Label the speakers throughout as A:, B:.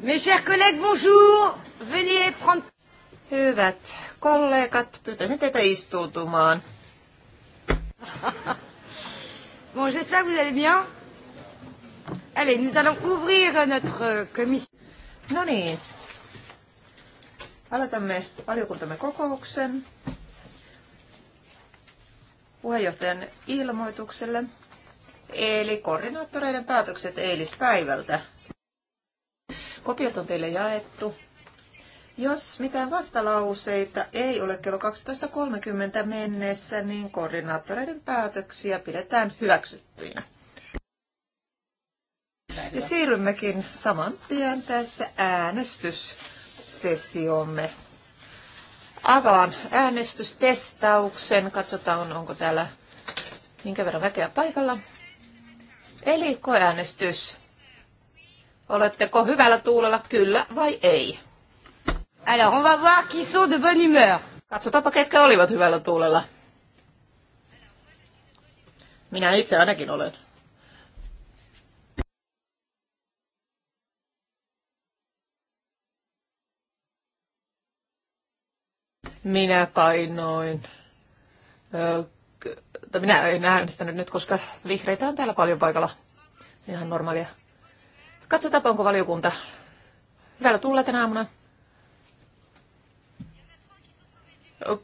A: Mes chers collègues, bonjour. Veuillez prendre...
B: Hyvät
A: kollegat,
B: pyytäisin teitä istuutumaan. bon, j'espère que vous allez bien. Allez, nous allons ouvrir notre euh, commission. No niin. Aloitamme valiokuntamme kokouksen puheenjohtajan ilmoitukselle, eli koordinaattoreiden päätökset eilispäivältä. Kopiot on teille jaettu. Jos mitään vastalauseita ei ole kello 12.30 mennessä, niin koordinaattoreiden päätöksiä pidetään
A: hyväksyttyinä.
B: Ja siirrymmekin saman pian tässä äänestyssessiomme. Avaan äänestystestauksen. Katsotaan, onko täällä minkä verran väkeä paikalla. Eli koeäänestys. Oletteko hyvällä tuulella kyllä vai ei? Alors, on va voir qui sont de bonne humeur. Katsotaanpa, ketkä olivat hyvällä tuulella. Minä itse ainakin olen. Minä painoin. Minä en äänestänyt nyt, koska vihreitä on täällä paljon paikalla. Ihan normaalia. Katsotaanpa, onko valiokunta hyvällä tulla tänä aamuna.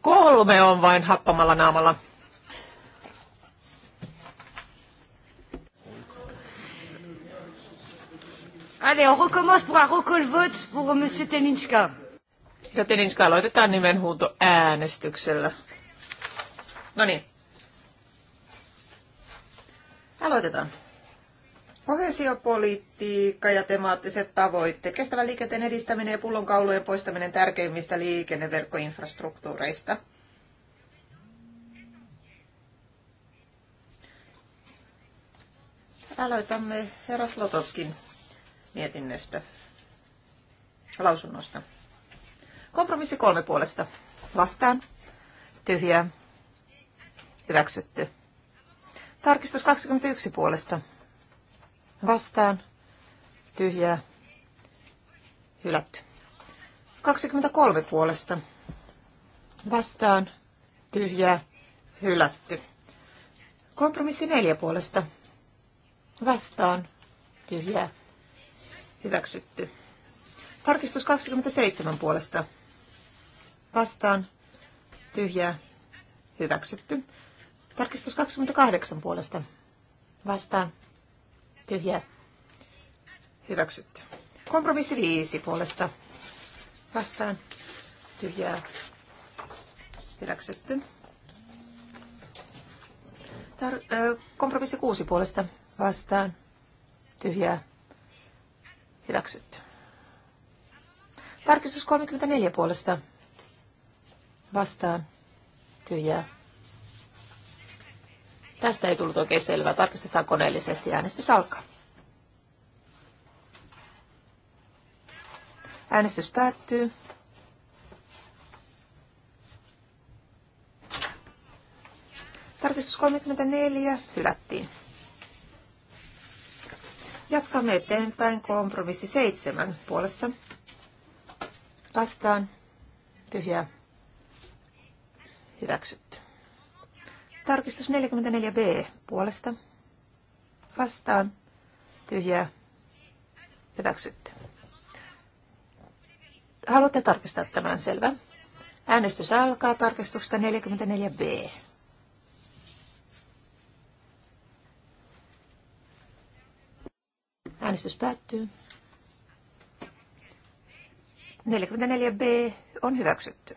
B: Kolme on vain happamalla naamalla.
A: Allez, on recommence pour un recall vote pour M. Teninska.
B: Ja Teninska aloitetaan nimenhuuto äänestyksellä. No niin. Aloitetaan. Kohesiopolitiikka ja temaattiset tavoitteet, kestävän liikenteen edistäminen ja pullonkaulujen poistaminen tärkeimmistä liikenneverkkoinfrastruktuureista. Aloitamme herra Slotovskin mietinnöstä, lausunnosta. Kompromissi kolme puolesta. Vastaan. Tyhjää. Hyväksytty. Tarkistus 21 puolesta vastaan, tyhjää, hylätty. 23 puolesta vastaan, tyhjää, hylätty. Kompromissi 4 puolesta vastaan, tyhjää, hyväksytty. Tarkistus 27 puolesta vastaan, tyhjää, hyväksytty. Tarkistus 28 puolesta vastaan, tyhjää hyväksytty. Kompromissi viisi puolesta vastaan tyhjää hyväksytty. Tar- ö, kompromissi kuusi puolesta vastaan tyhjää hyväksytty. Tarkistus 34 puolesta vastaan tyhjää Tästä ei tullut oikein selvää. Tarkistetaan koneellisesti. Äänestys alkaa. Äänestys päättyy. Tarkistus 34 hylättiin. Jatkamme eteenpäin kompromissi 7 puolesta. Vastaan. Tyhjää. Hyväksyt. Tarkistus 44b puolesta. Vastaan. Tyhjää. Hyväksytty. Haluatte tarkistaa tämän, selvä. Äänestys alkaa tarkistuksesta 44b. Äänestys päättyy. 44b on hyväksytty.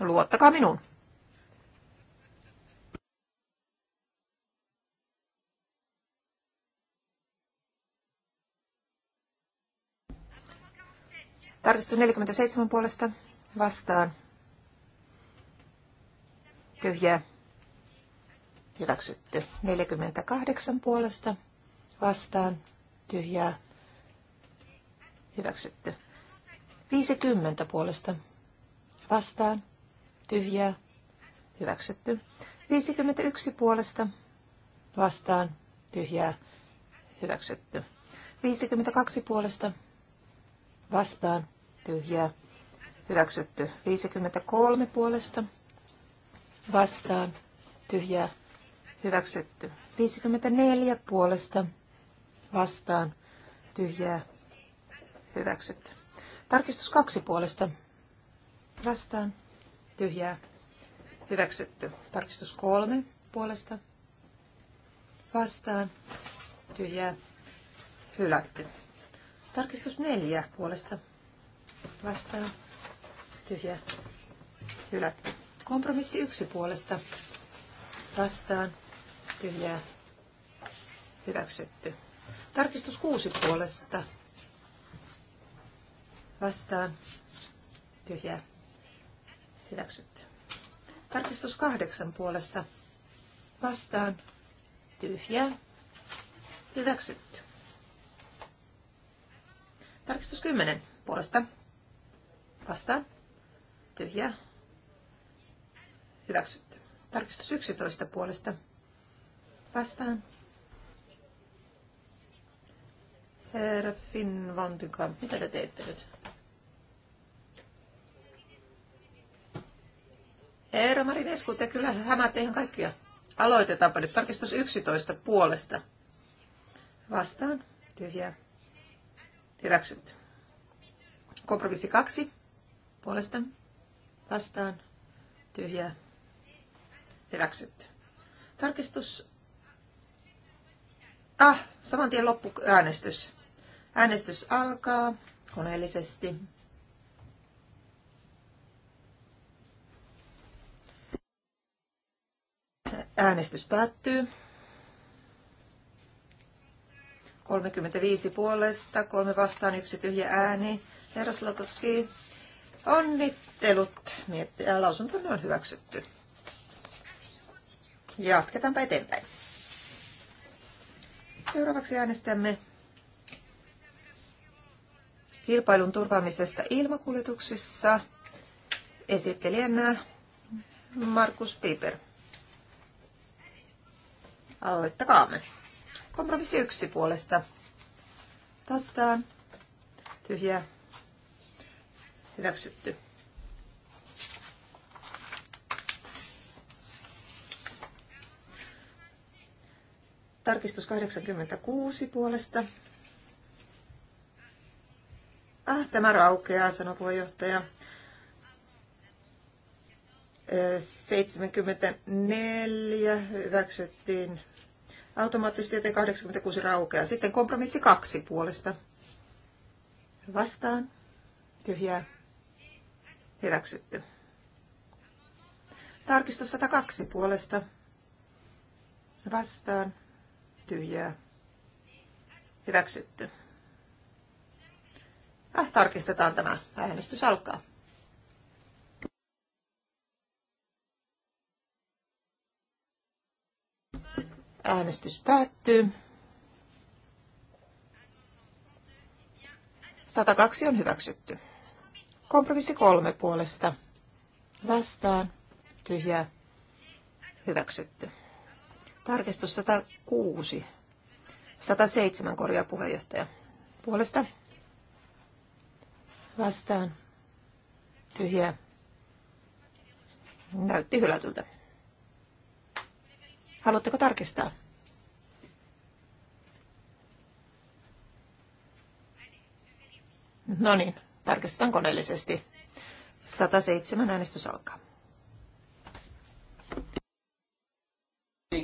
B: Luottakaa minuun. Tarkistus 47 puolesta vastaan. Tyhjää. Hyväksytty. 48 puolesta vastaan. Tyhjää. Hyväksytty. 50 puolesta vastaan. Tyhjää. Hyväksytty. 51 puolesta vastaan. Tyhjää. Hyväksytty. 52 puolesta vastaan tyhjää hyväksytty. 53 puolesta vastaan tyhjää hyväksytty. 54 puolesta vastaan tyhjää hyväksytty. Tarkistus kaksi puolesta vastaan tyhjää hyväksytty. Tarkistus kolme puolesta vastaan tyhjää hylätty. Tarkistus neljä puolesta vastaan. Tyhjä. Hylätty. Kompromissi yksi puolesta vastaan. Tyhjää. Hyväksytty. Tarkistus kuusi puolesta vastaan. Tyhjää. Hyväksytty. Tarkistus kahdeksan puolesta vastaan. Tyhjää. Hyväksytty. Tarkistus 10 puolesta. Vastaan. tyhjä, Hyväksytty. Tarkistus 11 puolesta. Vastaan. Herra Finn Vantykamp, mitä te teette nyt? Eero Marinesku, te kyllä hämäätte ihan kaikkia. Aloitetaanpa nyt tarkistus 11 puolesta. Vastaan. Tyhjää. Hyväksytty. Kompromissi kaksi. Puolesta. Vastaan. Tyhjää. Hyväksytty. Tarkistus. Ah, saman tien loppuäänestys. Äänestys alkaa koneellisesti. Äänestys päättyy. 35 puolesta, kolme vastaan, yksi tyhjä ääni. Herra Slotowski, onnittelut. Äh, Lausuntomme on hyväksytty. Jatketaanpa eteenpäin. Seuraavaksi äänestämme kilpailun turvaamisesta ilmakuljetuksissa. Esittelijänä Markus Piper. Aloittakaamme. Kompromissi yksi puolesta. Vastaan. tyhjä, Hyväksytty. Tarkistus 86 puolesta. Ah, tämä raukeaa, sanoi puheenjohtaja. 74 hyväksyttiin automaattisesti, joten 86 raukeaa. Sitten kompromissi kaksi puolesta. Vastaan. Tyhjää. Hyväksytty. Tarkistus 102 puolesta. Vastaan. Tyhjää. Hyväksytty. Ah, tarkistetaan tämä. Äänestys alkaa. Äänestys päättyy. 102 on hyväksytty. Kompromissi kolme puolesta. Vastaan. Tyhjää. Hyväksytty. Tarkistus 106. 107 korjaa puheenjohtaja. Puolesta. Vastaan. Tyhjää. Näytti hylätyltä. Haluatteko tarkistaa? No niin, tarkistetaan koneellisesti. 107 äänestys alkaa.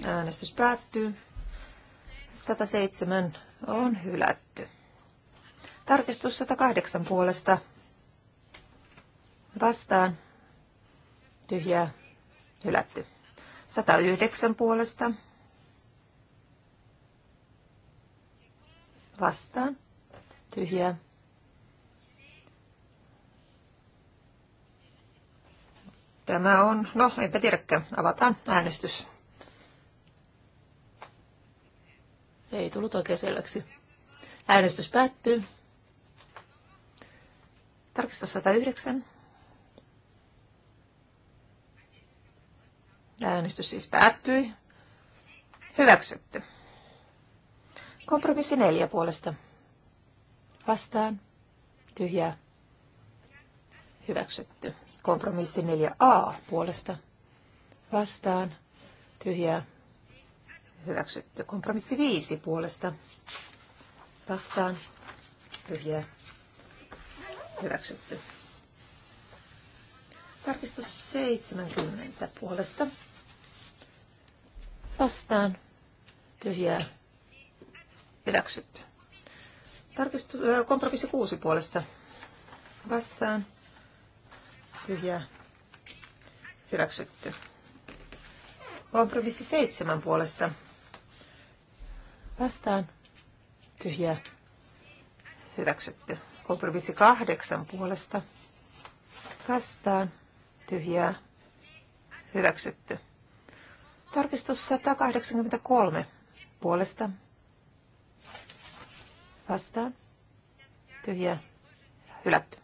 B: Äänestys päättyy. 107 on hylätty. Tarkistus 108 puolesta. Vastaan. Tyhjää. Hylätty. 109 puolesta. Vastaan. Tyhjää. Tämä on, no enpä tiedäkään, avataan äänestys. Ei tullut oikein selväksi. Äänestys päättyy. Tarkistus 109. Äänestys siis päättyi. Hyväksytty. Kompromissi neljä puolesta. Vastaan. Tyhjää.
C: Hyväksytty.
B: Kompromissi 4a puolesta. Vastaan. Tyhjää. Hyväksytty. Kompromissi 5 puolesta. Vastaan. Tyhjää. Hyväksytty. Tarkistus 70 puolesta. Vastaan. Tyhjää. Hyväksytty. Tarkistus, kompromissi 6 puolesta. Vastaan. Tyhjää. Hyväksytty. Kompromissi 7 puolesta. Vastaan. Tyhjää. Hyväksytty. Kompromissi 8 puolesta. Vastaan tyhjää, hyväksytty. Tarkistus 183 puolesta. Vastaan. tyhjää Hylätty.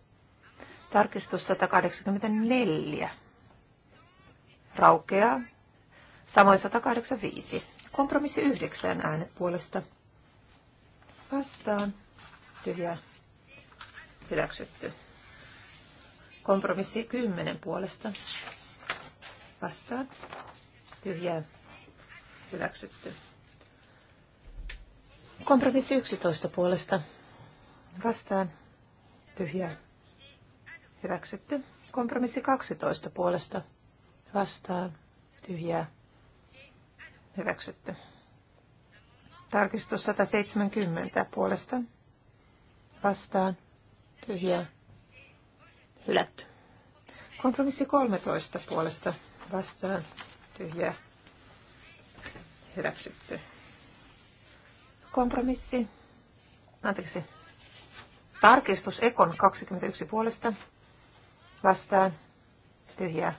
B: Tarkistus 184. Raukeaa. Samoin 185. Kompromissi 9 äänet puolesta. Vastaan. tyhjää Hyväksytty. Kompromissi 10 puolesta. Vastaan. Tyhjää. Hyväksytty. Kompromissi 11 puolesta. Vastaan. Tyhjää. Hyväksytty. Kompromissi 12 puolesta. Vastaan. Tyhjää. Hyväksytty. Tarkistus 170 puolesta. Vastaan. Tyhjää. Hylätty. Kompromissi 13 puolesta vastaan tyhjä Hyväksytty. Kompromissi. Anteeksi. Tarkistus Ekon 21 puolesta vastaan tyhjä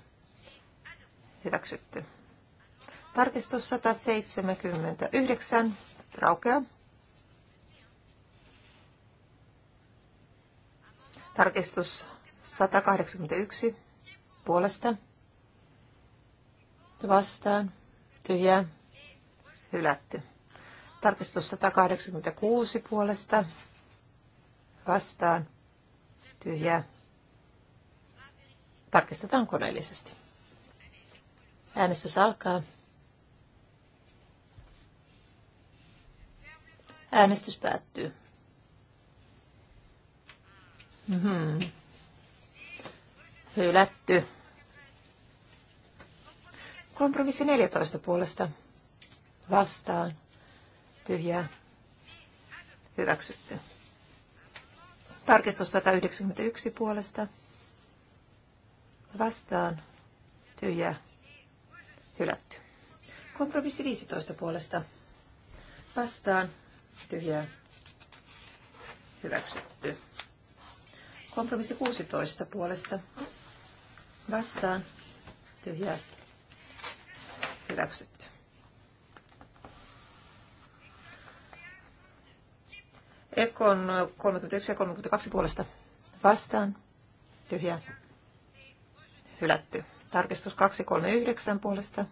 B: Hyväksytty. Tarkistus 179 raukea. Tarkistus 181 puolesta vastaan tyhjä hylätty. Tarkistus 186 puolesta vastaan tyhjä. Tarkistetaan koneellisesti. Äänestys alkaa. Äänestys päättyy. Mm-hmm. Hylätty. Kompromissi 14 puolesta. Vastaan. Tyhjää. Hyväksytty. Tarkistus 191 puolesta. Vastaan. Tyhjää. Hylätty. Kompromissi 15 puolesta. Vastaan. Tyhjää.
C: Hyväksytty.
B: Kompromissi 16 puolesta vastaan tyhjää hyväksytty. Ekon 31 ja 32 puolesta vastaan tyhjä, hylätty. Tarkistus 239 puolesta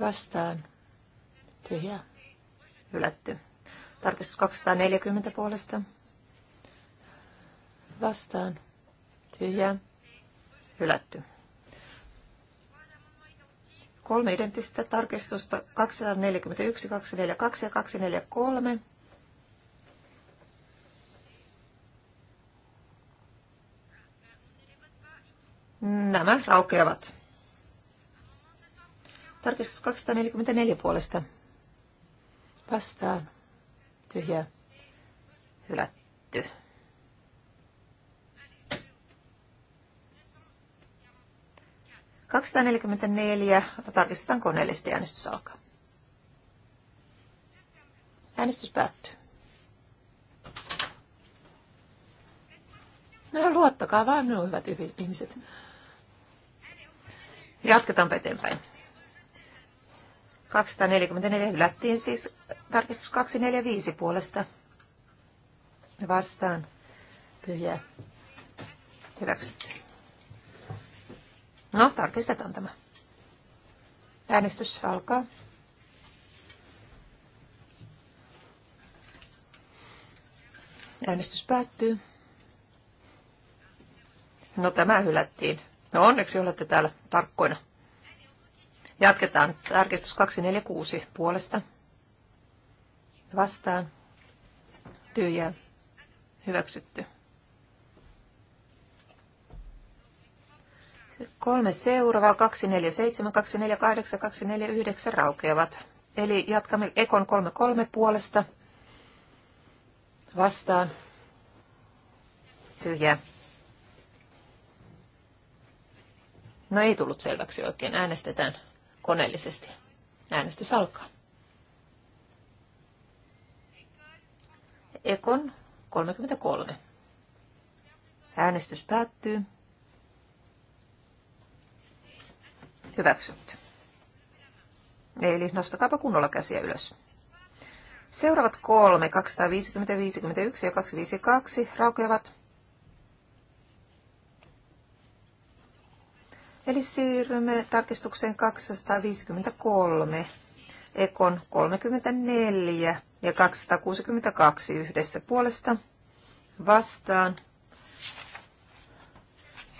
B: vastaan tyhjä, hylätty. Tarkistus 240 puolesta vastaan tyhjää Hylätty. Kolme identtistä tarkistusta 241, 242 ja 243. Nämä raukeavat. Tarkistus 244 puolesta. Vastaan. Tyhjä. Hylätty. 244. Tarkistetaan koneellisesti. Äänestys alkaa. Äänestys päättyy. No luottakaa vaan on no, hyvät ihmiset. Jatketaan eteenpäin. 244 hylättiin siis tarkistus 245 puolesta. Vastaan. Tyhjää. Hyväksytty. No, tarkistetaan tämä. Äänestys alkaa. Äänestys päättyy. No tämä hylättiin. No onneksi olette täällä tarkkoina. Jatketaan. Tarkistus 246 puolesta. Vastaan. Tyhjää. Hyväksytty. Kolme seuraavaa, 247, 248, 249 raukeavat. Eli jatkamme Ekon 33 puolesta vastaan. Tyhjä. No ei tullut selväksi oikein. Äänestetään koneellisesti. Äänestys alkaa. Ekon 33. Äänestys päättyy. Hyväksytty. Eli nostakaapa kunnolla käsiä ylös. Seuraavat kolme, 250, 51 ja 252, raukeavat. Eli siirrymme tarkistukseen 253, Ekon 34 ja 262 yhdessä puolesta vastaan.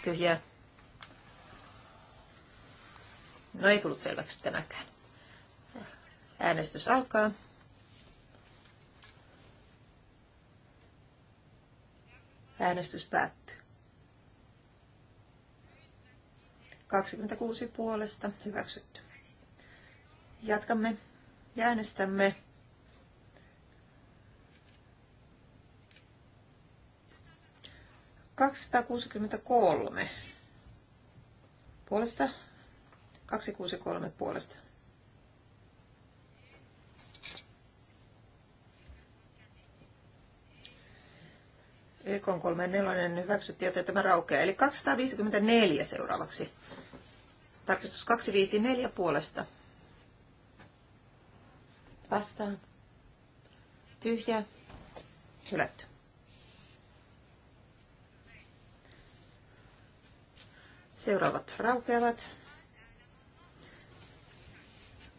B: Tyhjää No ei tullut selväksi tämäkään. Äänestys alkaa. Äänestys päättyy. 26 puolesta hyväksytty. Jatkamme ja äänestämme kaksisataakuusikymmentäkolme puolesta 263 puolesta. YK 34 hyväksytti, joten tämä raukeaa. Eli 254 seuraavaksi. Tarkistus 254 puolesta. Vastaan. Tyhjä. Hylätty. Seuraavat raukeavat.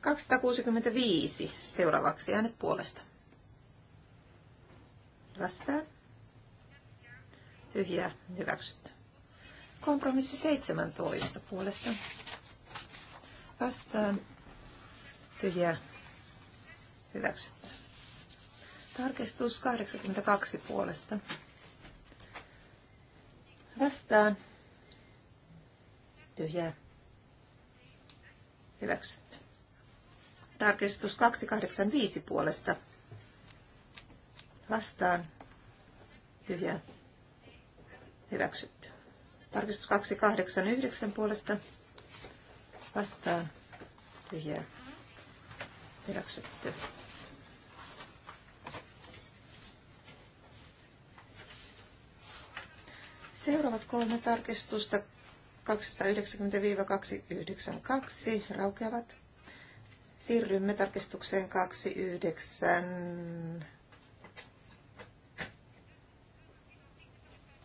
B: 265 seuraavaksi äänet puolesta. Vastaan. Tyhjää. Hyväksytty. Kompromissi 17 puolesta. Vastaan. Tyhjää. Hyväksytty. Tarkistus 82 puolesta. Vastaan. Tyhjää. Hyväksytty. Tarkistus 285 puolesta. Vastaan. Tyhjä. Hyväksytty. Tarkistus 289 puolesta. Vastaan. Tyhjä. Hyväksytty. Seuraavat kolme tarkistusta 290-292 raukeavat. Siirrymme tarkistukseen 29.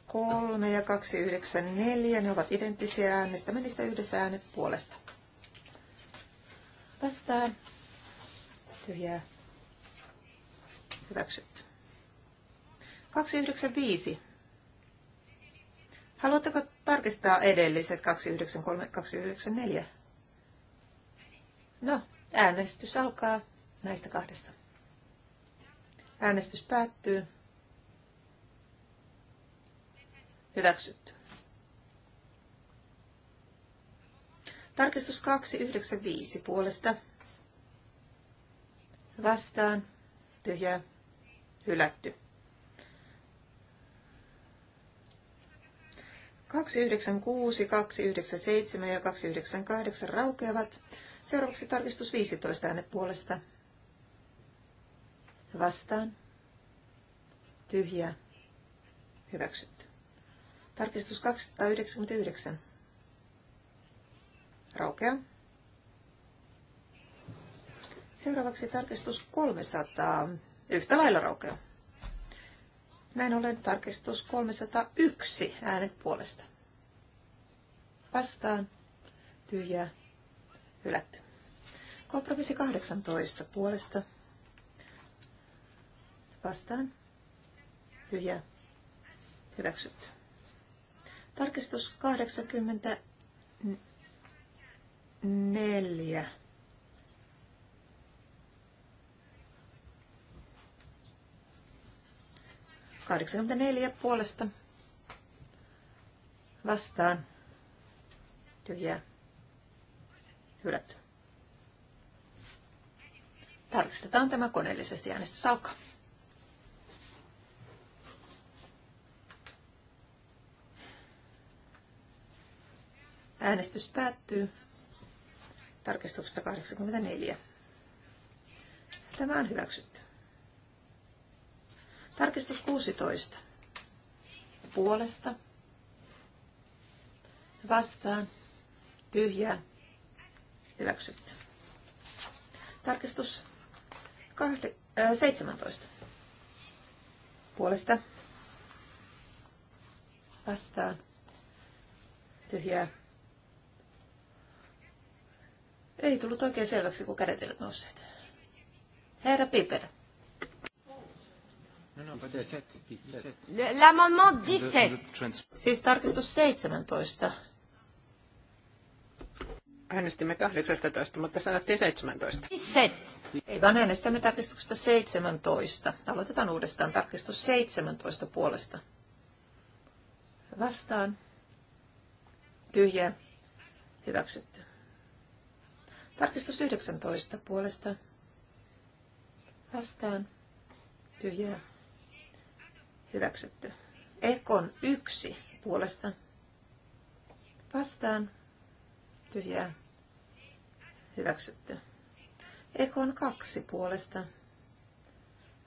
B: 3 ja 294, ne ovat identtisiä äänestämme niistä yhdessä äänet puolesta. Vastaan. Tyhjää. Hyväksytty. 295. Haluatteko tarkistaa edelliset 293, 294? No, Äänestys alkaa näistä kahdesta. Äänestys päättyy. Hyväksytty. Tarkistus 295 puolesta. Vastaan. Tyhjää. Hylätty. 296, 297 ja 298 raukeavat. Seuraavaksi tarkistus 15 äänet puolesta. Vastaan. Tyhjä. Hyväksytty. Tarkistus 299. Raukea. Seuraavaksi tarkistus 300. Yhtä lailla raukea. Näin ollen tarkistus 301 äänet puolesta. Vastaan. Tyhjää hylätty. Kompromissi 18 puolesta vastaan tyhjä hyväksytty. Tarkistus 84. Kahdeksankymmentäneljä puolesta vastaan tyhjää hylätty. Tarkistetaan tämä koneellisesti. Äänestys alkaa. Äänestys päättyy tarkistuksesta 84. Tämä on hyväksytty. Tarkistus 16. Puolesta. Vastaan. Tyhjää. Hyväksytty. Tarkistus kahde, äh, 17. Puolesta. Vastaan. Tyhjää. Ei tullut oikein selväksi, kun kädet eivät nousseet. Herra Piper. No, no, l'amendement 17. Siis tarkistus 17.
C: Äänestimme 18, mutta sanottiin 17. Set. Ei vaan äänestämme
B: tarkistuksesta 17. Aloitetaan uudestaan tarkistus 17 puolesta. Vastaan. Tyhjä. Hyväksytty. Tarkistus 19 puolesta. Vastaan. Tyhjää. Hyväksytty. Ekon yksi puolesta. Vastaan tyhjää hyväksytty. Ekon kaksi puolesta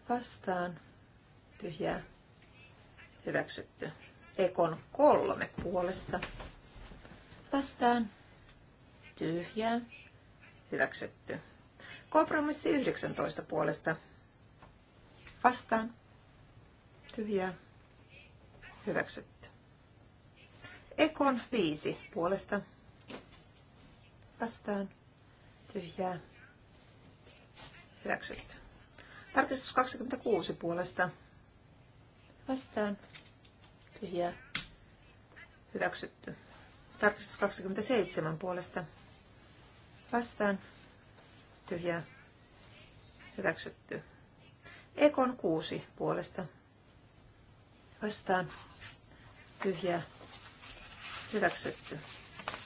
B: vastaan tyhjää hyväksytty. Ekon kolme puolesta vastaan tyhjää hyväksytty. Kompromissi 19 puolesta vastaan tyhjää hyväksytty. Ekon viisi puolesta vastaan tyhjää hyväksytty. Tarkistus 26 puolesta vastaan tyhjää hyväksytty. Tarkistus 27 puolesta vastaan tyhjää hyväksytty. Ekon 6 puolesta vastaan tyhjää hyväksytty.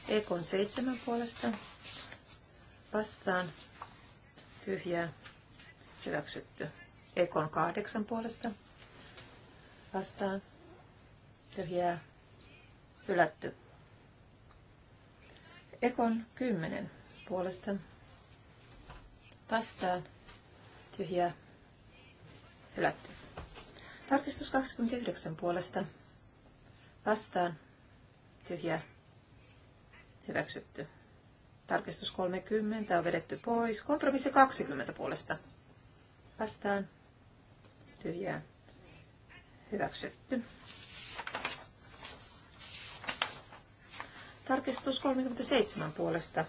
B: Ekon seitsemän puolesta vastaan tyhjää hyväksytty. Ekon kahdeksan puolesta vastaan tyhjää hylätty. Ekon kymmenen puolesta vastaan tyhjää hylätty. Tarkistus 29 puolesta vastaan tyhjää hyväksytty. Tarkistus 30 on vedetty pois. Kompromissi 20 puolesta. Vastaan. Tyhjää. Hyväksytty. Tarkistus 37 puolesta.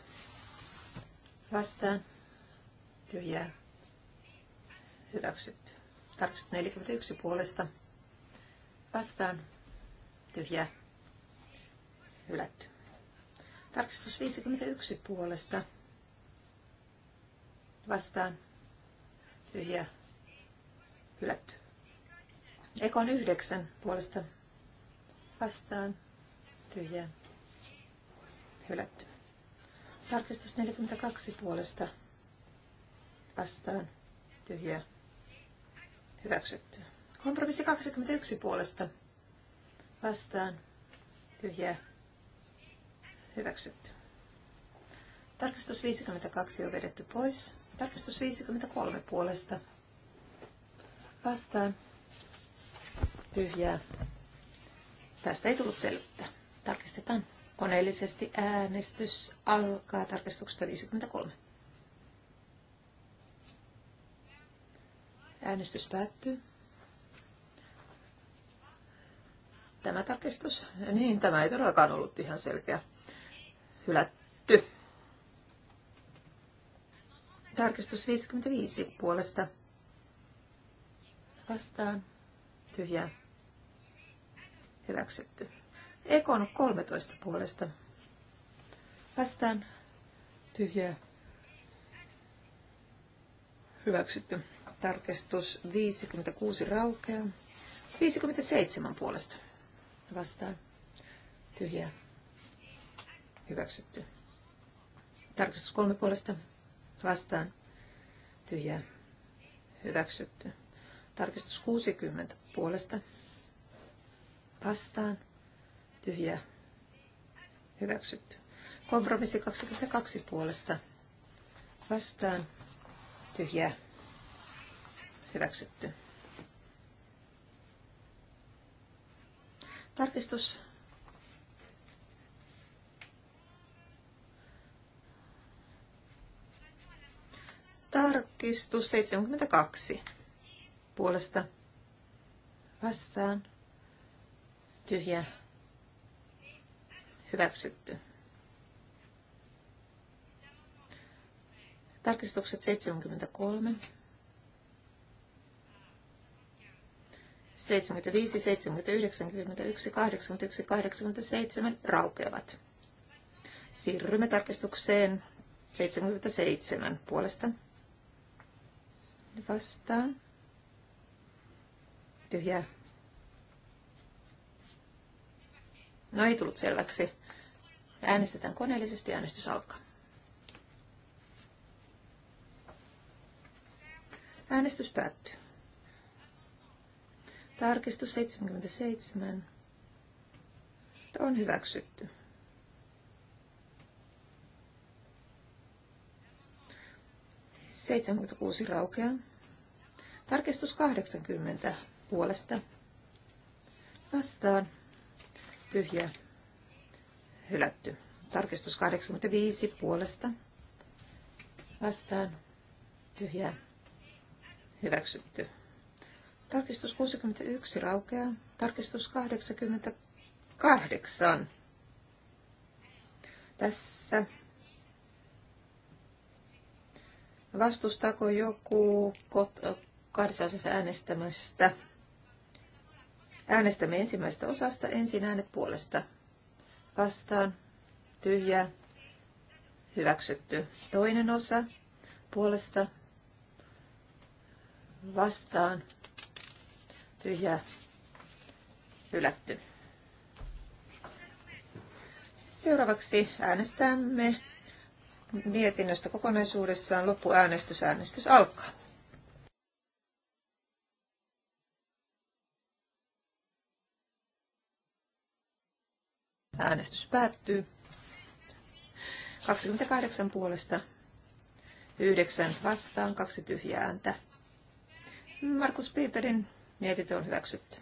B: Vastaan. Tyhjää. Hyväksytty. Tarkistus 41 puolesta. Vastaan. Tyhjää. Hylätty. Tarkistus 51 puolesta. Vastaan. Tyhjä. Hylätty. Ekon 9 puolesta. Vastaan. Tyhjä. Hylätty. Tarkistus 42 puolesta. Vastaan. Tyhjä. Hyväksytty. Kompromissi 21 puolesta. Vastaan. Tyhjä Hyväksytty. Tarkistus 52 on vedetty pois. Tarkistus 53 puolesta. Vastaan. Tyhjää. Tästä ei tullut selvyyttä. Tarkistetaan. Koneellisesti äänestys alkaa tarkistuksesta 53. Äänestys päättyy. Tämä tarkistus. Niin, tämä ei todellakaan ollut ihan selkeä. Hylätty. Tarkistus 55 puolesta. Vastaan. tyhjä. Hyväksytty. Ekon 13 puolesta. Vastaan. tyhjä. Hyväksytty. Tarkistus 56 raukeaa. 57 puolesta. Vastaan. Tyhjää hyväksytty. Tarkistus kolme puolesta vastaan tyhjää hyväksytty. Tarkistus 60 puolesta vastaan tyhjää hyväksytty. Kompromissi 22 puolesta vastaan tyhjää hyväksytty. Tarkistus Tarkistus 72 puolesta vastaan. Tyhjä. Hyväksytty. Tarkistukset 73. 75, 79, 91, 81, 87 raukeavat. Siirrymme tarkistukseen 77 puolesta vastaan. Tyhjää. No ei tullut selväksi. Äänestetään koneellisesti. Äänestys alkaa. Äänestys päättyy. Tarkistus 77 on hyväksytty. 76 raukea Tarkistus 80 puolesta. Vastaan. Tyhjä. Hylätty. Tarkistus 85 puolesta. Vastaan. Tyhjä. Hyväksytty. Tarkistus 61 raukeaa. Tarkistus 88. Tässä Vastustaako joku kahdessa äänestämästä? Äänestämme ensimmäisestä osasta ensin äänet puolesta. Vastaan. Tyhjä. Hyväksytty. Toinen osa puolesta. Vastaan. Tyhjä. Hylätty. Seuraavaksi äänestämme mietinnöstä kokonaisuudessaan. Loppuäänestys, äänestys alkaa. Äänestys päättyy. 28 puolesta, 9 vastaan, kaksi tyhjää ääntä. Markus Piiperin mietintö on hyväksytty.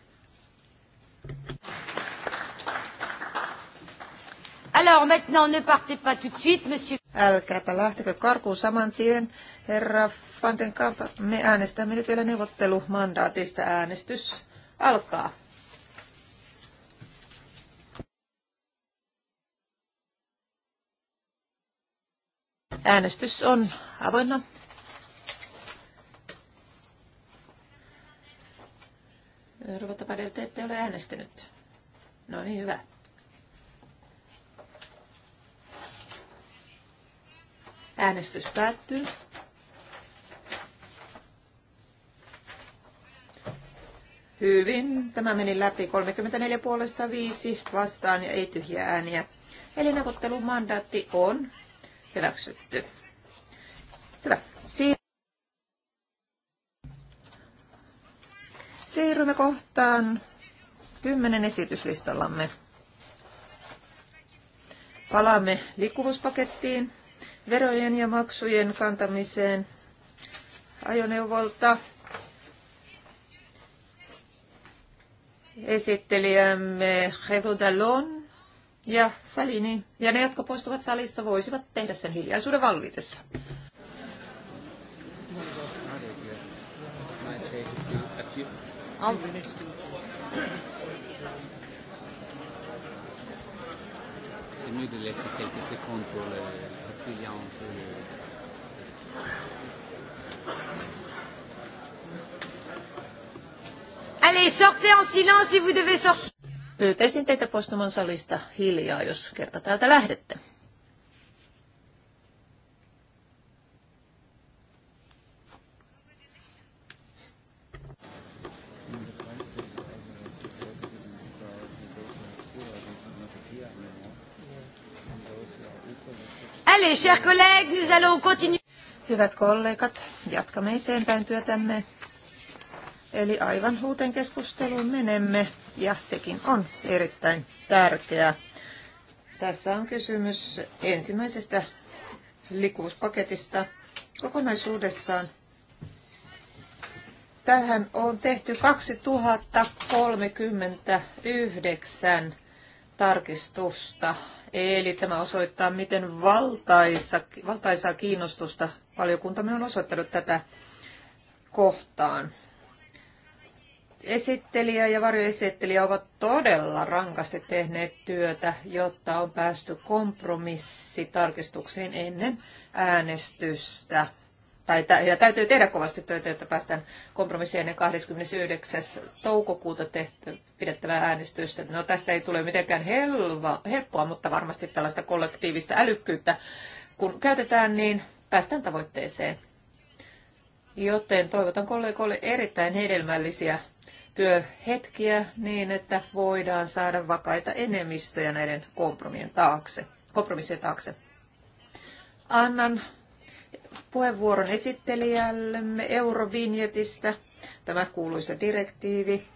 B: Alors maintenant ne partez pas tout de suite, monsieur. Älkääpä lähtekö karkuun saman tien, herra Van den Kamp. Me äänestämme nyt vielä neuvottelumandaatista. Äänestys alkaa. Äänestys on avoinna. Ruvata te ette ole äänestänyt. No niin, hyvä. Äänestys päättyy. Hyvin. Tämä meni läpi 34 puolesta 5 vastaan ja ei tyhjiä ääniä. Eli neuvottelun mandaatti on hyväksytty. Hyvä. Siirrymme kohtaan kymmenen esityslistallamme. Palaamme liikkuvuuspakettiin verojen ja maksujen kantamiseen ajoneuvolta. Esittelijämme Revo Dallon ja Salini. Ja ne, jotka poistuvat salista, voisivat tehdä sen hiljaisuuden vallitessa.
D: Um.
A: c'est mieux de laisser quelques
D: secondes pour le, parce qu'il y a un peu le...
A: Allez, sortez en silence si vous devez sortir.
B: Pyytäisin teitä poistumaan salista hiljaa, jos kerta täältä lähdette.
A: chers collègues, nous allons
B: continuer. Hyvät kollegat, jatkamme eteenpäin työtämme. Eli aivan uuteen keskusteluun menemme, ja sekin on erittäin tärkeää. Tässä on kysymys ensimmäisestä likuuspaketista kokonaisuudessaan. Tähän on tehty 2039 tarkistusta Eli tämä osoittaa, miten valtaisa, valtaisaa kiinnostusta valiokuntamme on osoittanut tätä kohtaan. Esittelijä ja varjoesittelijä ovat todella rankasti tehneet työtä, jotta on päästy kompromissitarkistuksiin ennen äänestystä tai täytyy tehdä kovasti töitä, jotta päästään kompromissiin ennen 29. toukokuuta tehtä, pidettävää äänestystä. No tästä ei tule mitenkään helva, helppoa, mutta varmasti tällaista kollektiivista älykkyyttä, kun käytetään, niin päästään tavoitteeseen. Joten toivotan kollegoille erittäin hedelmällisiä työhetkiä niin, että voidaan saada vakaita enemmistöjä näiden kompromissien taakse. Kompromissien taakse. Annan puheenvuoron esittelijällemme Eurovinjetistä, tämä kuuluisa direktiivi.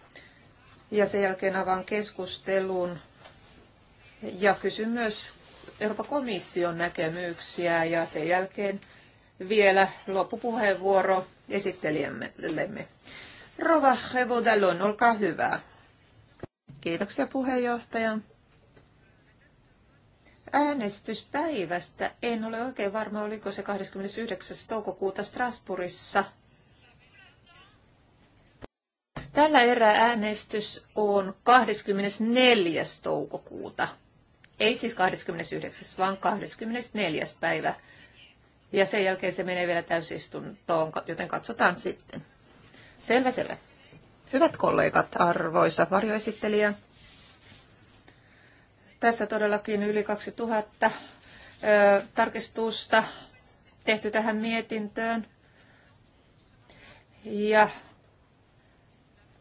B: Ja sen jälkeen avaan keskustelun ja kysyn myös Euroopan komission näkemyksiä ja sen jälkeen vielä loppupuheenvuoro esittelijämme. Rova Hevodalon, olkaa hyvä. Kiitoksia puheenjohtaja äänestyspäivästä. En ole oikein varma, oliko se 29. toukokuuta Strasbourgissa. Tällä erää äänestys on 24. toukokuuta. Ei siis 29. vaan 24. päivä. Ja sen jälkeen se menee vielä täysistuntoon, joten katsotaan sitten. Selvä, selvä. Hyvät kollegat, arvoisa varjoesittelijä. Tässä todellakin yli 2000 tuhatta tarkistusta tehty tähän mietintöön. Ja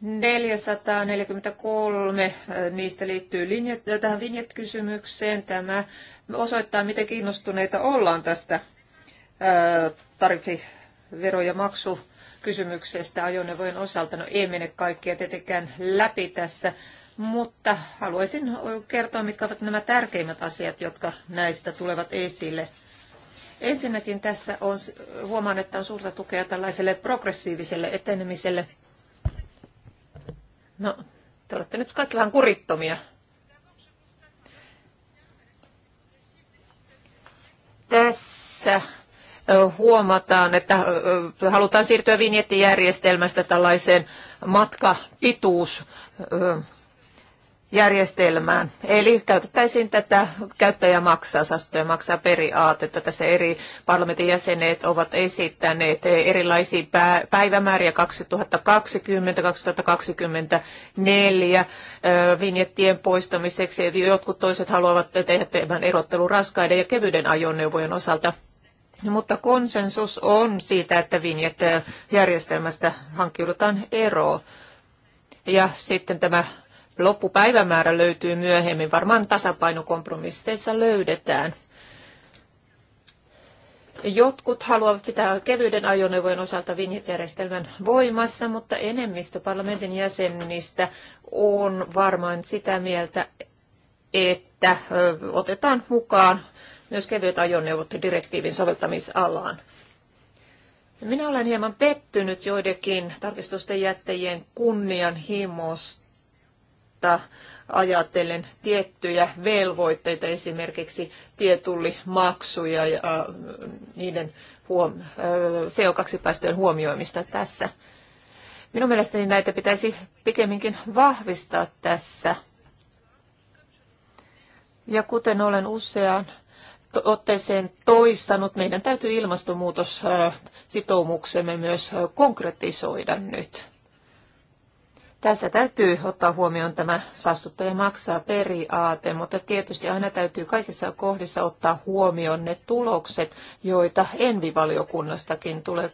B: 443 niistä liittyy linjat, tähän vinjet-kysymykseen. Tämä osoittaa, miten kiinnostuneita ollaan tästä tariffi, vero- ja maksukysymyksestä ajoneuvojen osalta. No ei mene kaikkia tietenkään läpi tässä mutta haluaisin kertoa, mitkä ovat nämä tärkeimmät asiat, jotka näistä tulevat esille. Ensinnäkin tässä on, huomaan, että on suurta tukea tällaiselle progressiiviselle etenemiselle. No, te olette nyt kaikki vähän kurittomia. Tässä huomataan, että halutaan siirtyä vinjettijärjestelmästä tällaiseen matkapituus järjestelmään. Eli käytettäisiin tätä käyttäjä maksaa, saastuja maksaa periaatetta. Tässä eri parlamentin jäsenet ovat esittäneet erilaisia päivämääriä 2020, 2024 vinjettien poistamiseksi. Jotkut toiset haluavat tehdä tämän erottelun raskaiden ja kevyiden ajoneuvojen osalta. Mutta konsensus on siitä, että vinjettä järjestelmästä hankkiudutaan eroon. Ja sitten tämä loppupäivämäärä löytyy myöhemmin. Varmaan tasapainokompromisseissa löydetään. Jotkut haluavat pitää kevyyden ajoneuvojen osalta vinjetjärjestelmän voimassa, mutta enemmistö parlamentin jäsenistä on varmaan sitä mieltä, että otetaan mukaan myös kevyet ajoneuvot direktiivin soveltamisalaan. Minä olen hieman pettynyt joidenkin tarkistusten jättäjien kunnianhimosta tilannetta ajatellen tiettyjä velvoitteita, esimerkiksi tietullimaksuja ja äh, niiden huom- äh, CO2-päästöjen huomioimista tässä. Minun mielestäni näitä pitäisi pikemminkin vahvistaa tässä. Ja kuten olen useaan otteeseen toistanut, meidän täytyy ilmastonmuutos äh, sitoumuksemme myös konkretisoida nyt. Tässä täytyy ottaa huomioon tämä saastuttaja maksaa periaate, mutta tietysti aina täytyy kaikissa kohdissa ottaa huomioon ne tulokset, joita Envivaliokunnastakin tulee.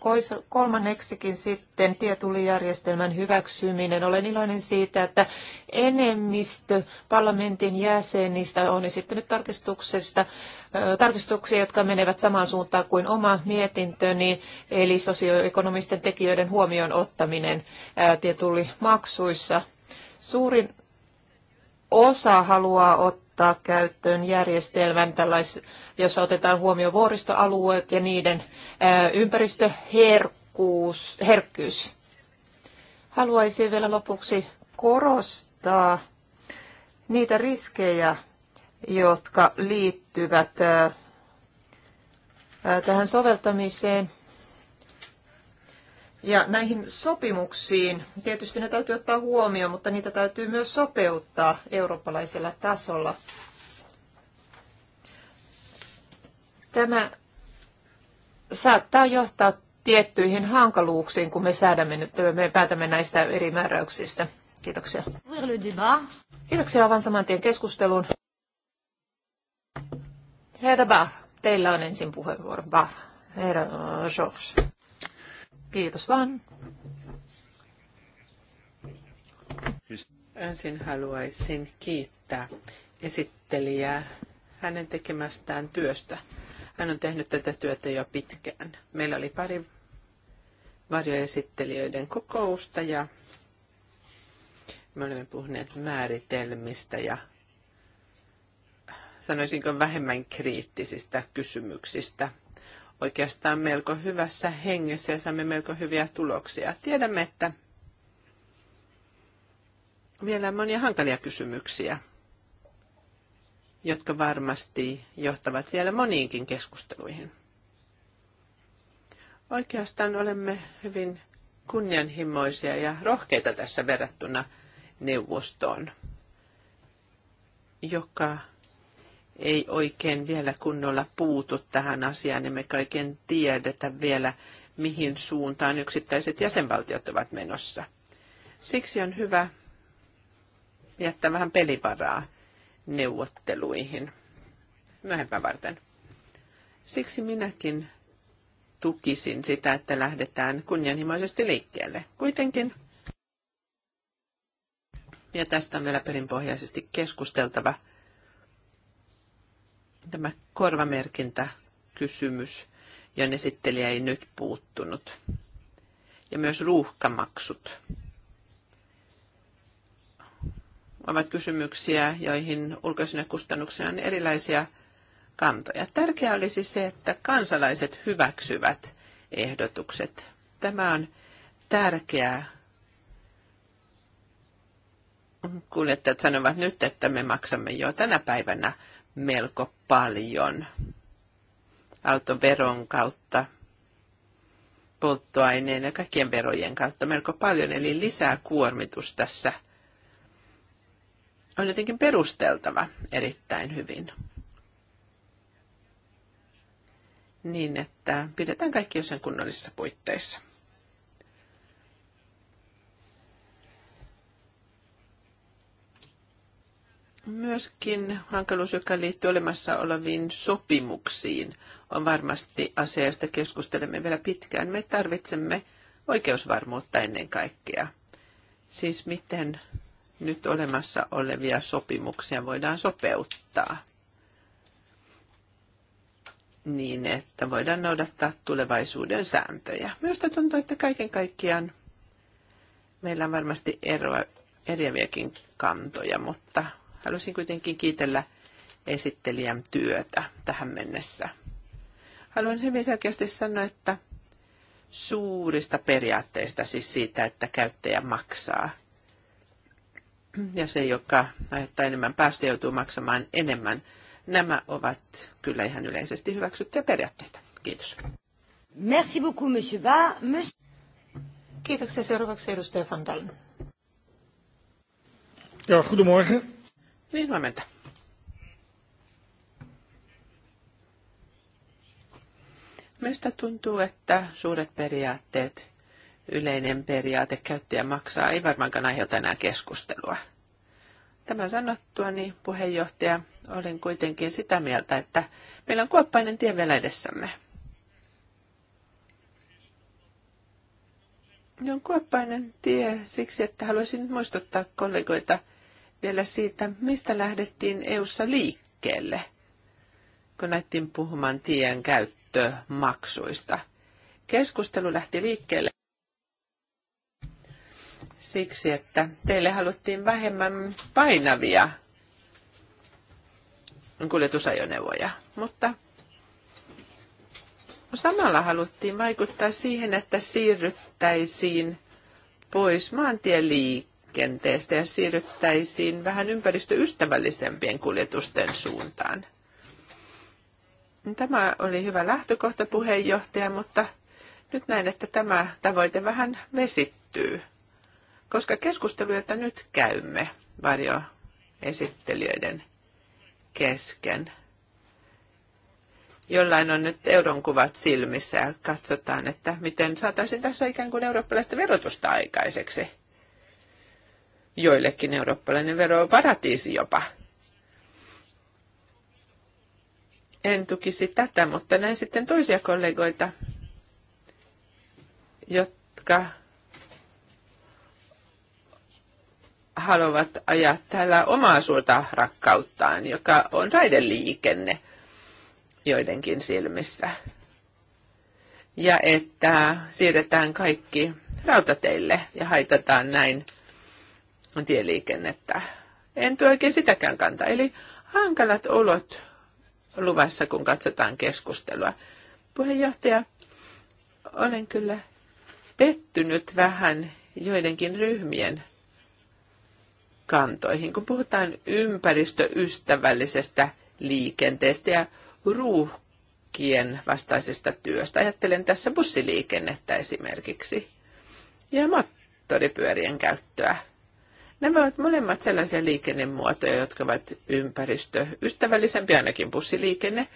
B: Kolmanneksikin sitten tietulijärjestelmän hyväksyminen. Olen iloinen siitä, että enemmistö parlamentin jäsenistä on esittänyt tarkistuksesta tarkistuksia, jotka menevät samaan suuntaan kuin oma mietintöni, eli sosioekonomisten tekijöiden huomioon ottaminen tietullimaksuissa. Suurin osa haluaa ottaa käyttöön järjestelmän, jossa otetaan huomioon vuoristoalueet ja niiden ympäristöherkkyys. Haluaisin vielä lopuksi korostaa niitä riskejä, jotka liittyvät tähän soveltamiseen. Ja näihin sopimuksiin, tietysti ne täytyy ottaa huomioon, mutta niitä täytyy myös sopeuttaa eurooppalaisella tasolla. Tämä saattaa johtaa tiettyihin hankaluuksiin, kun me, säädämme, nyt, me päätämme näistä eri määräyksistä. Kiitoksia. Kiitoksia. Avaan saman tien keskustelun. Herra Bar, teillä on ensin puheenvuoro. Bar, herra äh, Georges. Kiitos vaan.
C: Ensin haluaisin kiittää esittelijää hänen tekemästään työstä. Hän on tehnyt tätä työtä jo pitkään. Meillä oli pari varjoesittelijöiden kokousta ja me olemme puhuneet määritelmistä ja sanoisinko vähemmän kriittisistä kysymyksistä oikeastaan melko hyvässä hengessä ja saamme melko hyviä tuloksia. Tiedämme, että vielä on monia hankalia kysymyksiä, jotka varmasti johtavat vielä moniinkin keskusteluihin. Oikeastaan olemme hyvin kunnianhimoisia ja rohkeita tässä verrattuna neuvostoon, joka ei oikein vielä kunnolla puutu tähän asiaan, niin me kaiken tiedetä vielä, mihin suuntaan yksittäiset jäsenvaltiot ovat menossa. Siksi on hyvä jättää vähän pelivaraa neuvotteluihin myöhempää varten. Siksi minäkin tukisin sitä, että lähdetään kunnianhimoisesti liikkeelle. Kuitenkin, ja tästä on vielä perinpohjaisesti keskusteltava, tämä korvamerkintä kysymys, jonne esittelijä ei nyt puuttunut. Ja myös ruuhkamaksut ovat kysymyksiä, joihin ulkoisina kustannuksina on erilaisia kantoja. Tärkeää olisi se, että kansalaiset hyväksyvät ehdotukset. Tämä on tärkeää. Kuljettajat sanovat nyt, että me maksamme jo tänä päivänä melko paljon autoveron kautta, polttoaineen ja kaikkien verojen kautta melko paljon, eli lisää kuormitus tässä on jotenkin perusteltava erittäin hyvin. Niin, että pidetään kaikki jossain kunnollisissa puitteissa. Myöskin hankaluus, joka liittyy olemassa oleviin sopimuksiin, on varmasti asia, josta keskustelemme vielä pitkään. Me tarvitsemme oikeusvarmuutta ennen kaikkea. Siis miten nyt olemassa olevia sopimuksia voidaan sopeuttaa niin, että voidaan noudattaa tulevaisuuden sääntöjä. Minusta tuntuu, että kaiken kaikkiaan meillä on varmasti eroa, eriäviäkin kantoja, mutta Haluaisin kuitenkin kiitellä esittelijän työtä tähän mennessä. Haluan hyvin selkeästi sanoa, että suurista periaatteista, siis siitä, että käyttäjä maksaa. Ja se, joka aiheuttaa enemmän päästöjä, joutuu maksamaan enemmän. Nämä ovat kyllä ihan yleisesti hyväksyttyjä periaatteita. Kiitos. Merci beaucoup, monsieur Ba. Monsieur...
B: Kiitoksia. Seuraavaksi edustaja Van Dalen.
A: Ja, goedemorgen.
C: Niin, huomenta. Meistä tuntuu, että suuret periaatteet, yleinen periaate käyttäjä maksaa, ei varmaankaan aiheuta enää keskustelua. Tämän sanottua, niin puheenjohtaja, olen kuitenkin sitä mieltä, että meillä on kuoppainen tie vielä edessämme. on kuoppainen tie siksi, että haluaisin muistuttaa kollegoita – vielä siitä, mistä lähdettiin EU:ssa liikkeelle, kun lähdettiin puhumaan tien käyttömaksuista. Keskustelu lähti liikkeelle siksi, että teille haluttiin vähemmän painavia kuljetusajoneuvoja, mutta samalla haluttiin vaikuttaa siihen, että siirryttäisiin pois maantieliikkeelle liikenteestä ja siirryttäisiin vähän ympäristöystävällisempien kuljetusten suuntaan. Tämä oli hyvä lähtökohta puheenjohtaja, mutta nyt näin, että tämä tavoite vähän vesittyy, koska keskustelu, jota nyt käymme varjoesittelijöiden kesken, jollain on nyt euron kuvat silmissä ja katsotaan, että miten saataisiin tässä ikään kuin eurooppalaista verotusta aikaiseksi joillekin eurooppalainen veroparatiisi jopa. En tukisi tätä, mutta näin sitten toisia kollegoita, jotka haluavat ajaa täällä omaa suurta rakkauttaan, joka on raideliikenne joidenkin silmissä. Ja että siirretään kaikki rautateille ja haitataan näin tieliikennettä. En tuo oikein sitäkään kantaa. Eli hankalat olot luvassa, kun katsotaan keskustelua. Puheenjohtaja, olen kyllä pettynyt vähän joidenkin ryhmien kantoihin, kun puhutaan ympäristöystävällisestä liikenteestä ja ruuhkien vastaisesta työstä. Ajattelen tässä bussiliikennettä esimerkiksi ja moottoripyörien käyttöä. Nämä ovat molemmat sellaisia liikennemuotoja, jotka ovat ympäristöystävällisempiä, ainakin bussiliikenne.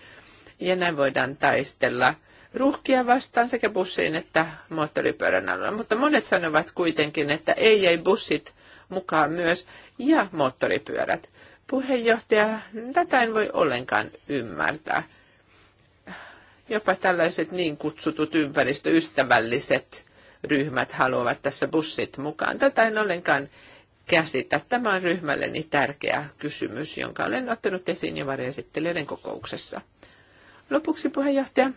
C: Ja näin voidaan taistella ruuhkia vastaan sekä bussiin että moottoripyörän alla. Mutta monet sanovat kuitenkin, että ei, ei bussit mukaan myös ja moottoripyörät. Puheenjohtaja, tätä en voi ollenkaan ymmärtää. Jopa tällaiset niin kutsutut ympäristöystävälliset ryhmät haluavat tässä bussit mukaan. Tätä en ollenkaan käsitä. Tämä on ryhmälleni tärkeä kysymys, jonka olen ottanut esiin jo varjoesittelijöiden kokouksessa. Lopuksi puheenjohtaja.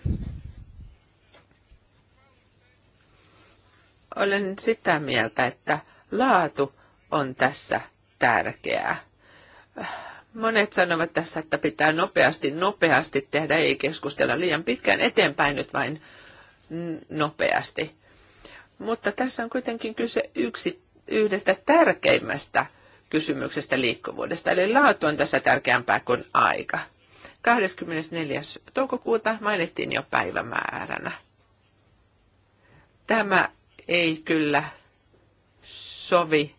C: Olen sitä mieltä, että laatu on tässä tärkeää. Monet sanovat tässä, että pitää nopeasti, nopeasti tehdä, ei keskustella liian pitkään eteenpäin nyt vain nopeasti. Mutta tässä on kuitenkin kyse yksittäisestä yhdestä tärkeimmästä kysymyksestä liikkuvuudesta, eli laatu on tässä tärkeämpää kuin aika. 24. toukokuuta mainittiin jo päivämääränä. Tämä ei kyllä sovi,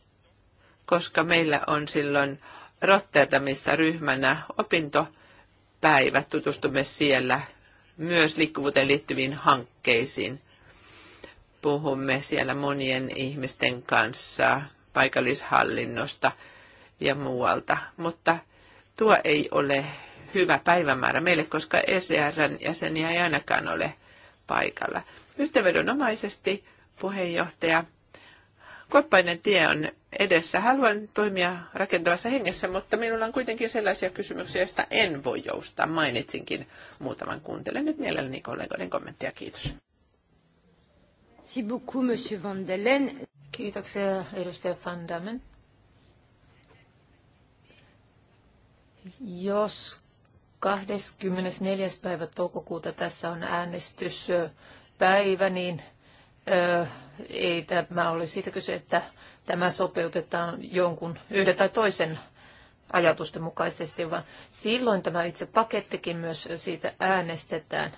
C: koska meillä on silloin Rotterdamissa ryhmänä opintopäivät. Tutustumme siellä myös liikkuvuuteen liittyviin hankkeisiin puhumme siellä monien ihmisten kanssa paikallishallinnosta ja muualta. Mutta tuo ei ole hyvä päivämäärä meille, koska ECRn jäseniä ei ainakaan ole paikalla. Yhteenvedonomaisesti puheenjohtaja Koppainen tie on edessä. Haluan toimia rakentavassa hengessä, mutta minulla on kuitenkin sellaisia kysymyksiä, joista en voi joustaa. Mainitsinkin muutaman. Kuuntelen nyt mielelläni kollegoiden kommenttia. Kiitos.
A: Merci beaucoup, Monsieur Van Delen.
B: Kiitoksia, edustaja Van Damen. Jos 24. päivä toukokuuta tässä on äänestyspäivä, niin ö, ei tämä ole siitä kyse, että tämä sopeutetaan jonkun yhden tai toisen ajatusten mukaisesti, vaan silloin tämä itse pakettikin myös siitä äänestetään.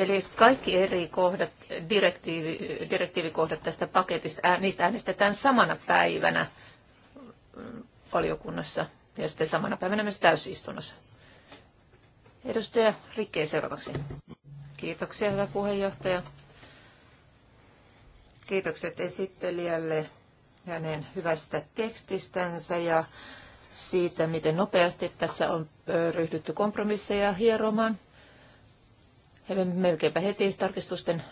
B: Eli kaikki eri kohdat, direktiivi, direktiivikohdat tästä paketista, niistä äänestetään samana päivänä mm, valiokunnassa ja sitten samana päivänä myös täysistunnossa. Edustaja Rikkei seuraavaksi. Kiitoksia, hyvä puheenjohtaja. Kiitokset esittelijälle hänen hyvästä tekstistänsä ja siitä, miten nopeasti tässä on ryhdytty kompromisseja hieromaan ja melkeinpä heti tarkistusten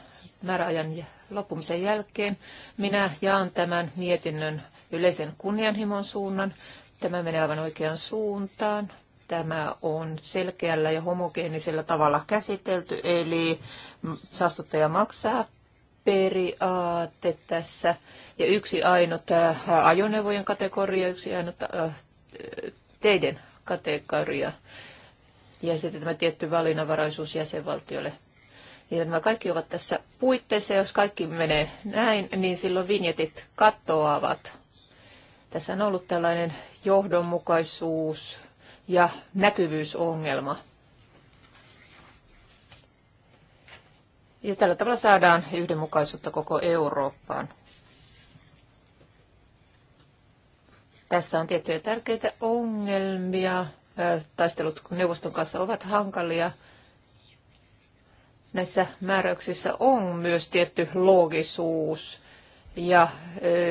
B: määräajan loppumisen jälkeen. Minä jaan tämän mietinnön yleisen kunnianhimon suunnan. Tämä menee aivan oikeaan suuntaan. Tämä on selkeällä ja homogeenisellä tavalla käsitelty, eli saastuttaja maksaa periaate tässä. Ja yksi ainut äh, ajoneuvojen kategoria, yksi ainut äh, teiden kategoria ja sitten tämä tietty valinnanvaraisuus jäsenvaltiolle. Ja nämä kaikki ovat tässä puitteissa. Jos kaikki menee näin, niin silloin vinjetit katoavat. Tässä on ollut tällainen johdonmukaisuus ja näkyvyysongelma. Ja tällä tavalla saadaan yhdenmukaisuutta koko Eurooppaan. Tässä on tiettyjä tärkeitä ongelmia taistelut neuvoston kanssa ovat hankalia. Näissä määräyksissä on myös tietty loogisuus. Ja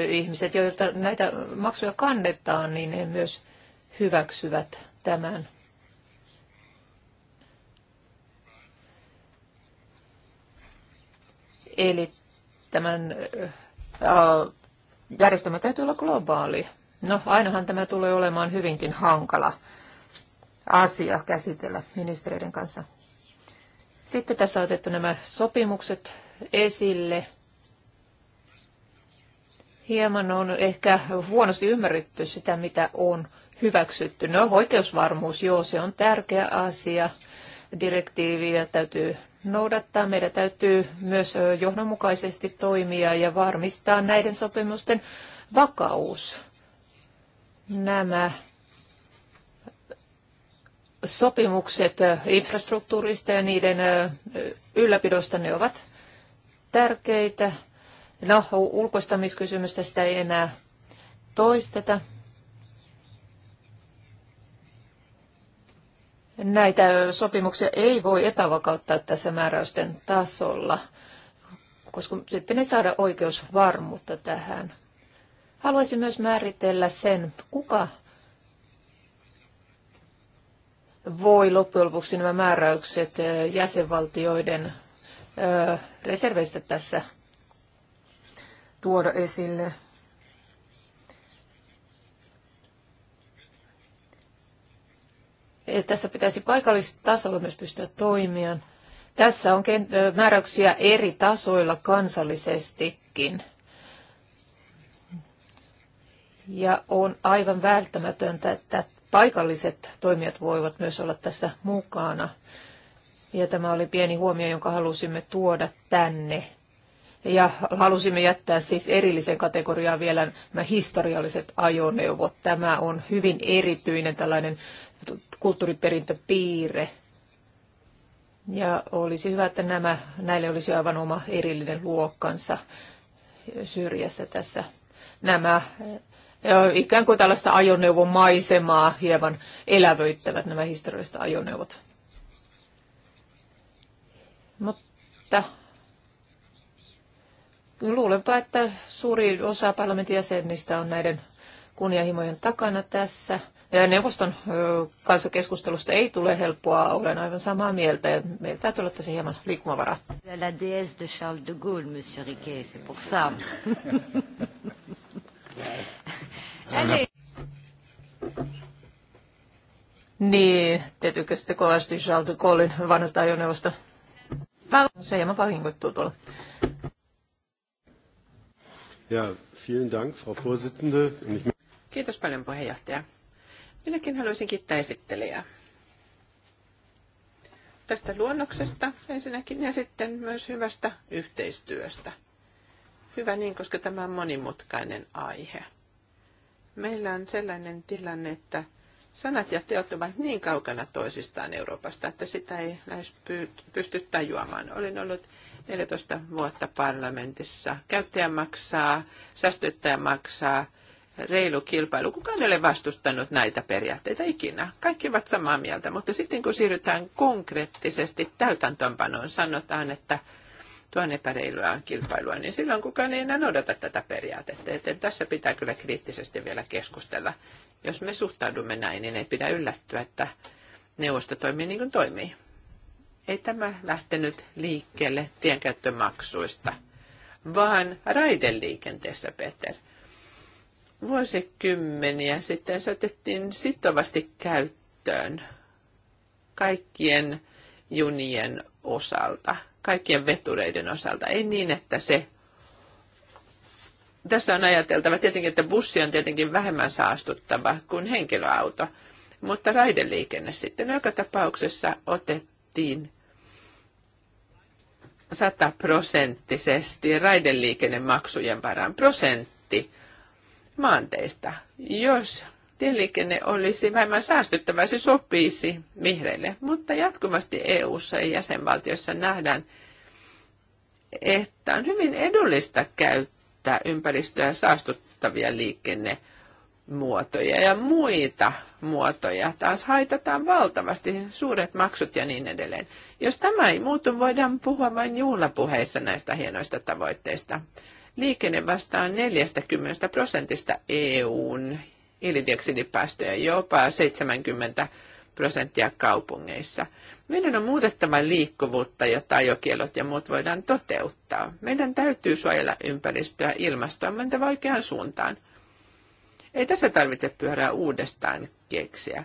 B: ihmiset, joilta näitä maksuja kannetaan, niin ne myös hyväksyvät tämän. Eli tämän järjestelmä täytyy olla globaali. No, ainahan tämä tulee olemaan hyvinkin hankala asia käsitellä ministereiden kanssa. Sitten tässä on otettu nämä sopimukset esille. Hieman on ehkä huonosti ymmärretty sitä, mitä on hyväksytty. No, oikeusvarmuus, joo, se on tärkeä asia. Direktiiviä täytyy noudattaa. Meidän täytyy myös johdonmukaisesti toimia ja varmistaa näiden sopimusten vakaus. Nämä sopimukset infrastruktuurista ja niiden ylläpidosta, ne ovat tärkeitä. No, ulkoistamiskysymystä sitä ei enää toisteta. Näitä sopimuksia ei voi epävakauttaa tässä määräysten tasolla, koska sitten ei saada oikeusvarmuutta tähän. Haluaisin myös määritellä sen, kuka voi loppujen lopuksi nämä määräykset jäsenvaltioiden reserveistä tässä tuoda esille. Tässä pitäisi tasolla myös pystyä toimimaan. Tässä on määräyksiä eri tasoilla kansallisestikin. Ja on aivan välttämätöntä, että paikalliset toimijat voivat myös olla tässä mukana. Ja tämä oli pieni huomio, jonka halusimme tuoda tänne. Ja halusimme jättää siis erillisen kategoriaan vielä nämä historialliset ajoneuvot. Tämä on hyvin erityinen tällainen kulttuuriperintöpiirre. Ja olisi hyvä, että nämä, näille olisi aivan oma erillinen luokkansa syrjässä tässä. Nämä ikään kuin tällaista ajoneuvomaisemaa hieman elävöittävät nämä historialliset ajoneuvot. Mutta luulenpa, että suuri osa parlamentin jäsenistä on näiden kunnianhimojen
A: takana tässä.
B: Ja neuvoston kanssa keskustelusta ei tule helppoa, olen aivan samaa mieltä ja meillä täytyy olla tässä hieman liikkumavaraa.
A: La déesse de Charles de Gaulle, monsieur Riquet, c'est pour ça. Eli...
B: Niin, te tykkäsitte kovasti Charles Gaullein vanhasta ajoneuvosta. Se hieman vahingoittuu tuolla.
A: Ja, vielen Dank, Frau Vorsitzende.
C: Kiitos paljon puheenjohtaja. Minäkin haluaisin kiittää esittelijää tästä luonnoksesta ensinnäkin ja sitten myös hyvästä yhteistyöstä. Hyvä niin, koska tämä on monimutkainen aihe. Meillä on sellainen tilanne, että sanat ja teot ovat niin kaukana toisistaan Euroopasta, että sitä ei lähes pysty tajuamaan. Olin ollut 14 vuotta parlamentissa. Käyttäjä maksaa, säästöttäjä maksaa, reilu kilpailu. Kukaan ei ole vastustanut näitä periaatteita ikinä. Kaikki ovat samaa mieltä, mutta sitten kun siirrytään konkreettisesti täytäntöönpanoon, sanotaan, että tuo on epäreilua kilpailua, niin silloin kukaan ei enää noudata tätä periaatetta. Joten tässä pitää kyllä kriittisesti vielä keskustella. Jos me suhtaudumme näin, niin ei pidä yllättyä, että neuvosto toimii niin kuin toimii. Ei tämä lähtenyt liikkeelle tienkäyttömaksuista, vaan raideliikenteessä, Peter. Vuosikymmeniä sitten se otettiin sitovasti käyttöön kaikkien junien osalta – kaikkien vetureiden osalta. Ei niin, että se... Tässä on ajateltava tietenkin, että bussi on tietenkin vähemmän saastuttava kuin henkilöauto, mutta raideliikenne sitten joka tapauksessa otettiin sataprosenttisesti raideliikennemaksujen varaan prosentti maanteista. Jos tieliikenne olisi vähemmän säästyttävää, se sopisi vihreille. Mutta jatkuvasti EU-ssa ja jäsenvaltioissa nähdään, että on hyvin edullista käyttää ympäristöä saastuttavia liikenne muotoja ja muita muotoja taas haitataan valtavasti, suuret maksut ja niin edelleen. Jos tämä ei muutu, voidaan puhua vain juhlapuheissa näistä hienoista tavoitteista. Liikenne vastaa 40 prosentista EUn hiilidioksidipäästöjä jopa 70 prosenttia kaupungeissa. Meidän on muutettava liikkuvuutta, jotta ajokielot ja muut voidaan toteuttaa. Meidän täytyy suojella ympäristöä ilmastoa mentä oikeaan suuntaan. Ei tässä tarvitse pyörää uudestaan keksiä.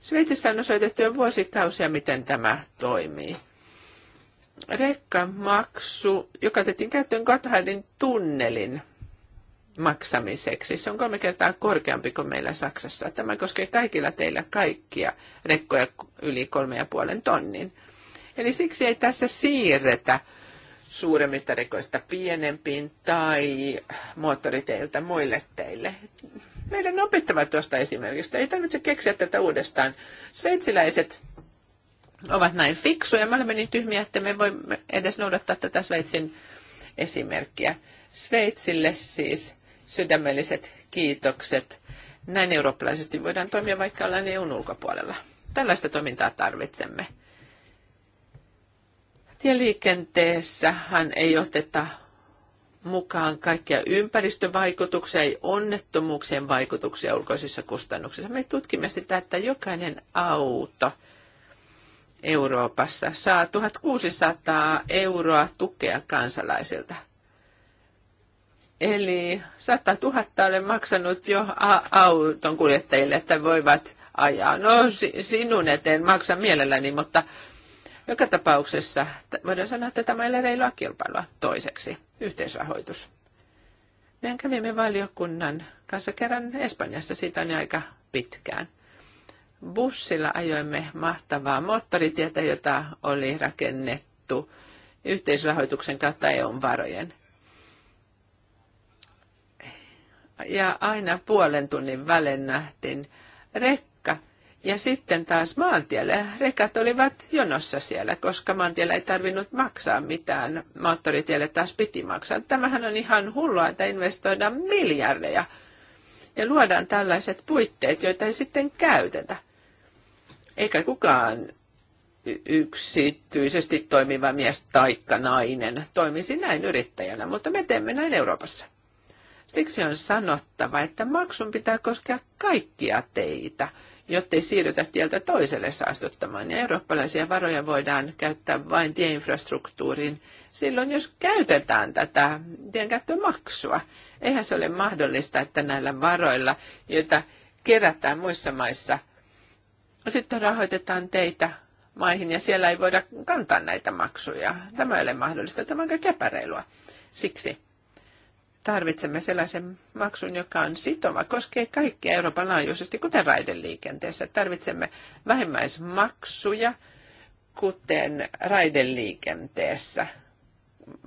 C: Sveitsissä on osoitettu jo vuosikausia, miten tämä toimii. Rekkamaksu, joka otettiin käyttöön Gotthardin tunnelin maksamiseksi. Se on kolme kertaa korkeampi kuin meillä Saksassa. Tämä koskee kaikilla teillä kaikkia rekkoja yli kolme ja puolen tonnin. Eli siksi ei tässä siirretä suuremmista rekoista pienempiin tai moottoriteiltä muille teille. Meidän opettava tuosta esimerkistä. Ei tarvitse keksiä tätä uudestaan. Sveitsiläiset ovat näin fiksuja. Me olemme niin tyhmiä, että me voimme edes noudattaa tätä Sveitsin esimerkkiä. Sveitsille siis sydämelliset kiitokset. Näin eurooppalaisesti voidaan toimia, vaikka ollaan EUn ulkopuolella. Tällaista toimintaa tarvitsemme. Tieliikenteessähän ei oteta mukaan kaikkia ympäristövaikutuksia, ei onnettomuuksien vaikutuksia ulkoisissa kustannuksissa. Me tutkimme sitä, että jokainen auto Euroopassa saa 1600 euroa tukea kansalaisilta. Eli 100 000 olen maksanut jo auton kuljettajille, että voivat ajaa. No sinun eteen maksan mielelläni, mutta joka tapauksessa voidaan sanoa, että tämä ei ole reilua kilpailua toiseksi. Yhteisrahoitus. Meidän kävimme valiokunnan kanssa kerran Espanjassa, siitä on aika pitkään. Bussilla ajoimme mahtavaa moottoritietä, jota oli rakennettu yhteisrahoituksen kautta EUn varojen. ja aina puolen tunnin välein nähtiin rekka. Ja sitten taas maantielle. Rekat olivat jonossa siellä, koska maantiellä ei tarvinnut maksaa mitään. Moottoritielle taas piti maksaa. Tämähän on ihan hullua, että investoidaan miljardeja. Ja luodaan tällaiset puitteet, joita ei sitten käytetä. Eikä kukaan yksityisesti toimiva mies taikka nainen toimisi näin yrittäjänä, mutta me teemme näin Euroopassa. Siksi on sanottava, että maksun pitää koskea kaikkia teitä, jottei siirrytä tieltä toiselle saastuttamaan. Ja eurooppalaisia varoja voidaan käyttää vain tieinfrastruktuuriin silloin, jos käytetään tätä tienkäyttömaksua. Eihän se ole mahdollista, että näillä varoilla, joita kerätään muissa maissa, sitten rahoitetaan teitä maihin ja siellä ei voida kantaa näitä maksuja. Tämä ei ole mahdollista, tämä on käpäreilua. kepäreilua. Siksi tarvitsemme sellaisen maksun, joka on sitova, koskee kaikkia Euroopan laajuisesti, kuten raideliikenteessä. Tarvitsemme vähimmäismaksuja, kuten raideliikenteessä.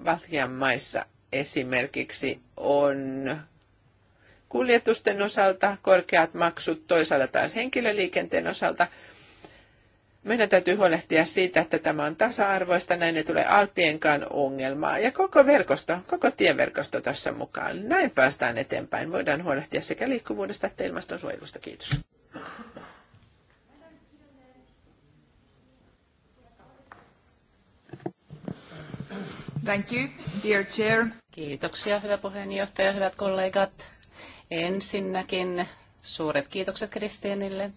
C: Valtian maissa esimerkiksi on kuljetusten osalta korkeat maksut, toisaalta taas henkilöliikenteen osalta – meidän täytyy huolehtia siitä, että tämä on tasa-arvoista, näin ei tule alpienkaan ongelmaa. Ja koko verkosto, koko tieverkosto tässä mukaan. Näin päästään eteenpäin. Voidaan huolehtia sekä liikkuvuudesta että ilmastonsuojelusta. Kiitos.
D: Thank you, dear chair. Kiitoksia, hyvä puheenjohtaja, hyvät kollegat. Ensinnäkin suuret kiitokset Kristiinille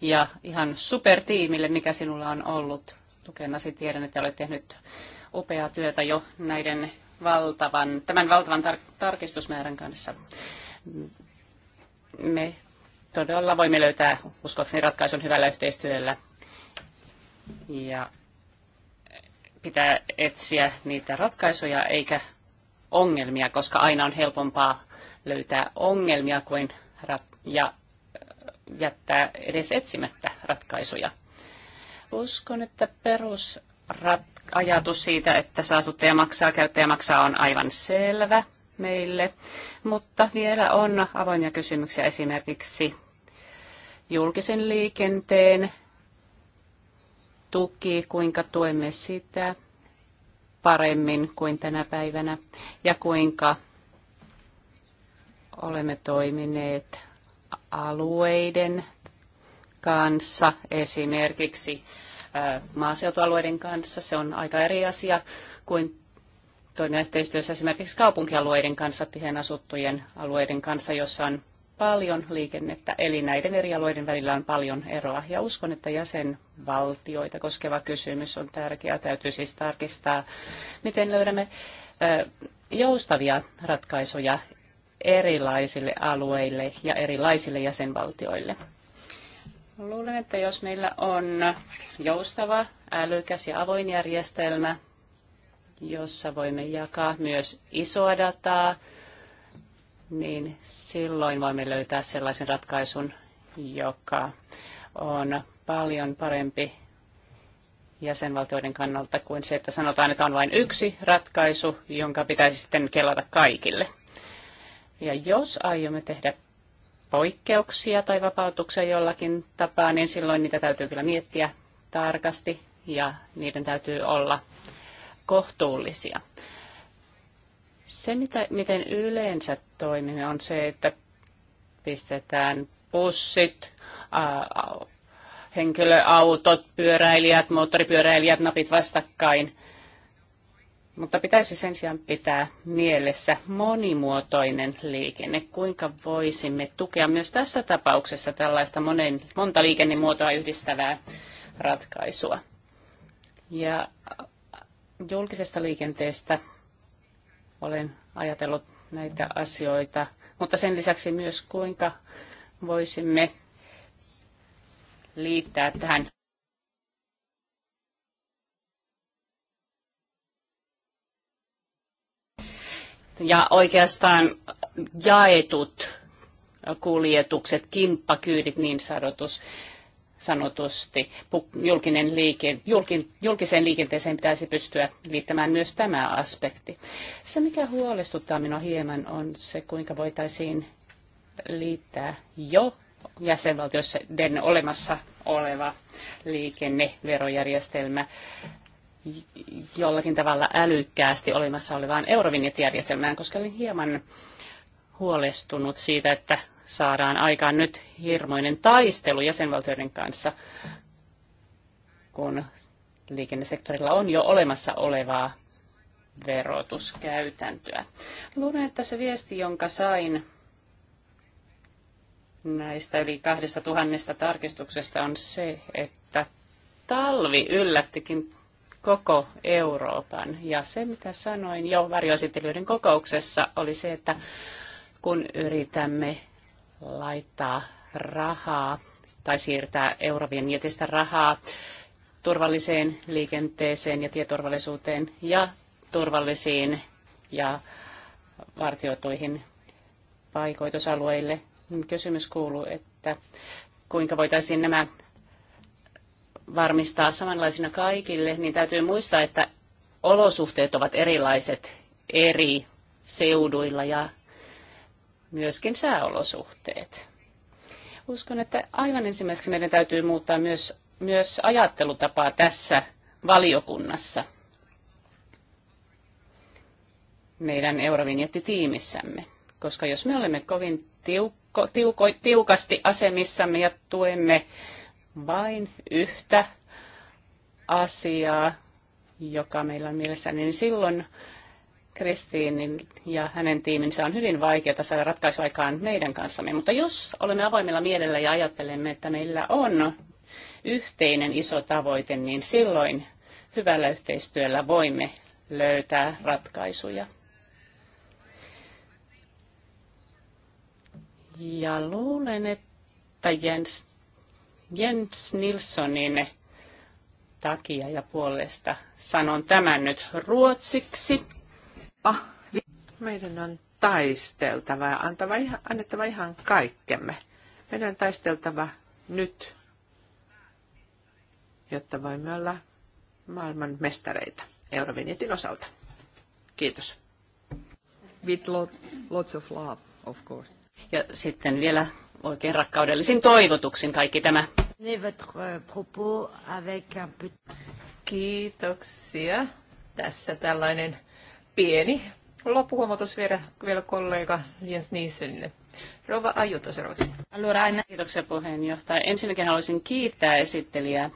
D: ja ihan supertiimille, mikä sinulla on ollut tukenasi. Tiedän, että olet tehnyt upeaa työtä jo näiden valtavan, tämän valtavan tar- tarkistusmäärän kanssa. Me todella voimme löytää uskoakseni ratkaisun hyvällä yhteistyöllä ja pitää etsiä niitä ratkaisuja eikä ongelmia, koska aina on helpompaa löytää ongelmia kuin rat- ja jättää edes etsimättä ratkaisuja. Uskon, että perusajatus siitä, että saasuttaja maksaa, käyttäjä maksaa on aivan selvä meille, mutta vielä on avoimia kysymyksiä esimerkiksi julkisen liikenteen tuki, kuinka tuemme sitä paremmin kuin tänä päivänä ja kuinka olemme toimineet alueiden kanssa, esimerkiksi maaseutualueiden kanssa. Se on aika eri asia kuin toinen yhteistyössä esimerkiksi kaupunkialueiden kanssa, tiheen asuttujen alueiden kanssa, jossa on paljon liikennettä, eli näiden eri alueiden välillä on paljon eroa. Ja uskon, että jäsenvaltioita koskeva kysymys on tärkeä. Täytyy siis tarkistaa, miten löydämme joustavia ratkaisuja erilaisille alueille ja erilaisille jäsenvaltioille. Luulen, että jos meillä on joustava, älykäs ja avoin järjestelmä, jossa voimme jakaa myös isoa dataa, niin silloin voimme löytää sellaisen ratkaisun, joka on paljon parempi jäsenvaltioiden kannalta kuin se, että sanotaan, että on vain yksi ratkaisu, jonka pitäisi sitten kelata kaikille. Ja jos aiomme tehdä poikkeuksia tai vapautuksia jollakin tapaa, niin silloin niitä täytyy kyllä miettiä tarkasti ja niiden täytyy olla kohtuullisia. Se, mitä, miten yleensä toimimme, on se, että pistetään pussit, henkilöautot, pyöräilijät, moottoripyöräilijät, napit vastakkain – mutta pitäisi sen sijaan pitää mielessä monimuotoinen liikenne, kuinka voisimme tukea myös tässä tapauksessa tällaista monen, monta liikennemuotoa yhdistävää ratkaisua. Ja julkisesta liikenteestä olen ajatellut näitä asioita, mutta sen lisäksi myös kuinka voisimme liittää tähän ja oikeastaan jaetut kuljetukset, kimppakyydit niin sanotus, sanotusti. Julkinen liike, julkin, julkiseen liikenteeseen pitäisi pystyä liittämään myös tämä aspekti. Se, mikä huolestuttaa minua hieman, on se, kuinka voitaisiin liittää jo jäsenvaltioiden olemassa oleva liikenneverojärjestelmä jollakin tavalla älykkäästi olemassa olevaan Eurovinjet-järjestelmään, koska olin hieman huolestunut siitä, että saadaan aikaan nyt hirmoinen taistelu jäsenvaltioiden kanssa, kun liikennesektorilla on jo olemassa olevaa verotuskäytäntöä. Luulen, että se viesti, jonka sain näistä yli kahdesta tuhannesta tarkistuksesta, on se, että talvi yllättikin koko Euroopan. Ja se, mitä sanoin jo varjoesittelyiden kokouksessa, oli se, että kun yritämme laittaa rahaa tai siirtää jätistä rahaa turvalliseen liikenteeseen ja tieturvallisuuteen ja turvallisiin ja vartioituihin paikoitusalueille. Niin kysymys kuuluu, että kuinka voitaisiin nämä varmistaa samanlaisina kaikille, niin täytyy muistaa, että olosuhteet ovat erilaiset eri seuduilla ja myöskin sääolosuhteet. Uskon, että aivan ensimmäiseksi meidän täytyy muuttaa myös, myös ajattelutapaa tässä valiokunnassa, meidän Eurovinjettitiimissämme. Koska jos me olemme kovin tiukko, tiuko, tiukasti asemissamme ja tuemme vain yhtä asiaa, joka meillä on mielessä, niin silloin Kristiinin ja hänen tiiminsä on hyvin vaikeaa saada ratkaisuaikaan meidän kanssamme. Mutta jos olemme avoimella mielellä ja ajattelemme, että meillä on yhteinen iso tavoite, niin silloin hyvällä yhteistyöllä voimme löytää ratkaisuja. Ja luulen, että Jens Jens Nilssonin takia ja puolesta sanon tämän nyt ruotsiksi. Ah,
C: meidän on taisteltava ja antava ihan, annettava ihan kaikkemme. Meidän on taisteltava nyt, jotta voimme olla maailman mestareita Eurovinjetin osalta. Kiitos.
D: With lots of love, of course. Ja sitten vielä oikein rakkaudellisin toivotuksin kaikki tämä.
A: Euh,
B: Kiitoksia. Tässä tällainen pieni loppuhuomautus
D: vielä, vielä kollega Jens Nissenille. Rova Ajuto seuraavaksi. Kiitoksia puheenjohtaja. Ensinnäkin haluaisin kiittää esittelijää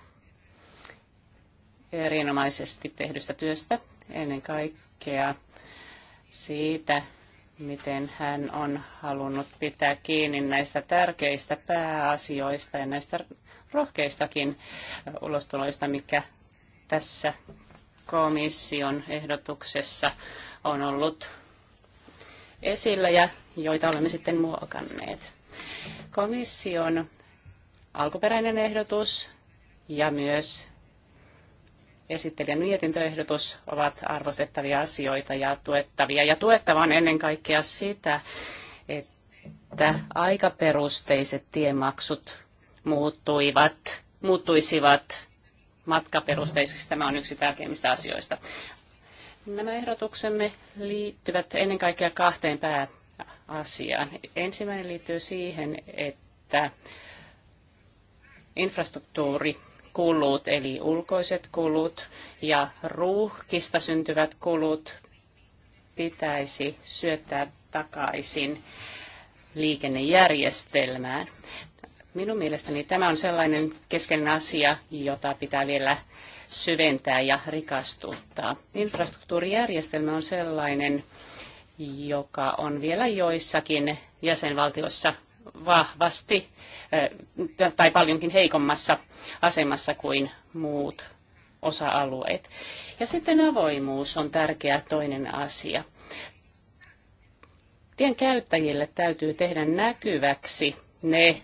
D: erinomaisesti tehdystä työstä ennen kaikkea siitä, miten hän on halunnut pitää kiinni näistä tärkeistä pääasioista ja näistä rohkeistakin ulostuloista, mikä tässä komission ehdotuksessa on ollut esillä ja joita olemme sitten muokanneet. Komission alkuperäinen ehdotus ja myös esittelijän mietintöehdotus ovat arvostettavia asioita ja tuettavia. Ja tuettavan ennen kaikkea sitä, että aikaperusteiset tiemaksut muuttuivat, muuttuisivat matkaperusteisiksi. Tämä on yksi tärkeimmistä asioista. Nämä ehdotuksemme liittyvät ennen kaikkea kahteen pääasiaan. Ensimmäinen liittyy siihen, että infrastruktuuri kulut, eli ulkoiset kulut ja ruuhkista syntyvät kulut pitäisi syöttää takaisin liikennejärjestelmään. Minun mielestäni tämä on sellainen keskeinen asia, jota pitää vielä syventää ja rikastuttaa. Infrastruktuurijärjestelmä on sellainen, joka on vielä joissakin jäsenvaltioissa vahvasti eh, tai paljonkin heikommassa asemassa kuin muut osa-alueet. Ja sitten avoimuus on tärkeä toinen asia. Tien käyttäjille täytyy tehdä näkyväksi ne eh,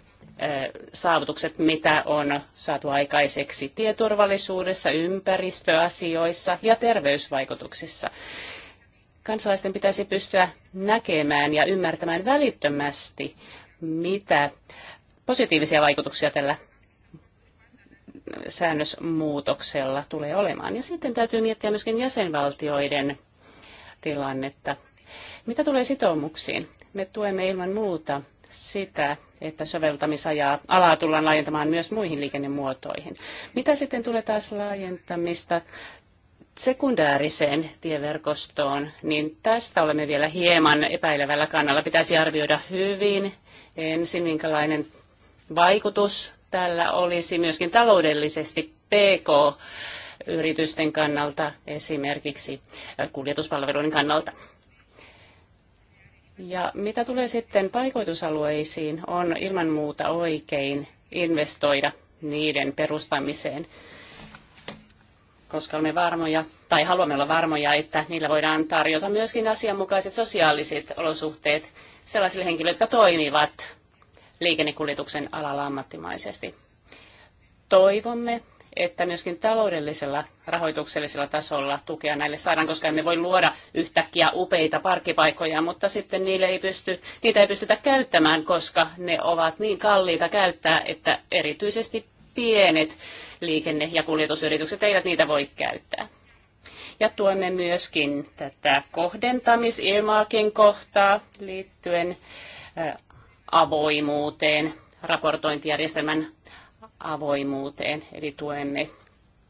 D: saavutukset, mitä on saatu aikaiseksi tieturvallisuudessa, ympäristöasioissa ja terveysvaikutuksissa. Kansalaisten pitäisi pystyä näkemään ja ymmärtämään välittömästi mitä positiivisia vaikutuksia tällä säännösmuutoksella tulee olemaan. Ja sitten täytyy miettiä myöskin jäsenvaltioiden tilannetta. Mitä tulee sitoumuksiin? Me tuemme ilman muuta sitä, että soveltamisajaa alaa tullaan laajentamaan myös muihin liikennemuotoihin. Mitä sitten tulee taas laajentamista sekundääriseen tieverkostoon, niin tästä olemme vielä hieman epäilevällä kannalla. Pitäisi arvioida hyvin ensin, minkälainen vaikutus tällä olisi myöskin taloudellisesti PK-yritysten kannalta, esimerkiksi kuljetuspalveluiden kannalta. Ja mitä tulee sitten paikoitusalueisiin, on ilman muuta oikein investoida niiden perustamiseen koska olemme varmoja, tai haluamme olla varmoja, että niillä voidaan tarjota myöskin asianmukaiset sosiaaliset olosuhteet sellaisille henkilöille, jotka toimivat liikennekuljetuksen alalla ammattimaisesti. Toivomme, että myöskin taloudellisella, rahoituksellisella tasolla tukea näille saadaan, koska emme voi luoda yhtäkkiä upeita parkkipaikkoja, mutta sitten niille ei pysty, niitä ei pystytä käyttämään, koska ne ovat niin kalliita käyttää, että erityisesti pienet liikenne- ja kuljetusyritykset eivät niitä voi käyttää. Ja tuemme myöskin tätä kohdentamisilmaakin kohtaa liittyen avoimuuteen, raportointijärjestelmän avoimuuteen, eli tuemme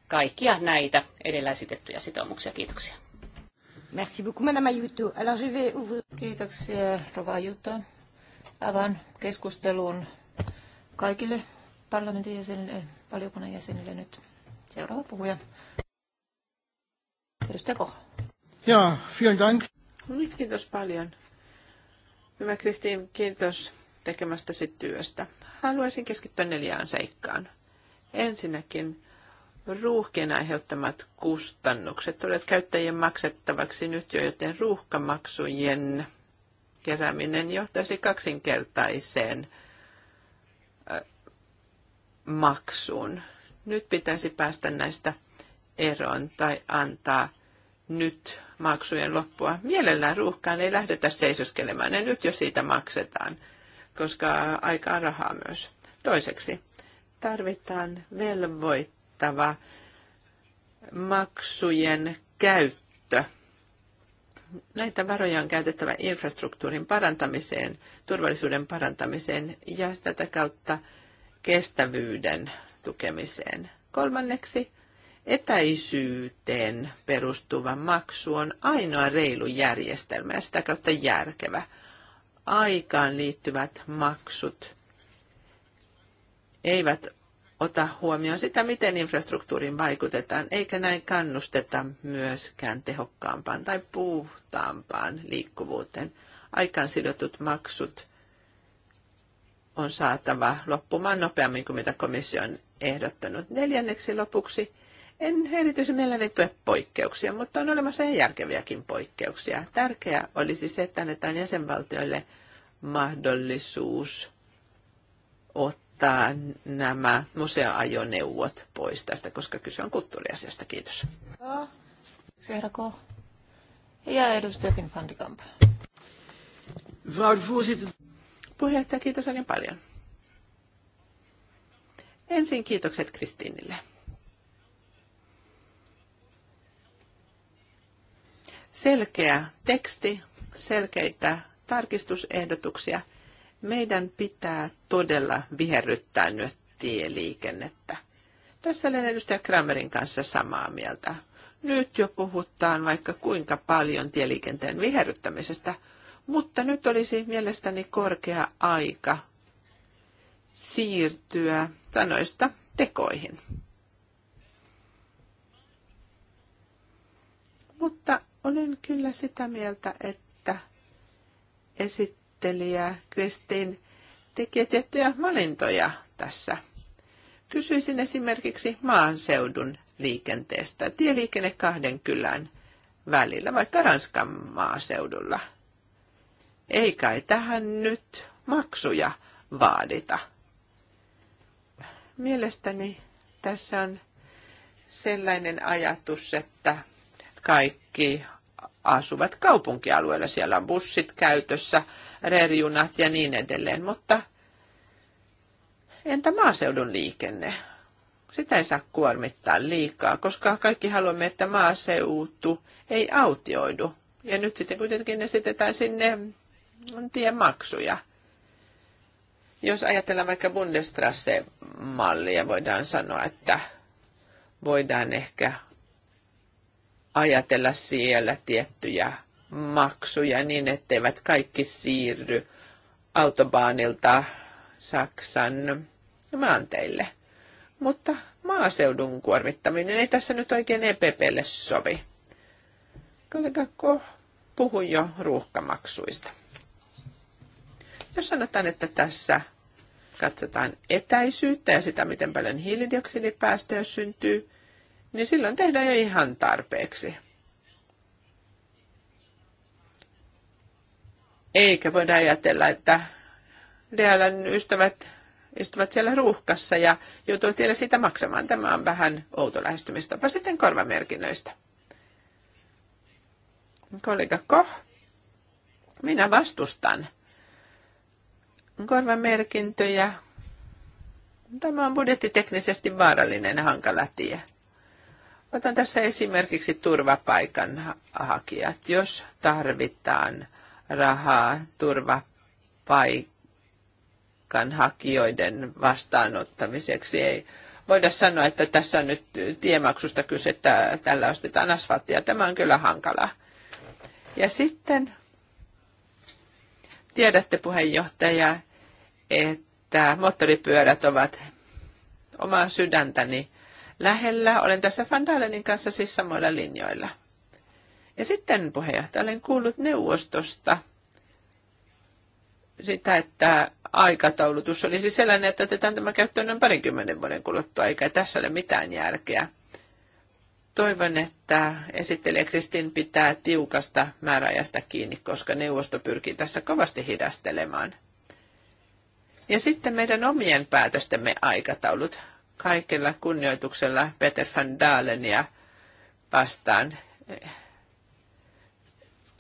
D: kaikkia näitä edellä esitettyjä sitoumuksia. Kiitoksia.
A: Merci beaucoup, Madame Ayuto. Alors, je vais
B: ouvrir... Kiitoksia, Rova Ayuto. Avaan keskustelun kaikille parlamentin jäsenille, eh, valiokunnan jäsenille nyt. Seuraava puhuja. Edustaja Koch.
A: Ja, vielen dank.
C: Mm, kiitos paljon. Hyvä Kristiin, kiitos tekemästäsi työstä. Haluaisin keskittyä neljään seikkaan. Ensinnäkin ruuhkien aiheuttamat kustannukset tulevat käyttäjien maksettavaksi nyt jo, joten ruuhkamaksujen kerääminen johtaisi kaksinkertaiseen maksuun. Nyt pitäisi päästä näistä eroon tai antaa nyt maksujen loppua. Mielellään ruuhkaan ei lähdetä seisoskelemaan, ne nyt jo siitä maksetaan, koska aikaa rahaa myös. Toiseksi, tarvitaan velvoittava maksujen käyttö. Näitä varoja on käytettävä infrastruktuurin parantamiseen, turvallisuuden parantamiseen ja tätä kautta – kestävyyden tukemiseen. Kolmanneksi, etäisyyteen perustuva maksu on ainoa reilu järjestelmä ja sitä kautta järkevä. Aikaan liittyvät maksut eivät ota huomioon sitä, miten infrastruktuuriin vaikutetaan, eikä näin kannusteta myöskään tehokkaampaan tai puhtaampaan liikkuvuuteen. Aikaan sidotut maksut on saatava loppumaan nopeammin kuin mitä komissio on ehdottanut. Neljänneksi lopuksi en erityisen mielelläni tue poikkeuksia, mutta on olemassa ihan järkeviäkin poikkeuksia. Tärkeää olisi se, että annetaan jäsenvaltioille mahdollisuus ottaa nämä museoajoneuvot pois tästä, koska kyse on kulttuuriasiasta. Kiitos.
B: Ja edustaja Finn van de Kamp.
A: Mevrouw de voorzitter,
C: Puheenjohtaja, kiitos oikein paljon. Ensin kiitokset Kristiinille. Selkeä teksti, selkeitä tarkistusehdotuksia. Meidän pitää todella viherryttää nyt tieliikennettä. Tässä olen edustaja Kramerin kanssa samaa mieltä. Nyt jo puhutaan vaikka kuinka paljon tieliikenteen viherryttämisestä – mutta nyt olisi mielestäni korkea aika siirtyä sanoista tekoihin. Mutta olen kyllä sitä mieltä, että esittelijä Kristin tekee tiettyjä valintoja tässä. Kysyisin esimerkiksi maanseudun liikenteestä, tieliikenne kahden kylän välillä, vaikka Ranskan maaseudulla – ei kai tähän nyt maksuja vaadita. Mielestäni tässä on sellainen ajatus, että kaikki asuvat kaupunkialueella. Siellä on bussit käytössä, rerjunat ja niin edelleen, mutta entä maaseudun liikenne? Sitä ei saa kuormittaa liikaa, koska kaikki haluamme, että maaseutu ei autioidu. Ja nyt sitten kuitenkin esitetään sinne tiemaksuja. Jos ajatellaan vaikka Bundestrasse-mallia, voidaan sanoa, että voidaan ehkä ajatella siellä tiettyjä maksuja niin, etteivät kaikki siirry autobaanilta Saksan maanteille. Mutta maaseudun kuormittaminen ei tässä nyt oikein EPPlle sovi. Kollega koh, puhui jo ruuhkamaksuista. Jos sanotaan, että tässä katsotaan etäisyyttä ja sitä, miten paljon hiilidioksidipäästöjä syntyy, niin silloin tehdään jo ihan tarpeeksi. Eikä voida ajatella, että DLN ystävät istuvat siellä ruuhkassa ja joutuvat vielä siitä maksamaan. Tämä on vähän outo lähestymistapa sitten korvamerkinnöistä. Kollega Koh, minä vastustan korvamerkintöjä. Tämä on budjettiteknisesti vaarallinen ja hankala tie. Otan tässä esimerkiksi turvapaikan hakijat. Jos tarvitaan rahaa turvapaikan hakijoiden vastaanottamiseksi, ei voida sanoa, että tässä on nyt tiemaksusta kyse, että tällä ostetaan asfalttia. Tämä on kyllä hankala. Ja sitten tiedätte puheenjohtaja, että moottoripyörät ovat omaa sydäntäni lähellä. Olen tässä Van Dalenin kanssa siis samoilla linjoilla. Ja sitten puheenjohtaja, olen kuullut neuvostosta sitä, että aikataulutus olisi siis sellainen, että otetaan tämä käyttöön noin parinkymmenen vuoden kuluttua, eikä tässä ole mitään järkeä. Toivon, että esittelijä Kristin pitää tiukasta määräajasta kiinni, koska neuvosto pyrkii tässä kovasti hidastelemaan. Ja sitten meidän omien päätöstemme aikataulut. Kaikella kunnioituksella Peter van Dalenia vastaan.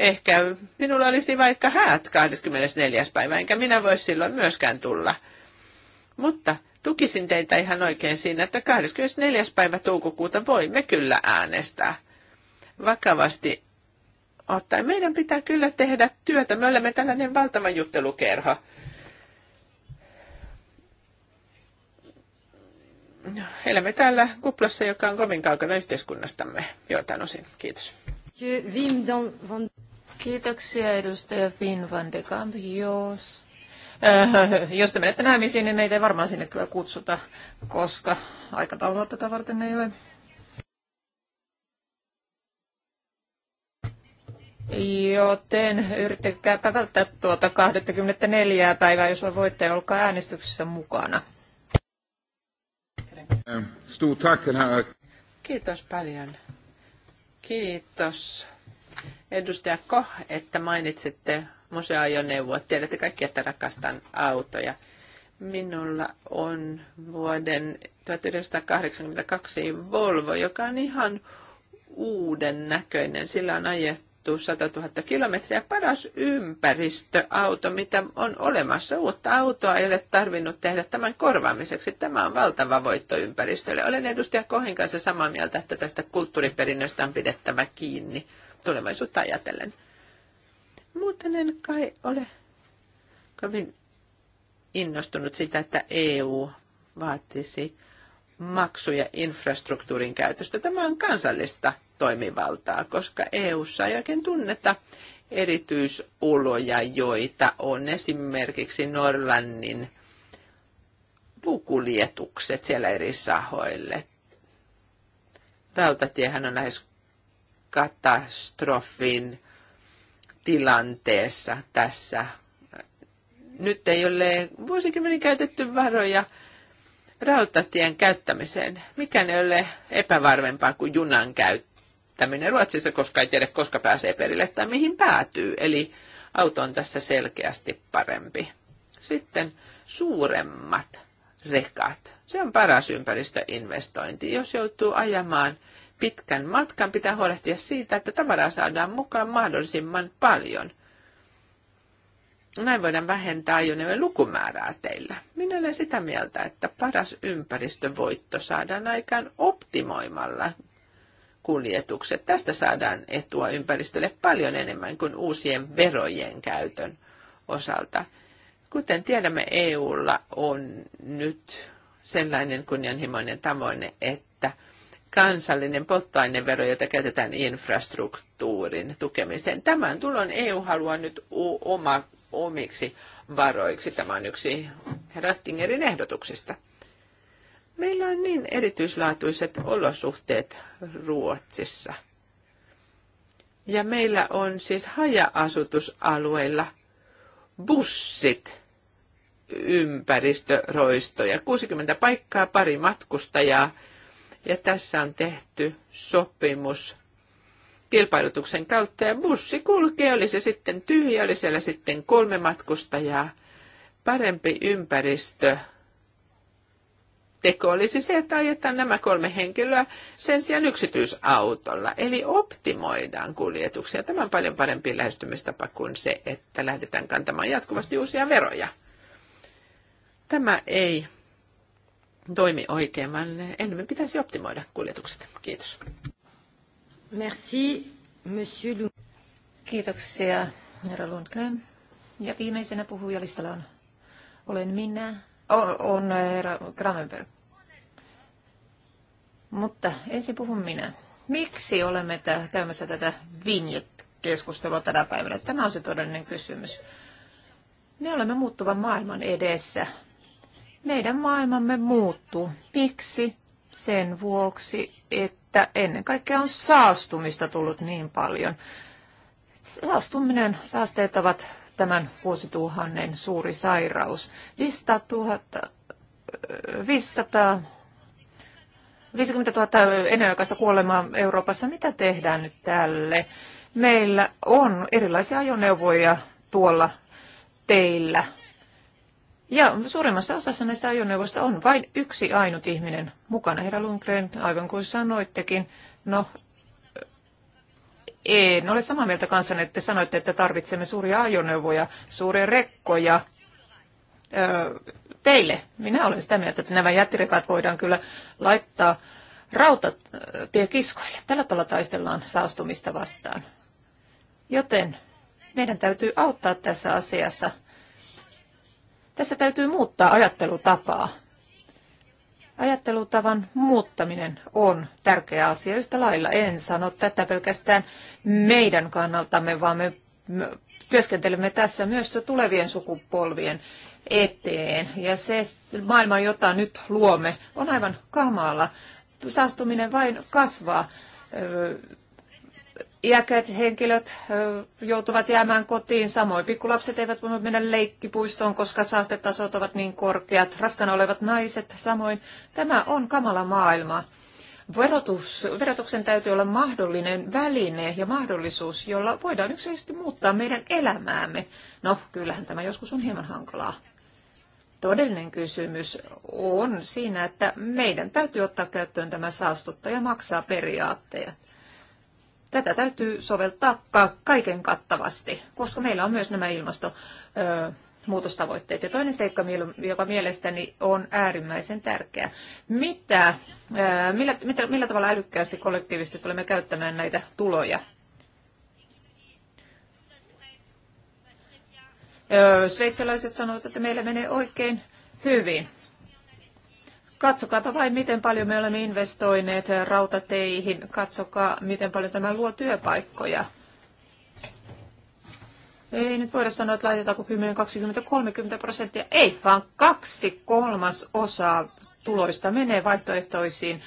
C: Ehkä minulla olisi vaikka häät 24. päivä, enkä minä voisi silloin myöskään tulla. Mutta tukisin teitä ihan oikein siinä, että 24. päivä toukokuuta voimme kyllä äänestää. Vakavasti ottaen meidän pitää kyllä tehdä työtä. Me olemme tällainen valtava juttelukerho. elämme täällä kuplassa, joka on kovin kaukana yhteiskunnastamme joiltain osin. Kiitos.
B: Kiitoksia edustaja Finn van de Kamp. Jos, äh, jos te menette naimisiin, niin meitä ei varmaan sinne kyllä kutsuta, koska aikataulua tätä varten ei ole. Joten yrittäkääpä välttää tuota 24 päivää, jos voitte, olkaa äänestyksessä mukana.
C: Kiitos paljon. Kiitos. Edustaja Koh, että mainitsitte museoajoneuvot. Tiedätte kaikki, että rakastan autoja. Minulla on vuoden 1982 Volvo, joka on ihan uuden näköinen. Sillä on ajettu kuljettu 100 000 kilometriä. Paras ympäristöauto, mitä on olemassa. Uutta autoa ei ole tarvinnut tehdä tämän korvaamiseksi. Tämä on valtava voitto ympäristölle. Olen edustaja Kohin kanssa samaa mieltä, että tästä kulttuuriperinnöstä on pidettävä kiinni tulevaisuutta ajatellen. Muuten en kai ole kovin innostunut sitä, että EU vaatisi maksuja infrastruktuurin käytöstä. Tämä on kansallista toimivaltaa, koska EU:ssa ei oikein tunneta erityisuloja, joita on esimerkiksi Norlannin puukuljetukset siellä eri sahoille. Rautatiehän on lähes katastrofin tilanteessa tässä. Nyt ei ole vuosikymmeniä käytetty varoja rautatien käyttämiseen. Mikään ei ole epävarvempaa kuin junan käyttö lähettäminen Ruotsissa, koska ei tiedä, koska pääsee perille tai mihin päätyy. Eli auto on tässä selkeästi parempi. Sitten suuremmat rekat. Se on paras ympäristöinvestointi. Jos joutuu ajamaan pitkän matkan, pitää huolehtia siitä, että tavaraa saadaan mukaan mahdollisimman paljon. Näin voidaan vähentää ajoneuvojen lukumäärää teillä. Minä olen sitä mieltä, että paras ympäristövoitto saadaan aikaan optimoimalla kuljetukset. Tästä saadaan etua ympäristölle paljon enemmän kuin uusien verojen käytön osalta. Kuten tiedämme, EUlla on nyt sellainen kunnianhimoinen tavoite, että kansallinen polttoainevero, jota käytetään infrastruktuurin tukemiseen. Tämän tulon EU haluaa nyt oma, omiksi varoiksi. Tämä on yksi Rattingerin ehdotuksista. Meillä on niin erityislaatuiset olosuhteet Ruotsissa. Ja meillä on siis haja-asutusalueilla bussit ympäristöroistoja. 60 paikkaa, pari matkustajaa. Ja tässä on tehty sopimus kilpailutuksen kautta. Ja bussi kulkee, oli se sitten tyhjä, oli siellä sitten kolme matkustajaa. Parempi ympäristö teko olisi se, että ajetaan nämä kolme henkilöä sen sijaan yksityisautolla. Eli optimoidaan kuljetuksia. Tämä on paljon parempi lähestymistapa kuin se, että lähdetään kantamaan jatkuvasti uusia veroja. Tämä ei toimi oikein, vaan enemmän pitäisi optimoida kuljetukset. Kiitos.
B: Merci, monsieur Lund. Kiitoksia, herra Lundgren. Ja viimeisenä puhujalistalla on olen minä, on eh, herra Mutta ensin puhun minä. Miksi olemme tää, käymässä tätä vinjet-keskustelua tänä päivänä? Tämä on se todellinen kysymys. Me olemme muuttuvan maailman edessä. Meidän maailmamme muuttuu. Miksi? Sen vuoksi, että ennen kaikkea on saastumista tullut niin paljon. Saastuminen, saasteet ovat tämän vuosituhannen suuri sairaus. 500 000, 500 50 000 ennenaikaista kuolemaa Euroopassa. Mitä tehdään nyt tälle? Meillä on erilaisia ajoneuvoja tuolla teillä. Ja suurimmassa osassa näistä ajoneuvoista on vain yksi ainut ihminen mukana. Herra Lundgren, aivan kuin sanoittekin, no en ole samaa mieltä kanssanne, että sanoitte, että tarvitsemme suuria ajoneuvoja, suuria rekkoja teille. Minä olen sitä mieltä, että nämä jättirekat voidaan kyllä laittaa rautatiekiskoille. Tällä tavalla taistellaan saastumista vastaan. Joten meidän täytyy auttaa tässä asiassa. Tässä täytyy muuttaa ajattelutapaa ajattelutavan muuttaminen on tärkeä asia yhtä lailla. En sano tätä pelkästään meidän kannaltamme, vaan me työskentelemme tässä myös tulevien sukupolvien eteen. Ja se maailma, jota nyt luomme, on aivan kamala. Saastuminen vain kasvaa Iäkkäät henkilöt joutuvat jäämään kotiin, samoin pikkulapset eivät voi mennä leikkipuistoon, koska saastetasot ovat niin korkeat, raskana olevat naiset samoin. Tämä on kamala maailma. Verotus, verotuksen täytyy olla mahdollinen väline ja mahdollisuus, jolla voidaan yksilöllisesti muuttaa meidän elämäämme. No, kyllähän tämä joskus on hieman hankalaa. Todellinen kysymys on siinä, että meidän täytyy ottaa käyttöön tämä saastuttaja maksaa periaatteja. Tätä täytyy soveltaa kaiken kattavasti, koska meillä on myös nämä ilmastonmuutostavoitteet. muutostavoitteet. Ja toinen seikka, joka mielestäni on äärimmäisen tärkeä. Mitä, millä, millä tavalla älykkäästi kollektiivisesti tulemme käyttämään näitä tuloja? Sveitsiläiset sanovat, että meillä menee oikein hyvin. Katsokaapa vain, miten paljon me olemme investoineet rautateihin. Katsokaa, miten paljon tämä luo työpaikkoja. Ei nyt voida sanoa, että laitetaanko 10, 20, 30 prosenttia. Ei, vaan kaksi kolmas osaa tuloista menee vaihtoehtoisiin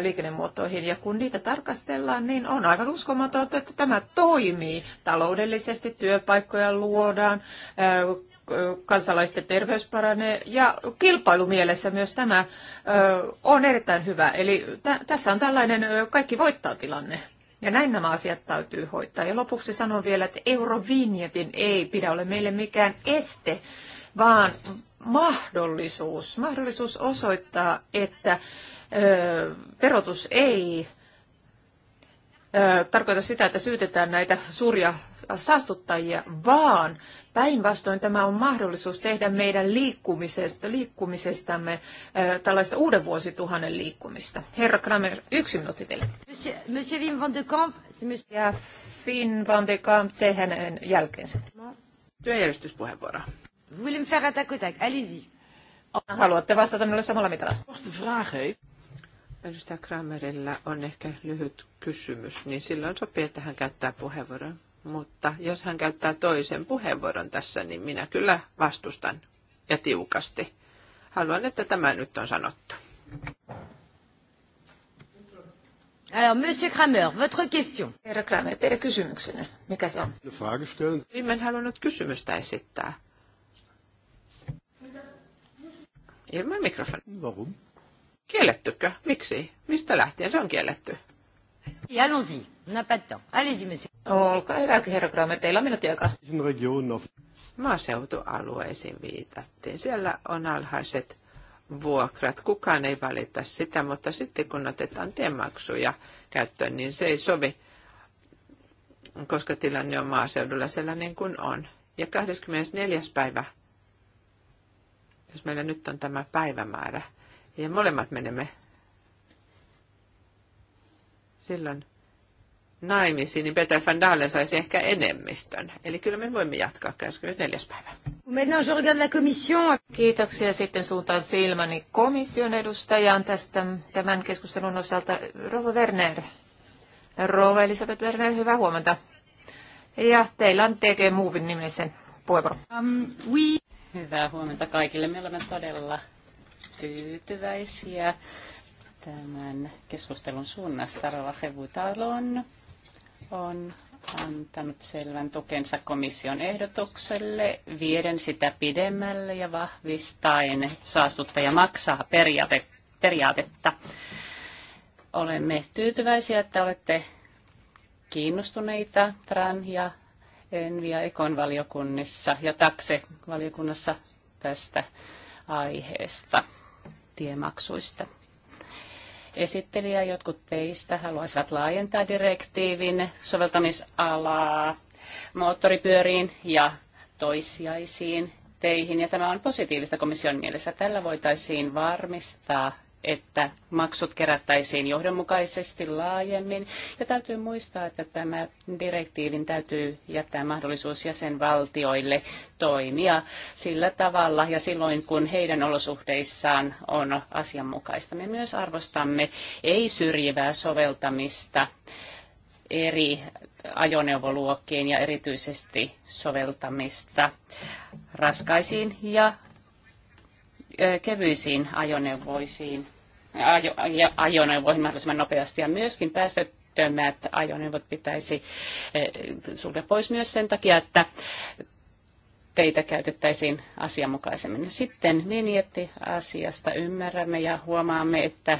B: liikennemuotoihin. Ja kun niitä tarkastellaan, niin on aivan uskomatonta, että tämä toimii. Taloudellisesti työpaikkoja luodaan, kansalaisten terveys paranee ja kilpailumielessä myös tämä on erittäin hyvä. Eli tässä on tällainen kaikki voittaa tilanne. Ja näin nämä asiat täytyy hoitaa. Ja lopuksi sanon vielä, että eurovinjetin ei pidä ole meille mikään este, vaan mahdollisuus. Mahdollisuus osoittaa, että ö, verotus ei ö, tarkoita sitä, että syytetään näitä suuria saastuttajia, vaan Päinvastoin tämä on mahdollisuus tehdä meidän liikkumisesta, liikkumisestamme ää, tällaista uuden vuosituhannen liikkumista. Herra Kramer, yksi minuutti teille. Monsieur, Wim van de Kamp. Ja Finn van de Kamp, te hänen jälkeensä.
A: No.
C: Työjärjestyspuheenvuoro.
A: Willem Ferrat à allez-y.
C: Haluatte vastata minulle samalla mitalla? Edustaja Kramerilla on ehkä lyhyt kysymys, niin silloin sopii, että hän käyttää puheenvuoron mutta jos hän käyttää toisen puheenvuoron tässä, niin minä kyllä vastustan ja tiukasti. Haluan, että tämä nyt on sanottu.
A: Alors, Monsieur Kramer,
C: votre question. Herra Kramer, teidän kysymyksenne, mikä se on? Viimein halunnut kysymystä esittää. Ilman mikrofoni. Kiellettykö? Miksi? Mistä lähtien se on kielletty? Allons-y,
A: n'a pas de temps. Allez-y, monsieur.
C: Olkaa hyvä, herra Kramer, teillä on minuutti aikaa. Maaseutualueisiin viitattiin. Siellä on alhaiset vuokrat. Kukaan ei valita sitä, mutta sitten kun otetaan tiemaksuja käyttöön, niin se ei sovi, koska tilanne on maaseudulla sellainen niin kuin on. Ja 24. päivä, jos meillä nyt on tämä päivämäärä, ja molemmat menemme silloin naimisiin, niin Peter van Dalen saisi ehkä enemmistön. Eli kyllä me voimme jatkaa 24. päivä.
B: Kiitoksia. Sitten suuntaan silmäni komission edustajaan tästä tämän keskustelun osalta. Rova Werner. Rova Elisabeth Werner, hyvää huomenta. Ja teillä on TG Movin nimisen
D: puheenvuoro. Um, we... Hyvää huomenta kaikille. Me olemme todella tyytyväisiä tämän keskustelun suunnasta. Rova Hevutalon on antanut selvän tukensa komission ehdotukselle vieden sitä pidemmälle ja vahvistaen saastuttaja maksaa periaate, periaatetta. Olemme tyytyväisiä, että olette kiinnostuneita TRAN ja ENVI ja EKON valiokunnissa ja TAKSE-valiokunnassa tästä aiheesta, tiemaksuista esittelijä. Jotkut teistä haluaisivat laajentaa direktiivin soveltamisalaa moottoripyöriin ja toissijaisiin teihin, ja tämä on positiivista komission mielessä. Tällä voitaisiin varmistaa että maksut kerättäisiin johdonmukaisesti laajemmin. Ja täytyy muistaa, että tämä direktiivin täytyy jättää mahdollisuus jäsenvaltioille toimia sillä tavalla ja silloin, kun heidän olosuhteissaan on asianmukaista. Me myös arvostamme ei-syrjivää soveltamista eri ajoneuvoluokkiin ja erityisesti soveltamista raskaisiin ja kevyisiin ajoneuvoisiin ajo, ajoneuvoihin mahdollisimman nopeasti ja myöskin päästöttömät ajoneuvot pitäisi eh, sulkea pois myös sen takia, että teitä käytettäisiin asianmukaisemmin. Sitten asiasta ymmärrämme ja huomaamme, että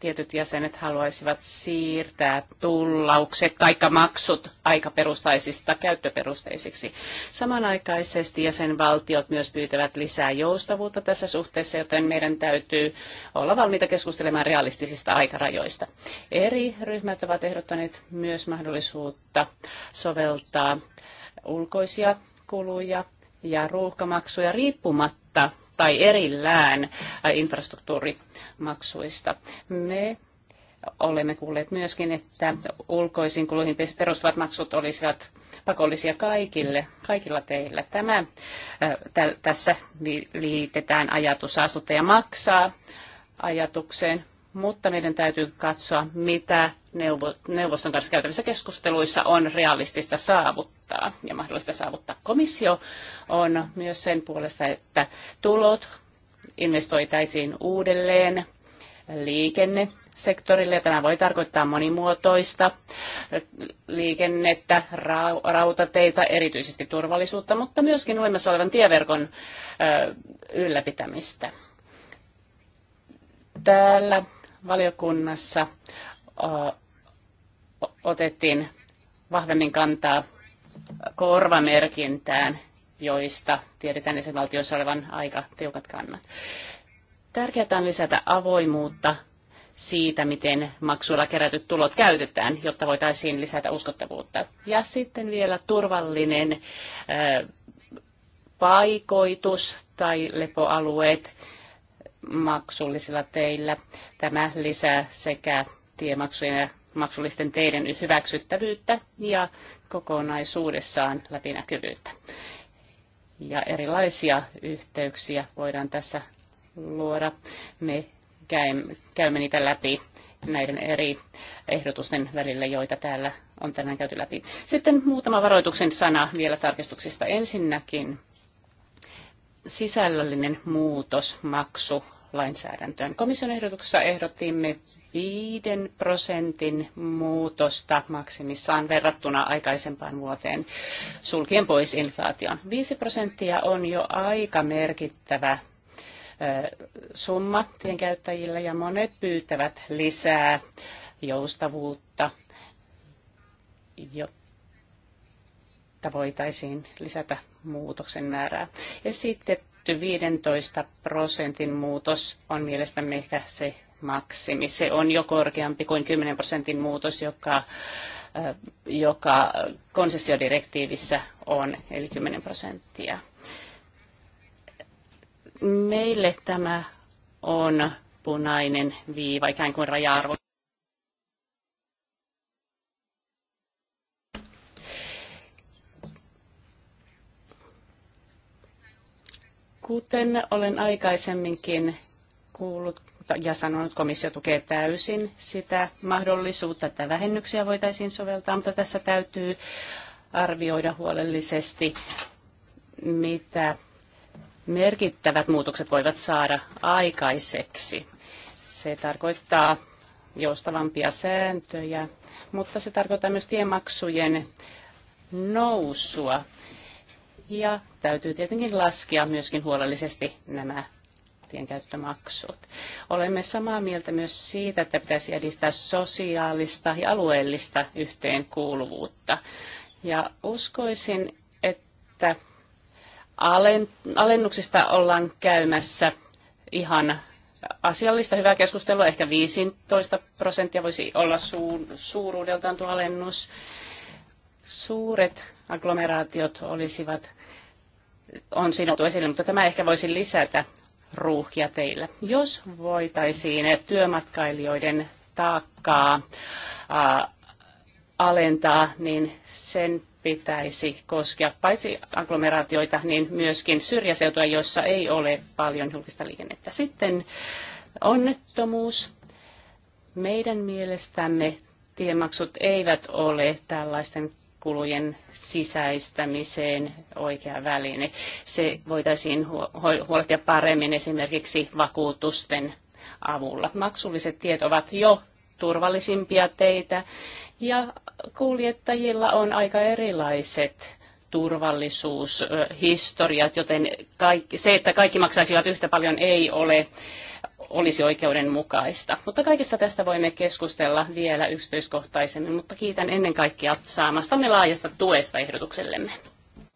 D: tietyt jäsenet haluaisivat siirtää tullaukset tai maksut aikaperustaisista käyttöperusteisiksi. Samanaikaisesti jäsenvaltiot myös pyytävät lisää joustavuutta tässä suhteessa, joten meidän täytyy olla valmiita keskustelemaan realistisista aikarajoista. Eri ryhmät ovat ehdottaneet myös mahdollisuutta soveltaa ulkoisia kuluja ja ruuhkamaksuja riippumatta tai erillään äh, infrastruktuurimaksuista. Me olemme kuulleet myöskin, että ulkoisiin kuluihin perustuvat maksut olisivat pakollisia kaikille, kaikilla teillä. Tämä, äh, tä, tässä liitetään ajatus asuttaja maksaa ajatukseen, mutta meidän täytyy katsoa, mitä neuvoston kanssa käytävissä keskusteluissa on realistista saavuttaa ja mahdollista saavuttaa. Komissio on myös sen puolesta, että tulot investoitaisiin uudelleen liikenne sektorille. Tämä voi tarkoittaa monimuotoista liikennettä, rautateitä, erityisesti turvallisuutta, mutta myöskin olemassa olevan tieverkon ylläpitämistä. Täällä valiokunnassa otettiin vahvemmin kantaa korvamerkintään, joista tiedetään jäsenvaltioissa olevan aika tiukat kannat. Tärkeää on lisätä avoimuutta siitä, miten maksuilla kerätyt tulot käytetään, jotta voitaisiin lisätä uskottavuutta. Ja sitten vielä turvallinen paikoitus tai lepoalueet maksullisilla teillä. Tämä lisää sekä tiemaksujen ja maksullisten teiden hyväksyttävyyttä ja kokonaisuudessaan läpinäkyvyyttä. Ja erilaisia yhteyksiä voidaan tässä luoda. Me käymme niitä läpi näiden eri ehdotusten välillä, joita täällä on tänään käyty läpi. Sitten muutama varoituksen sana vielä tarkistuksista. Ensinnäkin sisällöllinen muutos maksu lainsäädäntöön. Komission ehdotuksessa ehdotimme 5 prosentin muutosta maksimissaan verrattuna aikaisempaan vuoteen, sulkien pois inflaation. 5 prosenttia on jo aika merkittävä summa tienkäyttäjille ja monet pyytävät lisää joustavuutta, jotta voitaisiin lisätä muutoksen määrää. Esitetty 15 prosentin muutos on mielestämme ehkä se maksimi. Se on jo korkeampi kuin 10 prosentin muutos, joka, joka konsessiodirektiivissä on, eli 10 prosenttia. Meille tämä on punainen viiva, ikään kuin raja-arvo. Kuten olen aikaisemminkin kuullut ja sanonut, että komissio tukee täysin sitä mahdollisuutta, että vähennyksiä voitaisiin soveltaa, mutta tässä täytyy arvioida huolellisesti, mitä merkittävät muutokset voivat saada aikaiseksi. Se tarkoittaa joustavampia sääntöjä, mutta se tarkoittaa myös tiemaksujen nousua. Ja täytyy tietenkin laskea myöskin huolellisesti nämä käyttömaksut. Olemme samaa mieltä myös siitä, että pitäisi edistää sosiaalista ja alueellista yhteenkuuluvuutta. Ja uskoisin, että alennuksista ollaan käymässä ihan asiallista hyvää keskustelua. Ehkä 15 prosenttia voisi olla suuruudeltaan tuo alennus. Suuret agglomeraatiot olisivat, on siinä esille, mutta tämä ehkä voisi lisätä ruuhkia teillä. Jos voitaisiin työmatkailijoiden taakkaa ää, alentaa, niin sen pitäisi koskea paitsi agglomeraatioita, niin myöskin syrjäseutua, jossa ei ole paljon julkista liikennettä. Sitten onnettomuus. Meidän mielestämme tiemaksut eivät ole tällaisten kulujen sisäistämiseen oikea väline. Se voitaisiin huolehtia paremmin esimerkiksi vakuutusten avulla. Maksulliset tiet ovat jo turvallisimpia teitä ja kuljettajilla on aika erilaiset turvallisuushistoriat, joten kaikki, se, että kaikki maksaisivat yhtä paljon, ei ole olisi oikeudenmukaista. Mutta kaikesta tästä voimme keskustella vielä yksityiskohtaisemmin, mutta kiitän ennen kaikkea saamastamme laajasta tuesta ehdotuksellemme.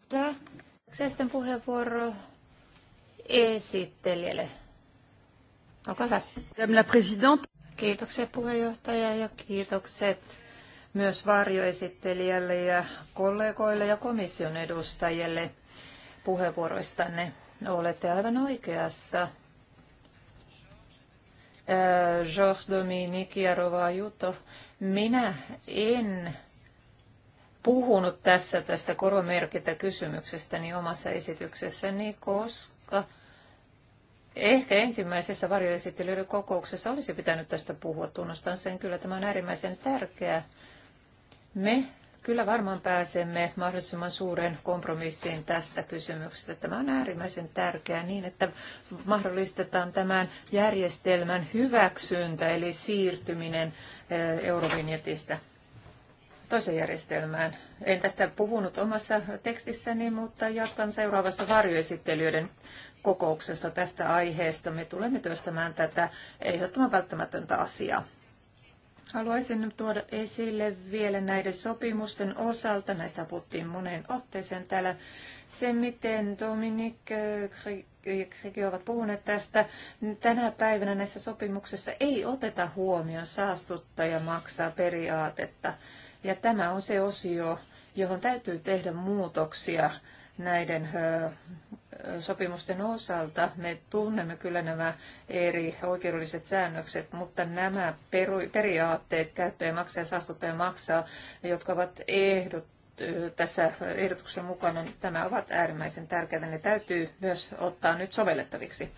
D: Tämä
B: puheenvuoro
D: esittelijälle. Olkaa
B: hyvä. Kiitoksia puheenjohtaja ja kiitokset myös varjoesittelijälle ja kollegoille ja komission edustajille puheenvuoroistanne. Olette aivan oikeassa Eh, Georges Dominique Jarova Juto. Minä en puhunut tässä tästä korvamerkitä kysymyksestäni niin omassa esityksessäni, koska ehkä ensimmäisessä varjoesittelyiden kokouksessa olisi pitänyt tästä puhua. Tunnustan sen kyllä, tämä on äärimmäisen tärkeää. Me Kyllä varmaan pääsemme mahdollisimman suureen kompromissiin tästä kysymyksestä. Tämä on äärimmäisen tärkeää niin, että mahdollistetaan tämän järjestelmän hyväksyntä, eli siirtyminen eh, eurovinjetistä toiseen järjestelmään. En tästä puhunut omassa tekstissäni, mutta jatkan seuraavassa varjoesittelyiden kokouksessa tästä aiheesta. Me tulemme työstämään tätä ehdottoman välttämätöntä asiaa. Haluaisin tuoda esille vielä näiden sopimusten osalta, näistä puhuttiin moneen otteeseen täällä, se miten Dominik äh, ja Kregi ovat puhuneet tästä, tänä päivänä näissä sopimuksissa ei oteta huomioon saastuttaja maksaa periaatetta. Ja tämä on se osio, johon täytyy tehdä muutoksia näiden äh, sopimusten osalta me tunnemme kyllä nämä eri oikeudelliset säännökset, mutta nämä periaatteet, käyttäjä maksaa, saastuttaja maksaa, jotka ovat ehdot, tässä ehdotuksen mukana, niin tämä ovat äärimmäisen tärkeitä. Ne täytyy myös ottaa nyt sovellettaviksi.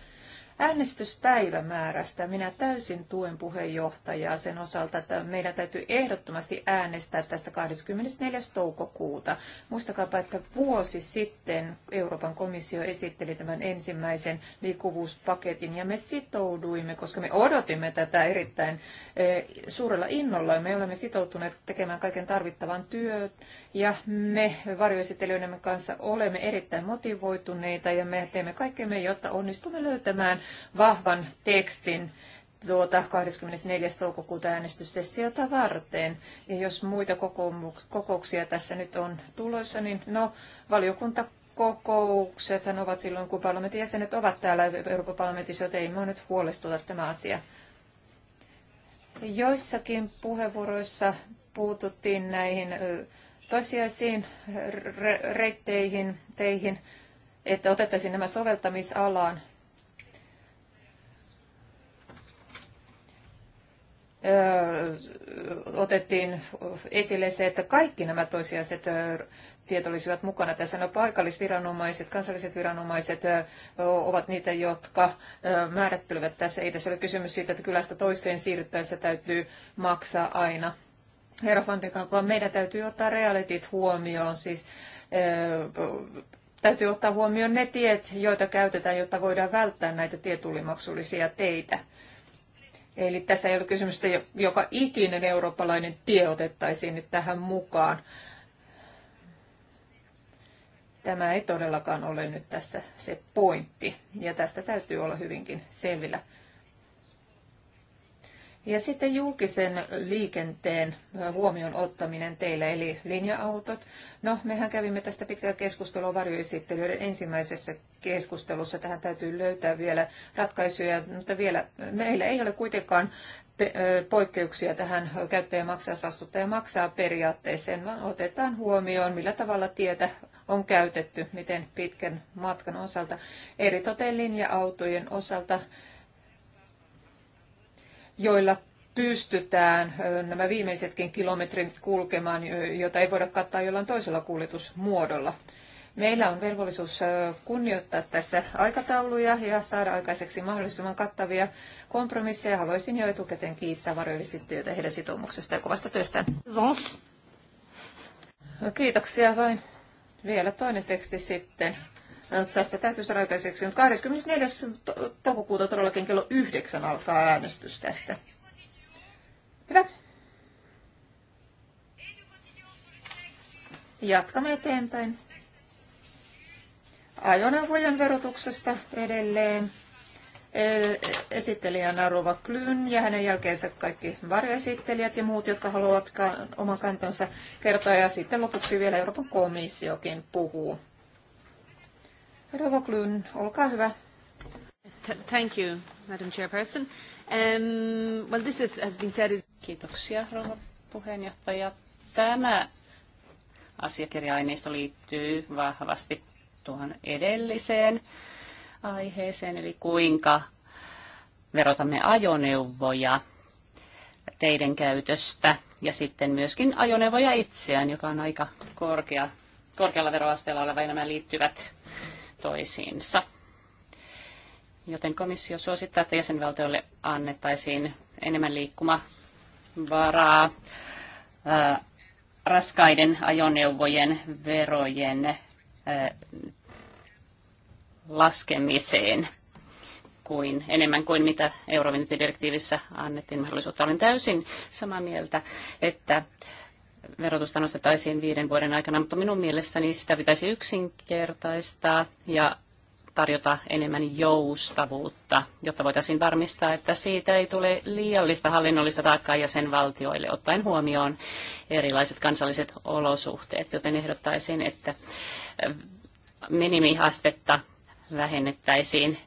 B: Äänestyspäivämäärästä minä täysin tuen puheenjohtajaa sen osalta, että meidän täytyy ehdottomasti äänestää tästä 24. toukokuuta. Muistakaa, että vuosi sitten Euroopan komissio esitteli tämän ensimmäisen liikkuvuuspaketin ja me sitouduimme, koska me odotimme tätä erittäin eh, suurella innolla ja me olemme sitoutuneet tekemään kaiken tarvittavan työt ja me varjoesittelijöidemme kanssa olemme erittäin motivoituneita ja me teemme kaikkemme, jotta onnistumme löytämään vahvan tekstin tuota 24. toukokuuta äänestyssessiota varten. Ja jos muita kokouksia tässä nyt on tulossa, niin no, valiokunta kokouksethan ovat silloin, kun parlamentin jäsenet ovat täällä Euroopan parlamentissa, joten ei minua nyt huolestuta tämä asia. Joissakin puheenvuoroissa puututtiin näihin toisiaisiin reitteihin, teihin, että otettaisiin nämä soveltamisalaan otettiin esille se, että kaikki nämä toisiaiset tiet olisivat mukana. Tässä no, paikallisviranomaiset, kansalliset viranomaiset ovat niitä, jotka määrittelevät tässä. Ei tässä ole kysymys siitä, että kylästä toiseen siirryttäessä täytyy maksaa aina. Herra vaan meidän täytyy ottaa realitit huomioon, siis täytyy ottaa huomioon ne tiet, joita käytetään, jotta voidaan välttää näitä tietullimaksullisia teitä. Eli tässä ei ole kysymys, että joka ikinen eurooppalainen tie otettaisiin nyt tähän mukaan. Tämä ei todellakaan ole nyt tässä se pointti, ja tästä täytyy olla hyvinkin selvillä. Ja sitten julkisen liikenteen huomioon ottaminen teillä, eli linja-autot. No, mehän kävimme tästä pitkää keskustelua varjoesittelyiden ensimmäisessä keskustelussa. Tähän täytyy löytää vielä ratkaisuja, mutta vielä meillä ei ole kuitenkaan poikkeuksia tähän käyttäjä maksaa, saastuttaja maksaa periaatteeseen, vaan otetaan huomioon, millä tavalla tietä on käytetty, miten pitkän matkan osalta. Eri linja-autojen osalta joilla pystytään nämä viimeisetkin kilometrit kulkemaan, jota ei voida kattaa jollain toisella kuljetusmuodolla. Meillä on velvollisuus kunnioittaa tässä aikatauluja ja saada aikaiseksi mahdollisimman kattavia kompromisseja. Haluaisin jo etukäteen kiittää varjoesittäjiä heidän sitoumuksesta ja kovasta työstään. Kiitoksia vain. Vielä toinen teksti sitten. Tästä täytyy saada aikaiseksi. 24. toukokuuta todellakin kello 9 alkaa äänestys tästä. Hyvä. Jatkamme eteenpäin. Ajoneuvojen verotuksesta edelleen e, esittelijänä Rova Klyn ja hänen jälkeensä kaikki varjoesittelijät ja muut, jotka haluavat oman kantansa kertoa. Ja sitten lopuksi vielä Euroopan komissiokin puhuu Rova olkaa hyvä.
D: Thank you, Madam Chairperson. Um, well, this is, has been said is... Kiitoksia, rouva puheenjohtaja. Tämä asiakirja-aineisto liittyy vahvasti tuohon edelliseen aiheeseen, eli kuinka verotamme ajoneuvoja teiden käytöstä ja sitten myöskin ajoneuvoja itseään, joka on aika korkea, korkealla veroasteella oleva ja nämä liittyvät toisiinsa. Joten komissio suosittaa, että jäsenvaltioille annettaisiin enemmän liikkumavaraa ää, raskaiden ajoneuvojen verojen ää, laskemiseen kuin, enemmän kuin mitä direktiivissä annettiin mahdollisuutta. Olen täysin samaa mieltä, että verotusta nostettaisiin viiden vuoden aikana, mutta minun mielestäni sitä pitäisi yksinkertaistaa ja tarjota enemmän joustavuutta, jotta voitaisiin varmistaa, että siitä ei tule liiallista hallinnollista taakkaa jäsenvaltioille, ottaen huomioon erilaiset kansalliset olosuhteet, joten ehdottaisin, että minimihastetta vähennettäisiin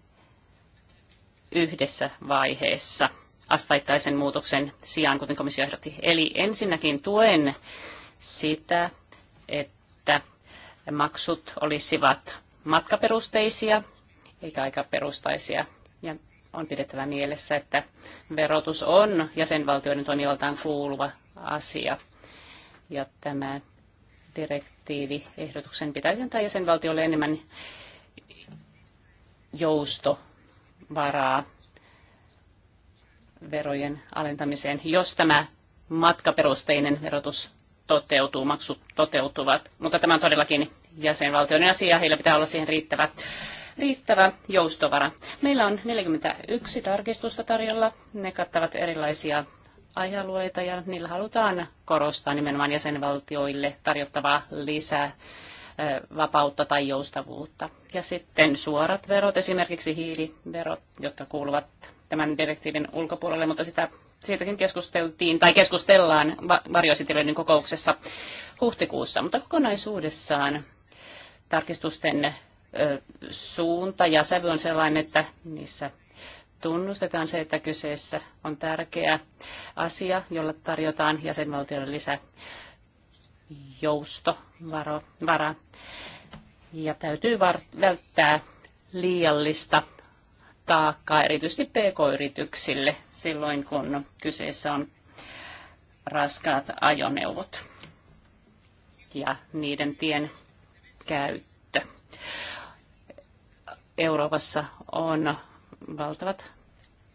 D: yhdessä vaiheessa asteittaisen muutoksen sijaan, kuten komissio ehdotti. Eli ensinnäkin tuen sitä, että maksut olisivat matkaperusteisia eikä aikaperustaisia. Ja on pidettävä mielessä, että verotus on jäsenvaltioiden toimivaltaan kuuluva asia. Ja tämä direktiivi ehdotuksen pitäisi antaa jäsenvaltiolle enemmän joustovaraa verojen alentamiseen, jos tämä matkaperusteinen verotus toteutuu, maksut toteutuvat. Mutta tämä on todellakin jäsenvaltioiden asia, heillä pitää olla siihen riittävä riittävä joustovara. Meillä on 41 tarkistusta tarjolla. Ne kattavat erilaisia aihealueita ja niillä halutaan korostaa nimenomaan jäsenvaltioille tarjottavaa lisää vapautta tai joustavuutta. Ja sitten suorat verot, esimerkiksi hiiliverot, jotka kuuluvat tämän direktiivin ulkopuolelle, mutta sitä, siitäkin keskusteltiin tai keskustellaan varjoesitelyiden kokouksessa huhtikuussa. Mutta kokonaisuudessaan tarkistusten suunta ja sävy on sellainen, että niissä tunnustetaan se, että kyseessä on tärkeä asia, jolla tarjotaan jäsenvaltioille lisää vara. Ja täytyy var- välttää liiallista taakkaa erityisesti pk-yrityksille silloin, kun kyseessä on raskaat ajoneuvot ja niiden tien käyttö. Euroopassa on valtavat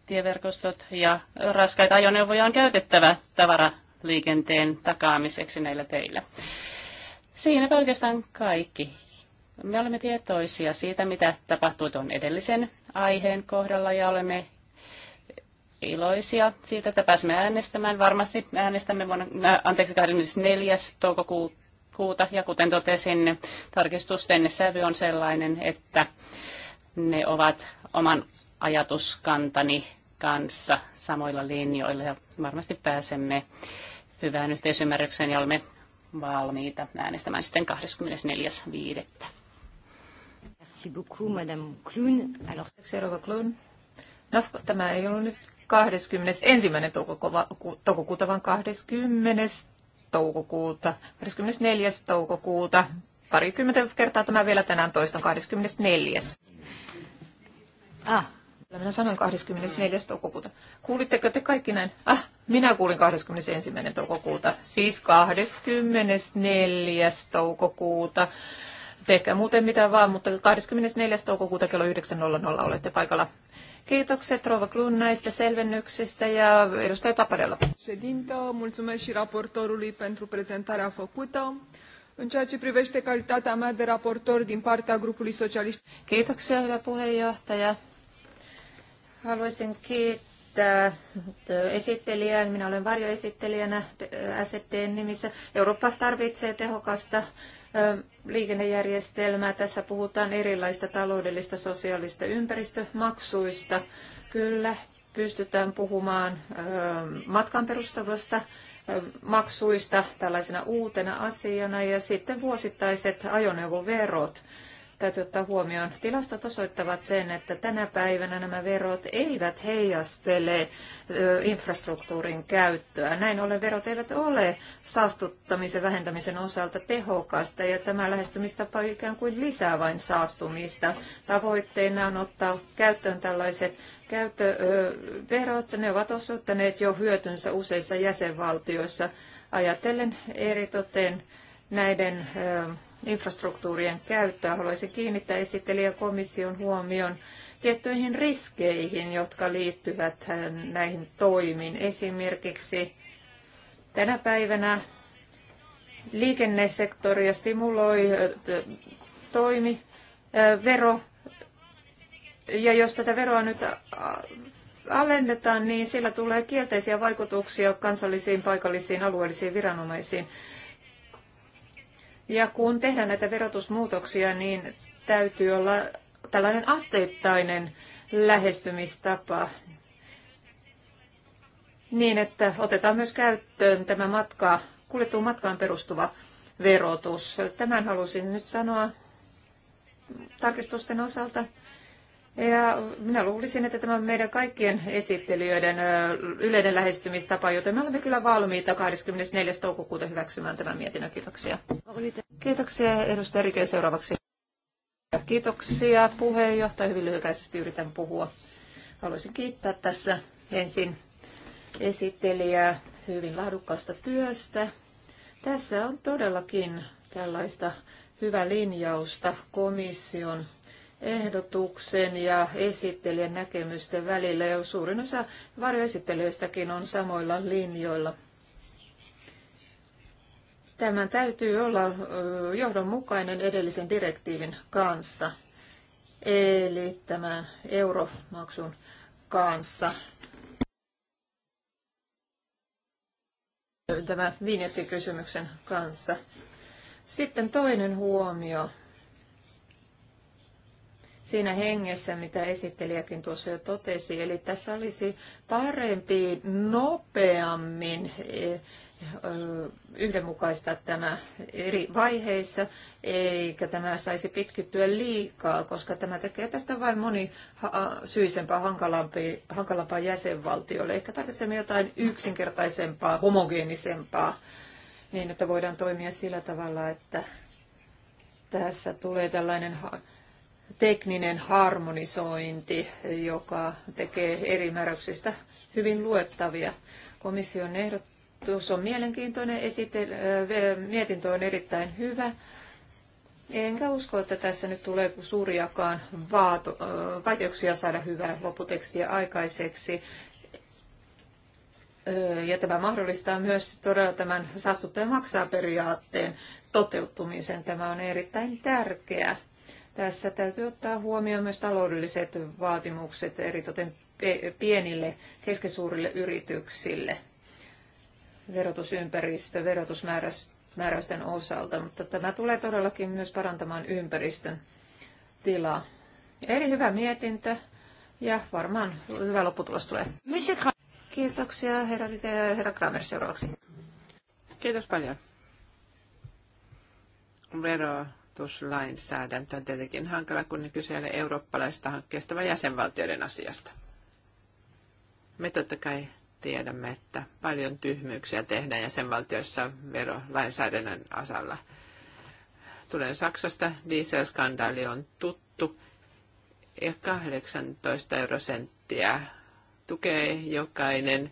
D: tieverkostot ja raskaita ajoneuvoja on käytettävä tavaraliikenteen takaamiseksi näillä teillä. siinä oikeastaan kaikki. Me olemme tietoisia siitä, mitä tapahtui tuon edellisen aiheen kohdalla ja olemme iloisia siitä, että pääsemme äänestämään. Varmasti äänestämme vuonna, äh, anteeksi, 24. toukokuuta ja kuten totesin, tarkistusten sävy on sellainen, että ne ovat oman ajatuskantani kanssa samoilla linjoilla ja varmasti pääsemme hyvään yhteisymmärrykseen ja olemme valmiita äänestämään sitten 24.5. Merci beaucoup, Madame Kloon. Alors... No, tämä ei ollut nyt
B: 21. toukokuuta, vaan 20. toukokuuta, 24. toukokuuta. Parikymmentä kertaa tämä vielä tänään toistan 24. Ah. Minä sanoin 24. toukokuuta. Kuulitteko te kaikki näin? Ah, minä kuulin 21. toukokuuta. Siis 24. toukokuuta tehkää muuten mitä vaan, mutta 24. toukokuuta kello 9.00 olette paikalla. Kiitokset Rova Klun näistä selvennyksistä ja edustaja Taparella. Ședintă, mulțumesc și raportorului pentru prezentarea făcută. În ceea ce privește calitatea mea de raportor din partea grupului socialist. Kiitoksia, hyvä puheenjohtaja. Haluaisin kiittää esittelijää. Minä olen varjoesittelijänä SDN nimissä. Eurooppa tarvitsee tehokasta liikennejärjestelmää. Tässä puhutaan erilaista taloudellista, sosiaalista ympäristömaksuista. Kyllä, pystytään puhumaan matkan perustavasta maksuista tällaisena uutena asiana ja sitten vuosittaiset ajoneuvoverot täytyy ottaa huomioon. Tilastot osoittavat sen, että tänä päivänä nämä verot eivät heijastele infrastruktuurin käyttöä. Näin ollen verot eivät ole saastuttamisen vähentämisen osalta tehokasta ja tämä lähestymistapa ikään kuin lisää vain saastumista. Tavoitteena on ottaa käyttöön tällaiset käyttöverot. Ne ovat osoittaneet jo hyötynsä useissa jäsenvaltioissa ajatellen eritoten näiden infrastruktuurien käyttöä. Haluaisin kiinnittää esittelijäkomission komission huomion tiettyihin riskeihin, jotka liittyvät äh, näihin toimiin. Esimerkiksi tänä päivänä liikennesektori ja stimuloi äh, toimi, äh, vero. Ja jos tätä veroa nyt alennetaan, niin sillä tulee kielteisiä vaikutuksia kansallisiin, paikallisiin, alueellisiin viranomaisiin. Ja kun tehdään näitä verotusmuutoksia, niin täytyy olla tällainen asteittainen lähestymistapa niin, että otetaan myös käyttöön tämä matka, kuljettuun matkaan perustuva verotus. Tämän halusin nyt sanoa tarkistusten osalta. Ja minä luulisin, että tämä on meidän kaikkien esittelijöiden yleinen lähestymistapa, joten me olemme kyllä valmiita 24. toukokuuta hyväksymään tämän mietinnön. Kiitoksia. Kiitoksia edustaja Rike seuraavaksi. Kiitoksia puheenjohtaja. Hyvin lyhykäisesti yritän puhua. Haluaisin kiittää tässä ensin esittelijää hyvin laadukkaasta työstä. Tässä on todellakin tällaista hyvää linjausta komission ehdotuksen ja esittelijän näkemysten välillä ja suurin osa varjoesittelijöistäkin on samoilla linjoilla. Tämän täytyy olla johdonmukainen edellisen direktiivin kanssa, eli tämän euromaksun kanssa. Tämä vinjettikysymyksen kanssa. Sitten toinen huomio siinä hengessä, mitä esittelijäkin tuossa jo totesi. Eli tässä olisi parempi nopeammin eh, yhdenmukaista tämä eri vaiheissa, eikä tämä saisi pitkittyä liikaa, koska tämä tekee tästä vain moni syisempää, hankalampaa jäsenvaltiolle. Ehkä tarvitsemme jotain yksinkertaisempaa, homogeenisempaa, niin että voidaan toimia sillä tavalla, että tässä tulee tällainen tekninen harmonisointi, joka tekee eri määräyksistä hyvin luettavia. Komission ehdotus on mielenkiintoinen, esite, äh, mietintö on erittäin hyvä. Enkä usko, että tässä nyt tulee suuriakaan vaato, äh, vaikeuksia saada hyvää loputekstiä aikaiseksi. Äh, ja tämä mahdollistaa myös todella tämän saastuttaja maksaa periaatteen toteutumisen. Tämä on erittäin tärkeää. Tässä täytyy ottaa huomioon myös taloudelliset vaatimukset eritoten pienille, keskisuurille yrityksille verotusympäristö, verotusmääräysten osalta, mutta tämä tulee todellakin myös parantamaan ympäristön tilaa. Eli hyvä mietintö ja varmaan hyvä lopputulos tulee.
C: Kiitoksia herra, eh, herra Kramer seuraavaksi. Kiitos paljon. Vero rahoituslainsäädäntö on tietenkin hankala, kun kyse ei ole eurooppalaista hankkeesta, vaan jäsenvaltioiden asiasta. Me totta kai tiedämme, että paljon tyhmyyksiä tehdään jäsenvaltioissa verolainsäädännön asalla. Tulen Saksasta, dieselskandaali on tuttu ja 18 eurosenttiä tukee jokainen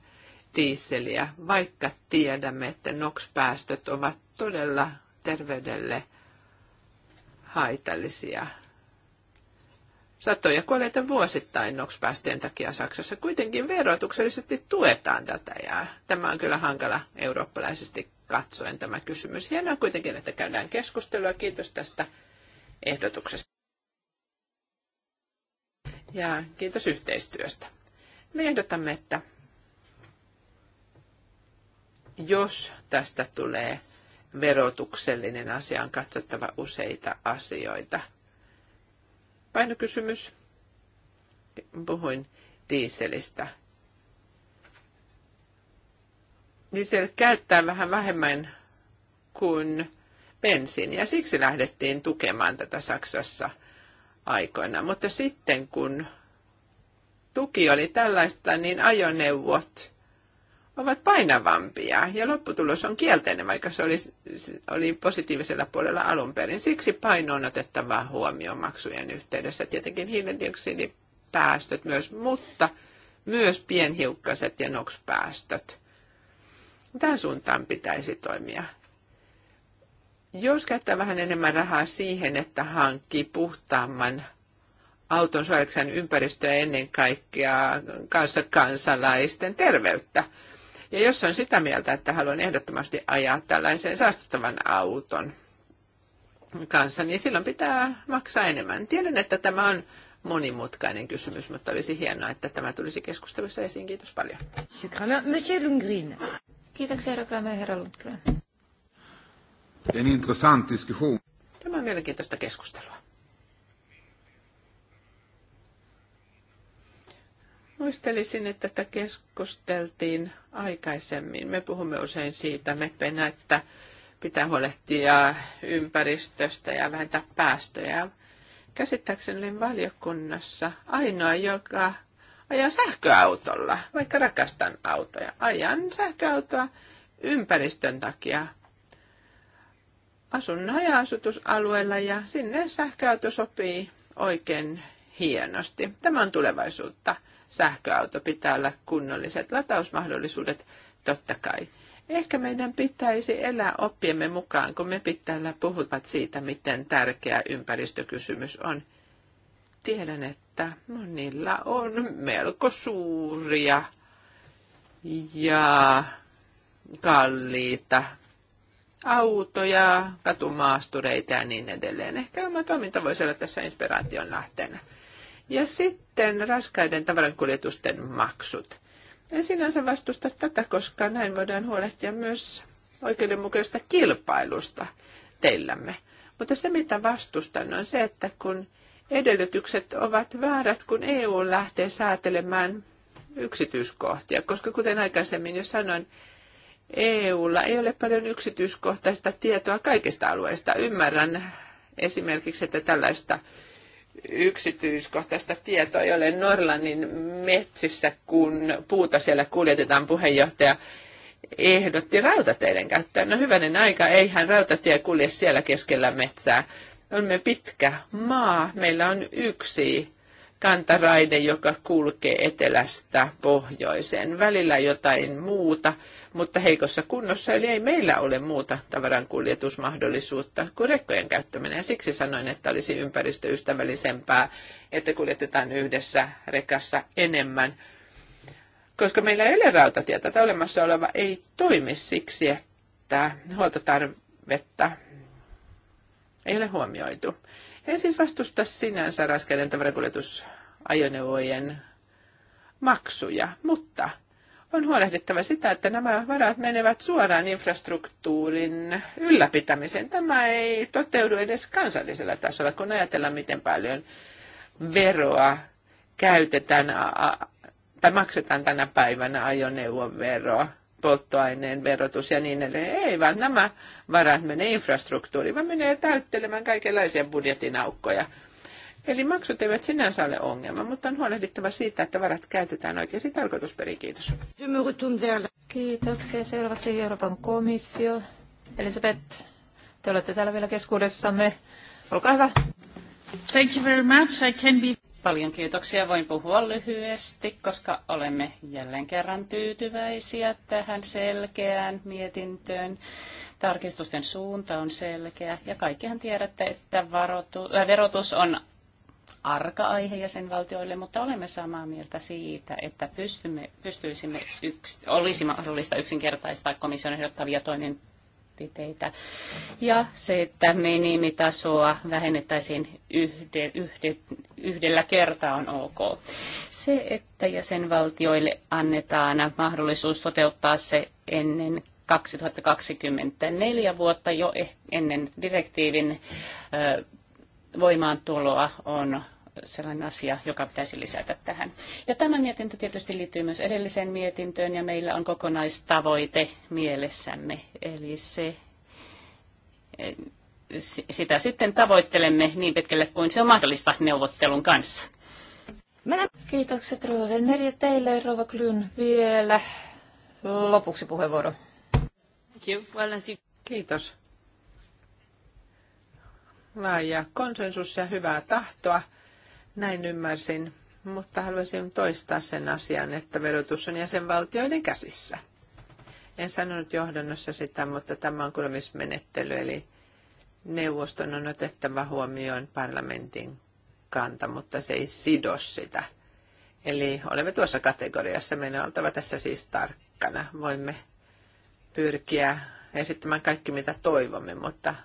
C: dieseliä, vaikka tiedämme, että NOx-päästöt ovat todella terveydelle – haitallisia. Satoja kuolleita vuosittain NOx-päästöjen takia Saksassa. Kuitenkin verotuksellisesti tuetaan tätä ja tämä on kyllä hankala eurooppalaisesti katsoen tämä kysymys. Hienoa kuitenkin, että käydään keskustelua. Kiitos tästä ehdotuksesta. Ja kiitos yhteistyöstä. Me ehdotamme, että jos tästä tulee verotuksellinen asia on katsottava useita asioita. Painokysymys. Puhuin dieselistä. Diesel käyttää vähän vähemmän kuin bensin ja siksi lähdettiin tukemaan tätä Saksassa aikoina. Mutta sitten kun tuki oli tällaista, niin ajoneuvot ovat painavampia ja lopputulos on kielteinen, vaikka se oli, oli positiivisella puolella alun perin. Siksi paino on otettava huomioon maksujen yhteydessä. Tietenkin hiilidioksidipäästöt myös, mutta myös pienhiukkaset ja NOx-päästöt. Tähän suuntaan pitäisi toimia. Jos käyttää vähän enemmän rahaa siihen, että hankkii puhtaamman auton suojeleksen ympäristöä ennen kaikkea kanssa kansalaisten terveyttä – ja jos on sitä mieltä, että haluan ehdottomasti ajaa tällaisen saastuttavan auton kanssa, niin silloin pitää maksaa enemmän. Tiedän, että tämä on monimutkainen kysymys, mutta olisi hienoa, että tämä tulisi keskustelussa esiin. Kiitos paljon.
B: Monsieur Lundgren. Kiitoksia, herra herra Lundgren.
C: Tämä on mielenkiintoista keskustelua. Muistelisin, että tätä keskusteltiin aikaisemmin. Me puhumme usein siitä meppeinä, että pitää huolehtia ympäristöstä ja vähentää päästöjä. Käsittääkseni olin valiokunnassa ainoa, joka ajaa sähköautolla, vaikka rakastan autoja. Ajan sähköautoa ympäristön takia. Asun haja-asutusalueella ja sinne sähköauto sopii oikein hienosti. Tämä on tulevaisuutta sähköauto, pitää olla kunnolliset latausmahdollisuudet, totta kai. Ehkä meidän pitäisi elää oppiemme mukaan, kun me pitäällä puhuvat siitä, miten tärkeä ympäristökysymys on. Tiedän, että monilla on melko suuria ja kalliita autoja, katumaastureita ja niin edelleen. Ehkä oma toiminta voisi olla tässä inspiraation lähteenä. Ja sitten raskaiden tavarankuljetusten maksut. En sinänsä vastusta tätä, koska näin voidaan huolehtia myös oikeudenmukaisesta kilpailusta teillämme. Mutta se, mitä vastustan, on se, että kun edellytykset ovat väärät, kun EU lähtee säätelemään yksityiskohtia, koska kuten aikaisemmin jo sanoin, EUlla ei ole paljon yksityiskohtaista tietoa kaikista alueista. Ymmärrän esimerkiksi, että tällaista yksityiskohtaista tietoa, jolle Norlannin metsissä, kun puuta siellä kuljetetaan, puheenjohtaja ehdotti rautateiden käyttöä. No hyvänen aika, eihän rautatie kulje siellä keskellä metsää. Olemme pitkä maa, meillä on yksi kantaraide, joka kulkee etelästä pohjoiseen. Välillä jotain muuta, mutta heikossa kunnossa, eli ei meillä ole muuta tavarankuljetusmahdollisuutta kuin rekkojen käyttäminen. Ja siksi sanoin, että olisi ympäristöystävällisempää, että kuljetetaan yhdessä rekassa enemmän, koska meillä ei ole rautatietä. Tätä olemassa oleva ei toimi siksi, että huoltotarvetta ei ole huomioitu. En siis vastusta sinänsä raskaiden tavarakuljetusajoneuvojen maksuja, mutta on huolehdittava sitä, että nämä varat menevät suoraan infrastruktuurin ylläpitämiseen. Tämä ei toteudu edes kansallisella tasolla, kun ajatellaan, miten paljon veroa käytetään tai maksetaan tänä päivänä ajoneuvon veroa, polttoaineen verotus ja niin edelleen. Ei vaan nämä varat menee infrastruktuuriin, vaan menee täyttelemään kaikenlaisia budjetin aukkoja. Eli maksut eivät sinänsä ole ongelma, mutta on huolehdittava siitä, että varat käytetään oikeisiin tarkoitusperiin. Kiitos.
B: Kiitoksia. Seuraavaksi Euroopan komissio. Elisabeth,
D: te olette täällä vielä keskuudessamme. Olkaa hyvä. Thank you very much. I can be... Paljon kiitoksia. Voin puhua lyhyesti, koska olemme jälleen kerran tyytyväisiä tähän selkeään mietintöön. Tarkistusten suunta on selkeä ja kaikkihan tiedätte, että varotu, äh, verotus on arka aihe jäsenvaltioille, mutta olemme samaa mieltä siitä, että pystymme, pystyisimme yks, olisi mahdollista yksinkertaistaa komission ehdottavia toimenpiteitä. Ja se, että minimitasoa vähennettäisiin yhde, yhde, yhdellä kertaa on ok. Se, että jäsenvaltioille annetaan mahdollisuus toteuttaa se ennen 2024 vuotta jo eh, ennen direktiivin voimaantuloa on sellainen asia, joka pitäisi lisätä tähän. Ja tämä mietintö tietysti liittyy myös edelliseen mietintöön ja meillä on kokonaistavoite mielessämme. Eli se, sitä sitten tavoittelemme niin pitkälle kuin se on mahdollista neuvottelun kanssa.
B: Kiitokset Rova Venner ja teille Rova Klyn vielä
D: lopuksi puheenvuoro. Kiitos
C: laaja konsensus ja hyvää tahtoa. Näin ymmärsin, mutta haluaisin toistaa sen asian, että verotus on jäsenvaltioiden käsissä. En sanonut johdannossa sitä, mutta tämä on kuulemismenettely, eli neuvoston on otettava huomioon parlamentin kanta, mutta se ei sido sitä. Eli olemme tuossa kategoriassa, meidän on oltava tässä siis tarkkana. Voimme pyrkiä esittämään kaikki, mitä toivomme, mutta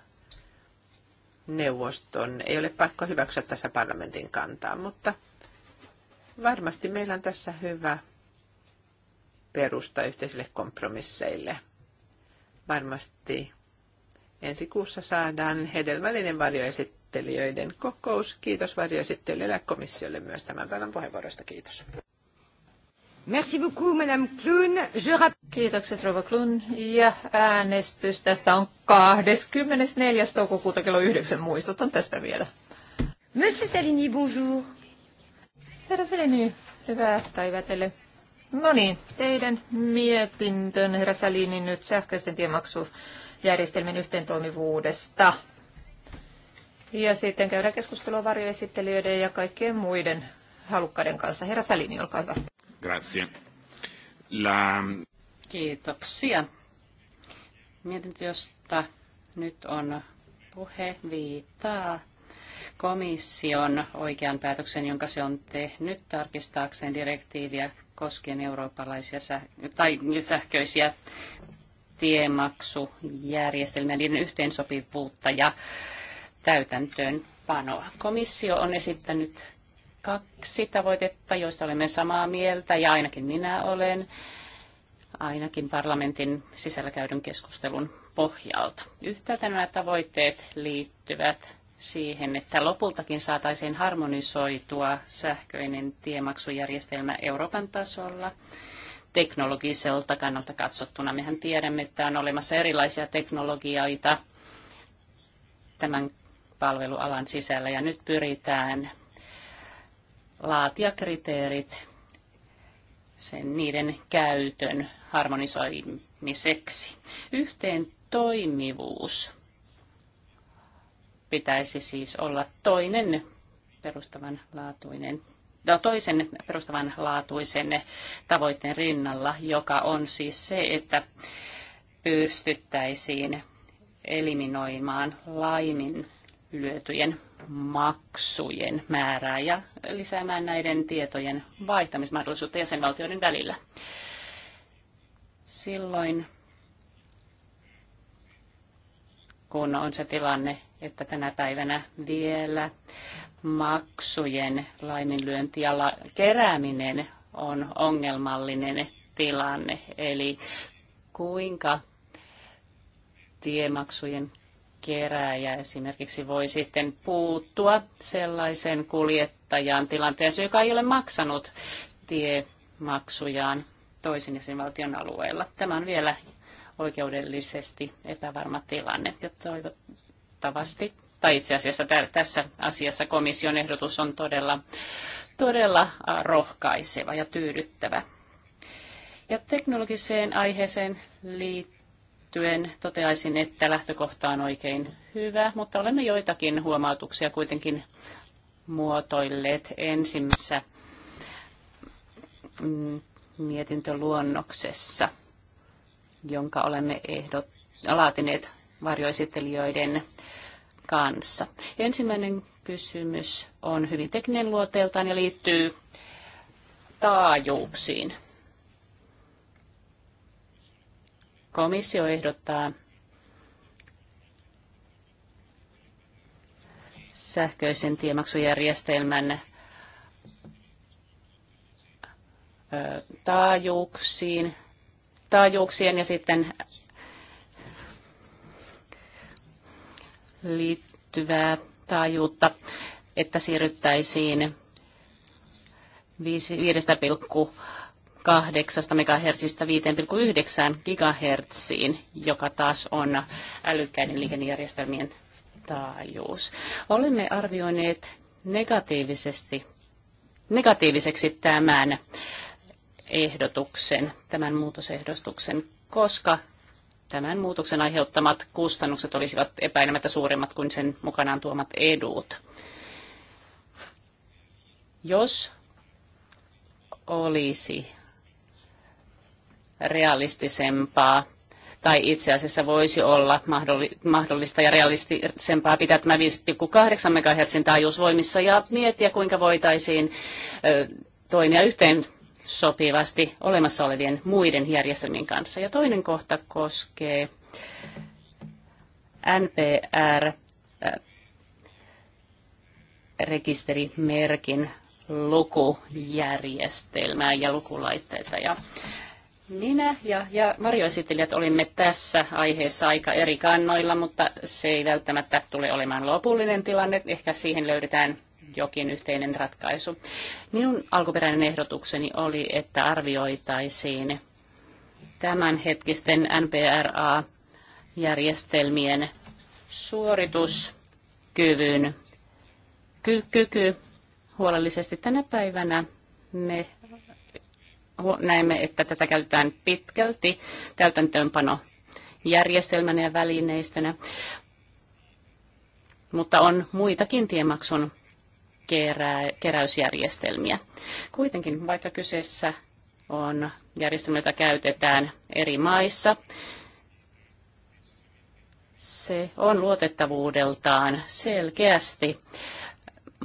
C: neuvoston. Ei ole pakko hyväksyä tässä parlamentin kantaa, mutta varmasti meillä on tässä hyvä perusta yhteisille kompromisseille. Varmasti ensi kuussa saadaan hedelmällinen varjoesittelijöiden kokous. Kiitos varjoesittelijöille ja komissiolle myös tämän päivän puheenvuorosta. Kiitos.
A: Merci beaucoup, Madame
B: Clun. Je Kiitokset, Rova Clun. Ja äänestys tästä on 24. toukokuuta kello 9. Muistutan tästä vielä. Monsieur Salini, bonjour. Herra Salini, hyvää päivää teille. No niin, teidän mietintön, herra Salini, nyt sähköisten tiemaksujärjestelmien yhteentoimivuudesta. Ja sitten käydään keskustelua varjoesittelijöiden ja kaikkien muiden halukkaiden kanssa. Herra Salini, olkaa hyvä.
C: Grazie. La...
D: Kiitoksia. Mietintö, josta nyt on puhe, viittaa komission oikean päätöksen, jonka se on tehnyt tarkistaakseen direktiiviä koskien eurooppalaisia säh- tai sähköisiä tiemaksujärjestelmiä, niiden yhteensopivuutta ja täytäntöönpanoa. Komissio on esittänyt kaksi tavoitetta, joista olemme samaa mieltä, ja ainakin minä olen, ainakin parlamentin sisällä käydyn keskustelun pohjalta. Yhtäältä nämä tavoitteet liittyvät siihen, että lopultakin saataisiin harmonisoitua sähköinen tiemaksujärjestelmä Euroopan tasolla teknologiselta kannalta katsottuna. Mehän tiedämme, että on olemassa erilaisia teknologioita tämän palvelualan sisällä ja nyt pyritään laatia kriteerit sen niiden käytön harmonisoimiseksi. Yhteen toimivuus pitäisi siis olla toinen perustavanlaatuinen no toisen perustavanlaatuisen tavoitteen rinnalla, joka on siis se, että pystyttäisiin eliminoimaan laiminlyötyjen maksujen määrää ja lisäämään näiden tietojen vaihtamismahdollisuutta jäsenvaltioiden välillä. Silloin, kun on se tilanne, että tänä päivänä vielä maksujen laiminlyönti ja la- kerääminen on ongelmallinen tilanne. Eli kuinka tiemaksujen kerääjä esimerkiksi voi sitten puuttua sellaisen kuljettajan tilanteeseen, joka ei ole maksanut tiemaksujaan esim valtion alueella. Tämä on vielä oikeudellisesti epävarma tilanne ja toivottavasti, tai itse asiassa tässä asiassa komission ehdotus on todella, todella rohkaiseva ja tyydyttävä. Ja teknologiseen aiheeseen liittyen liittyen toteaisin, että lähtökohta on oikein hyvä, mutta olemme joitakin huomautuksia kuitenkin muotoilleet ensimmäisessä mm, mietintöluonnoksessa, jonka olemme ehdot, laatineet varjoesittelijöiden kanssa. Ensimmäinen kysymys on hyvin tekninen luoteeltaan ja liittyy taajuuksiin. Komissio ehdottaa sähköisen tiemaksujärjestelmän taajuuksiin, taajuuksien ja sitten liittyvää taajuutta, että siirryttäisiin 5,5 MHz 5,9 GHz, joka taas on älykkäiden liikennejärjestelmien taajuus. Olemme arvioineet negatiivisesti, negatiiviseksi tämän ehdotuksen, tämän muutosehdotuksen, koska tämän muutoksen aiheuttamat kustannukset olisivat epäilemättä suuremmat kuin sen mukanaan tuomat edut. Jos olisi realistisempaa tai itse asiassa voisi olla mahdollista ja realistisempaa pitää tämä 5,8 MHz taajuusvoimissa ja miettiä, kuinka voitaisiin toimia yhteen sopivasti olemassa olevien muiden järjestelmien kanssa. Ja toinen kohta koskee NPR-rekisterimerkin lukujärjestelmää ja lukulaitteita. Ja minä ja, ja varjoesittelijät olimme tässä aiheessa aika eri kannoilla, mutta se ei välttämättä tule olemaan lopullinen tilanne. Ehkä siihen löydetään jokin yhteinen ratkaisu. Minun alkuperäinen ehdotukseni oli, että arvioitaisiin tämänhetkisten NPRA-järjestelmien suorituskyvyn ky- kyky huolellisesti tänä päivänä. Me näemme, että tätä käytetään pitkälti täytäntöönpano järjestelmänä ja välineistönä, mutta on muitakin tiemaksun kerä, keräysjärjestelmiä. Kuitenkin, vaikka kyseessä on järjestelmä, jota käytetään eri maissa, se on luotettavuudeltaan selkeästi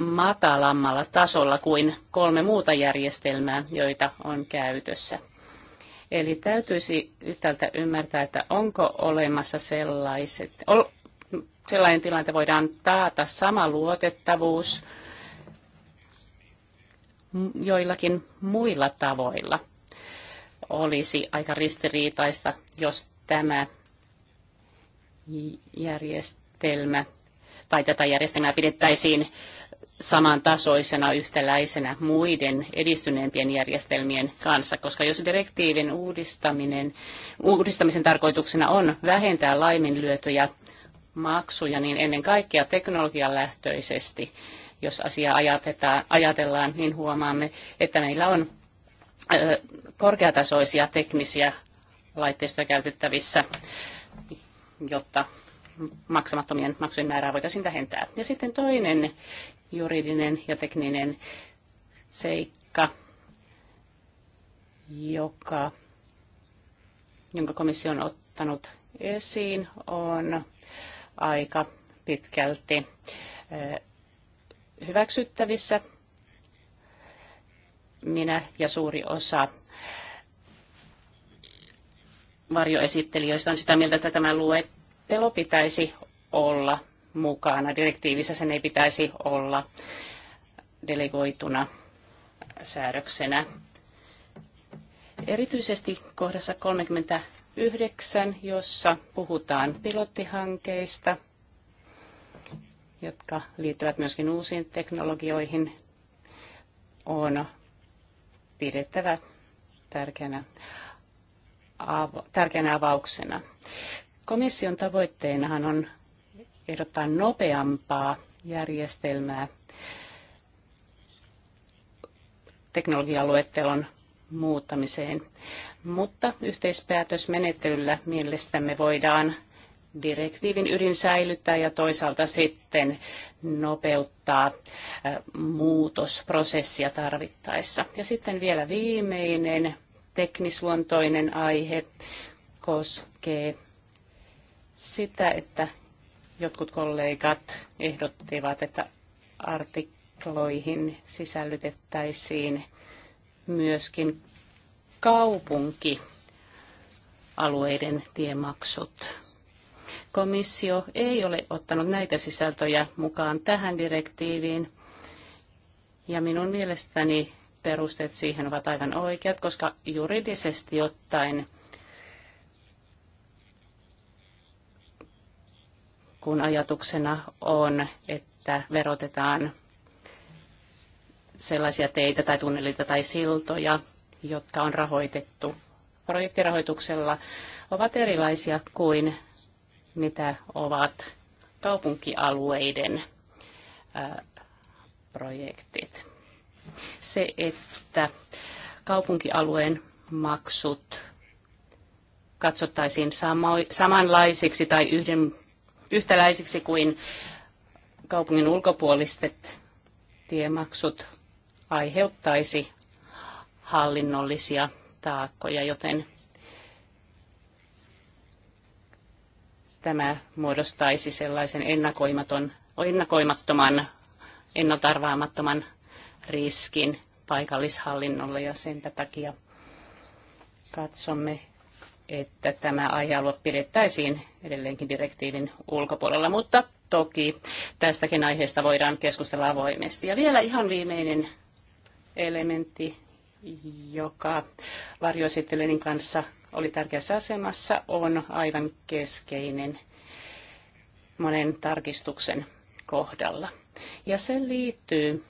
D: matalammalla tasolla kuin kolme muuta järjestelmää, joita on käytössä. Eli täytyisi yhtäältä ymmärtää, että onko olemassa sellaiset, sellainen tilanne, voidaan taata sama luotettavuus joillakin muilla tavoilla. Olisi aika ristiriitaista, jos tämä järjestelmä tai tätä järjestelmää pidettäisiin samantasoisena yhtäläisenä muiden edistyneempien järjestelmien kanssa, koska jos direktiivin uudistaminen, uudistamisen tarkoituksena on vähentää laiminlyötyjä maksuja, niin ennen kaikkea teknologian lähtöisesti, jos asiaa ajatellaan, niin huomaamme, että meillä on korkeatasoisia teknisiä laitteistoja käytettävissä, jotta maksamattomien maksujen määrää voitaisiin vähentää. Ja sitten toinen juridinen ja tekninen seikka, joka, jonka komissio on ottanut esiin, on aika pitkälti hyväksyttävissä. Minä ja suuri osa varjoesittelijöistä on sitä mieltä, että tämä luettelo pitäisi olla mukana. Direktiivissä sen ei pitäisi olla delegoituna säädöksenä. Erityisesti kohdassa 39, jossa puhutaan pilottihankkeista, jotka liittyvät myöskin uusiin teknologioihin, on pidettävä tärkeänä, av- tärkeänä avauksena. Komission tavoitteenahan on ehdottaa nopeampaa järjestelmää teknologialuettelon muuttamiseen. Mutta yhteispäätösmenettelyllä mielestämme voidaan direktiivin ydin säilyttää ja toisaalta sitten nopeuttaa muutosprosessia tarvittaessa. Ja sitten vielä viimeinen teknisluontoinen aihe koskee sitä, että jotkut kollegat ehdottivat, että artikloihin sisällytettäisiin myöskin kaupunkialueiden tiemaksut. Komissio ei ole ottanut näitä sisältöjä mukaan tähän direktiiviin, ja minun mielestäni perusteet siihen ovat aivan oikeat, koska juridisesti ottaen – kun ajatuksena on, että verotetaan sellaisia teitä tai tunnelita tai siltoja, jotka on rahoitettu projektirahoituksella, ovat erilaisia kuin mitä ovat kaupunkialueiden projektit. Se, että kaupunkialueen maksut katsottaisiin samanlaisiksi tai yhden yhtäläisiksi kuin kaupungin ulkopuoliset tiemaksut aiheuttaisi hallinnollisia taakkoja, joten tämä muodostaisi sellaisen ennakoimaton, ennakoimattoman, ennaltarvaamattoman riskin paikallishallinnolle ja sen takia katsomme, että tämä aihealue pidettäisiin edelleenkin direktiivin ulkopuolella, mutta toki tästäkin aiheesta voidaan keskustella avoimesti. Ja vielä ihan viimeinen elementti, joka varjoesittelyiden kanssa oli tärkeässä asemassa, on aivan keskeinen monen tarkistuksen kohdalla. Ja se liittyy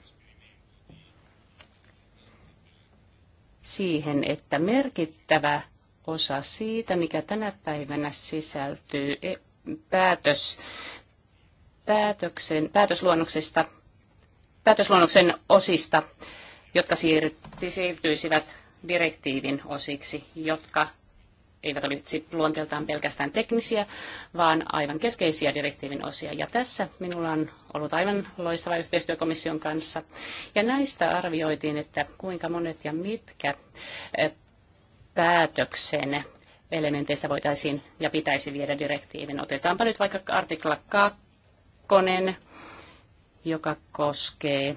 D: siihen, että merkittävä osa siitä, mikä tänä päivänä sisältyy e- päätös, päätöksen, päätösluonnoksesta, päätösluonnoksen osista, jotka siirtyisivät direktiivin osiksi, jotka eivät olisi luonteeltaan pelkästään teknisiä, vaan aivan keskeisiä direktiivin osia. Ja tässä minulla on ollut aivan loistava yhteistyö komission kanssa. Ja näistä arvioitiin, että kuinka monet ja mitkä päätöksen elementeistä voitaisiin ja pitäisi viedä direktiivin. Otetaanpa nyt vaikka artikla 2, joka koskee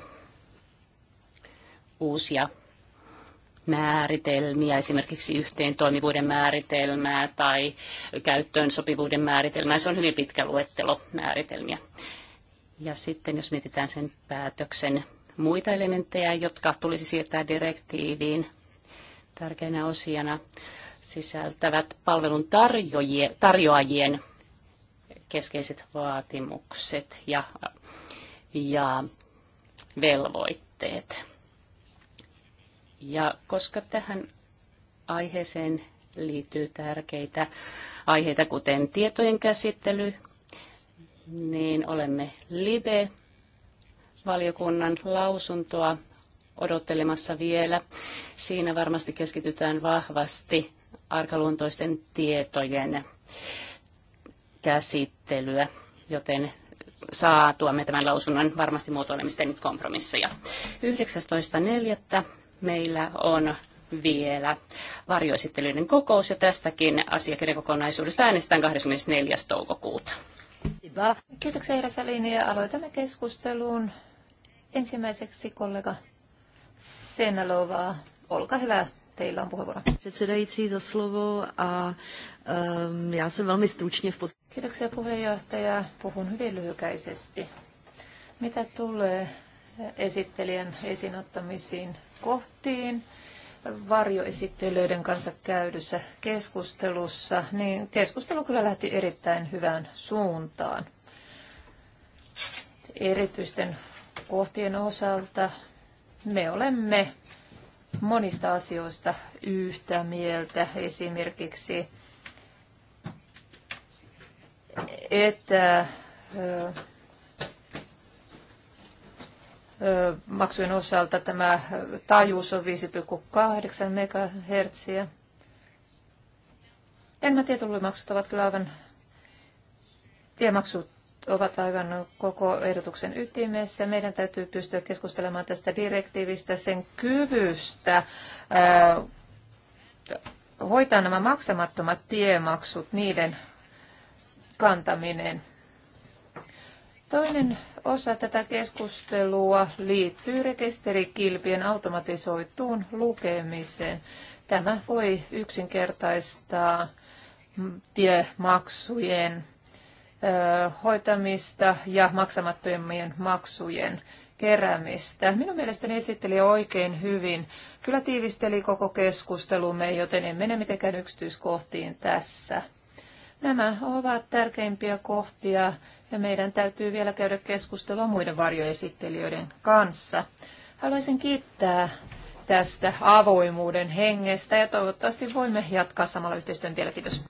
D: uusia määritelmiä, esimerkiksi yhteen toimivuuden määritelmää tai käyttöön sopivuuden määritelmää. Se on hyvin pitkä luettelo määritelmiä. Ja sitten jos mietitään sen päätöksen muita elementtejä, jotka tulisi siirtää direktiiviin, tärkeinä osiana sisältävät palvelun tarjoajien keskeiset vaatimukset ja, ja velvoitteet. Ja koska tähän aiheeseen liittyy tärkeitä aiheita, kuten tietojen käsittely, niin olemme live valiokunnan lausuntoa odottelemassa vielä. Siinä varmasti keskitytään vahvasti arkaluontoisten tietojen käsittelyä, joten saatuamme tämän lausunnon varmasti muotoilemisten nyt kompromisseja. 19.4. meillä on vielä varjoesittelyiden kokous ja tästäkin asiakirjakokonaisuudesta äänestetään 24. toukokuuta.
B: Kiitoksia Herra Salini ja aloitamme keskustelun. Ensimmäiseksi kollega Senalovaa. Olkaa hyvä, teillä on puheenvuoro. Předsedající za slovo a um, já jsem velmi stručně v Kiitoksia puheenjohtaja. Puhun hyvin lyhykäisesti. Mitä tulee esittelijän esinottamisiin kohtiin, varjoesittelyiden kanssa käydyssä keskustelussa, niin keskustelu kyllä lähti erittäin hyvään suuntaan. Erityisten kohtien osalta me olemme monista asioista yhtä mieltä, esimerkiksi että maksujen osalta tämä taajuus on 5,8 MHz. Nämä tietullimaksut ovat kyllä aivan, tiemaksut ovat aivan koko ehdotuksen ytimessä. Meidän täytyy pystyä keskustelemaan tästä direktiivistä, sen kyvystä ää, äh, hoitaa nämä maksamattomat tiemaksut, niiden kantaminen. Toinen osa tätä keskustelua liittyy rekisterikilpien automatisoituun lukemiseen. Tämä voi yksinkertaistaa tiemaksujen hoitamista ja maksamattomien maksujen keräämistä. Minun mielestäni esitteli oikein hyvin. Kyllä tiivisteli koko keskustelumme, joten en mene mitenkään yksityiskohtiin tässä. Nämä ovat tärkeimpiä kohtia ja meidän täytyy vielä käydä keskustelua muiden varjoesittelijöiden kanssa. Haluaisin kiittää tästä avoimuuden hengestä ja toivottavasti voimme jatkaa samalla yhteistyön tiellä. Kiitos.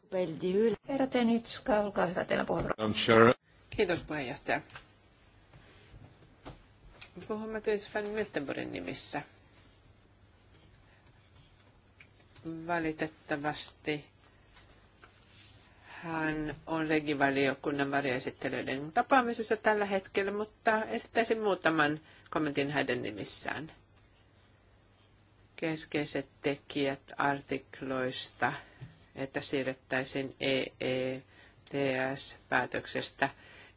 B: Herra Tenitska, olkaa hyvä teillä puheenvuoro.
C: Sure. Kiitos puheenjohtaja. Puhumme tietysti siis Van Miltenborgin nimissä. Valitettavasti hän on regivaliokunnan varjoesittelyiden tapaamisessa tällä hetkellä, mutta esittäisin muutaman kommentin hänen nimissään keskeiset tekijät artikloista, että siirrettäisiin EETS-päätöksestä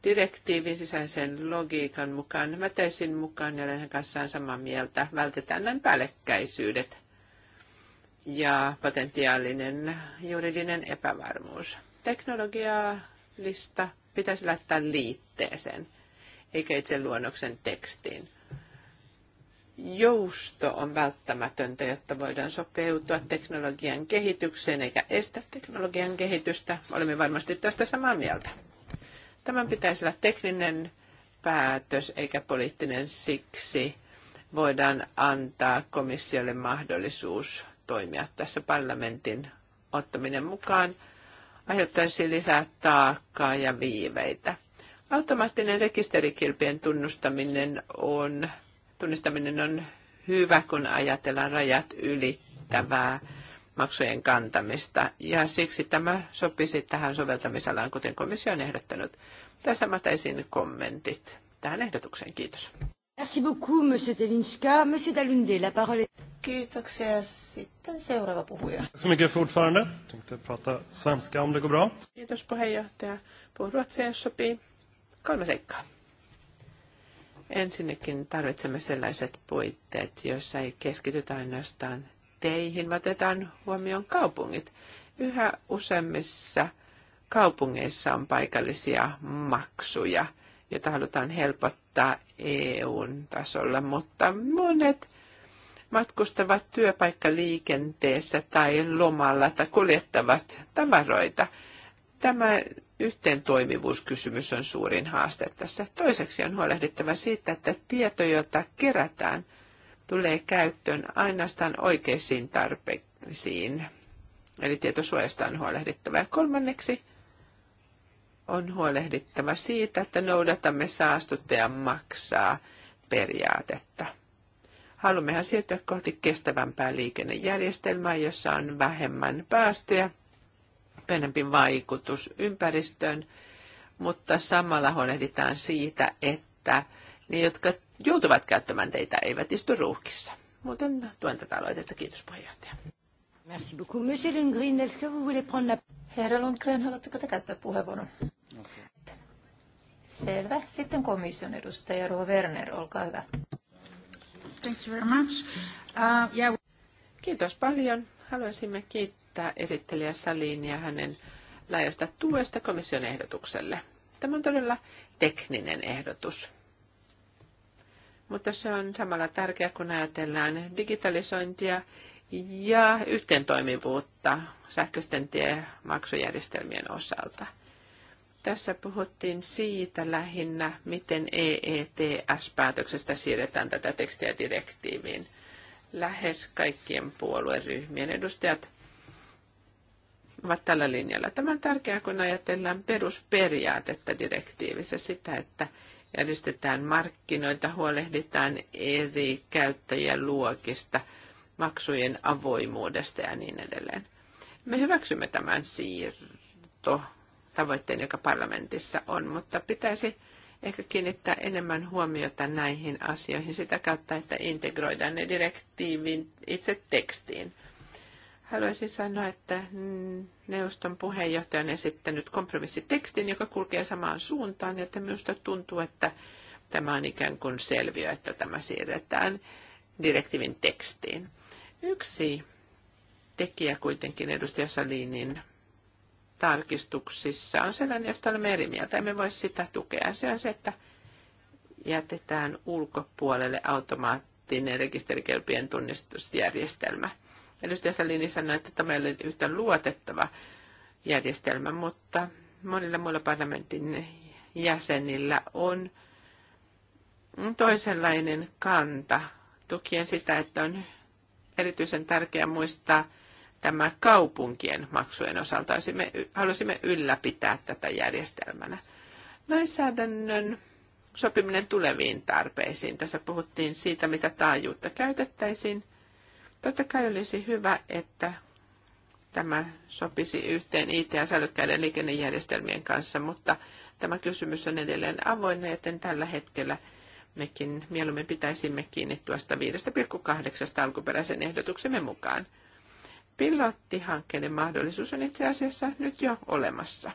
C: direktiivin sisäisen logiikan mukaan. Mä teisin mukaan ja olen kanssaan samaa mieltä. Vältetään näin päällekkäisyydet ja potentiaalinen juridinen epävarmuus. Teknologialista pitäisi laittaa liitteeseen, eikä itse luonnoksen tekstiin jousto on välttämätöntä, jotta voidaan sopeutua teknologian kehitykseen eikä estää teknologian kehitystä. Olemme varmasti tästä samaa mieltä. Tämän pitäisi olla tekninen päätös eikä poliittinen siksi voidaan antaa komissiolle mahdollisuus toimia tässä parlamentin ottaminen mukaan aiheuttaisi lisää taakkaa ja viiveitä. Automaattinen rekisterikilpien tunnustaminen on tunnistaminen on hyvä, kun ajatellaan rajat ylittävää maksujen kantamista, ja siksi tämä sopisi tähän soveltamisalaan, kuten komissio on ehdottanut. Tässä mä kommentit tähän ehdotukseen. Kiitos.
A: Merci beaucoup, Monsieur Telinska. Monsieur Dalunde, la
C: parole est... Kiitoksia. Sitten seuraava puhuja. Kiitos puheenjohtaja. Puhun ruotsia, jos sopii. Kolme seikkaa. Ensinnäkin tarvitsemme sellaiset puitteet, joissa ei keskitytä ainoastaan teihin, vaan otetaan huomioon kaupungit. Yhä useammissa kaupungeissa on paikallisia maksuja, joita halutaan helpottaa eu tasolla, mutta monet matkustavat työpaikkaliikenteessä tai lomalla tai kuljettavat tavaroita – Tämä yhteen toimivuuskysymys on suurin haaste tässä. Toiseksi on huolehdittava siitä, että tieto, jota kerätään, tulee käyttöön ainoastaan oikeisiin tarpeisiin. Eli tietosuojasta on huolehdittava. Ja kolmanneksi on huolehdittava siitä, että noudatamme saastuttaja maksaa periaatetta. Haluammehan siirtyä kohti kestävämpää liikennejärjestelmää, jossa on vähemmän päästöjä pienempi vaikutus ympäristöön, mutta samalla huolehditaan siitä, että ne, jotka joutuvat käyttämään teitä, eivät istu ruuhkissa. Muuten tuen tätä aloitetta. Kiitos puheenjohtaja.
A: Merci beaucoup. Monsieur Lundgren, est-ce
B: que vous voulez prendre la... Herra Lundgren, haluatteko te käyttää puheenvuoron? Okay. Selvä. Sitten komission edustaja Ruo Werner, olkaa hyvä. Thank you very
C: much. Uh, yeah. Kiitos paljon. Haluaisimme kiittää kiittää esittelijä Salin ja hänen laajasta tuesta komission ehdotukselle. Tämä on todella tekninen ehdotus. Mutta se on samalla tärkeä, kun ajatellaan digitalisointia ja yhteentoimivuutta sähköisten tiemaksujärjestelmien osalta. Tässä puhuttiin siitä lähinnä, miten EETS-päätöksestä siirretään tätä tekstiä direktiiviin. Lähes kaikkien puolueryhmien edustajat ovat tällä linjalla. Tämä on tärkeää, kun ajatellaan perusperiaatetta direktiivissä, sitä, että järjestetään markkinoita, huolehditaan eri käyttäjien luokista, maksujen avoimuudesta ja niin edelleen. Me hyväksymme tämän siirto tavoitteen, joka parlamentissa on, mutta pitäisi ehkä kiinnittää enemmän huomiota näihin asioihin sitä kautta, että integroidaan ne direktiivin itse tekstiin – Haluaisin sanoa, että neuvoston puheenjohtaja on esittänyt kompromissitekstin, joka kulkee samaan suuntaan, että minusta tuntuu, että tämä on ikään kuin selviö, että tämä siirretään direktiivin tekstiin. Yksi tekijä kuitenkin edustaja Salinin tarkistuksissa on sellainen, josta olemme eri mieltä. Emme voi sitä tukea. Se on se, että jätetään ulkopuolelle automaattinen rekisterikelpien tunnistusjärjestelmä. Edustaja Salini sanoi, että tämä ei ole yhtä luotettava järjestelmä, mutta monilla muilla parlamentin jäsenillä on toisenlainen kanta tukien sitä, että on erityisen tärkeää muistaa tämä kaupunkien maksujen osalta. Olisimme, halusimme ylläpitää tätä järjestelmänä. Lainsäädännön sopiminen tuleviin tarpeisiin. Tässä puhuttiin siitä, mitä taajuutta käytettäisiin – Totta kai olisi hyvä, että tämä sopisi yhteen IT- ja sälykkäiden liikennejärjestelmien kanssa, mutta tämä kysymys on edelleen avoin, joten tällä hetkellä mekin mieluummin pitäisimme kiinni tuosta 5,8 alkuperäisen ehdotuksemme mukaan. Pilottihankkeiden mahdollisuus on itse asiassa nyt jo olemassa.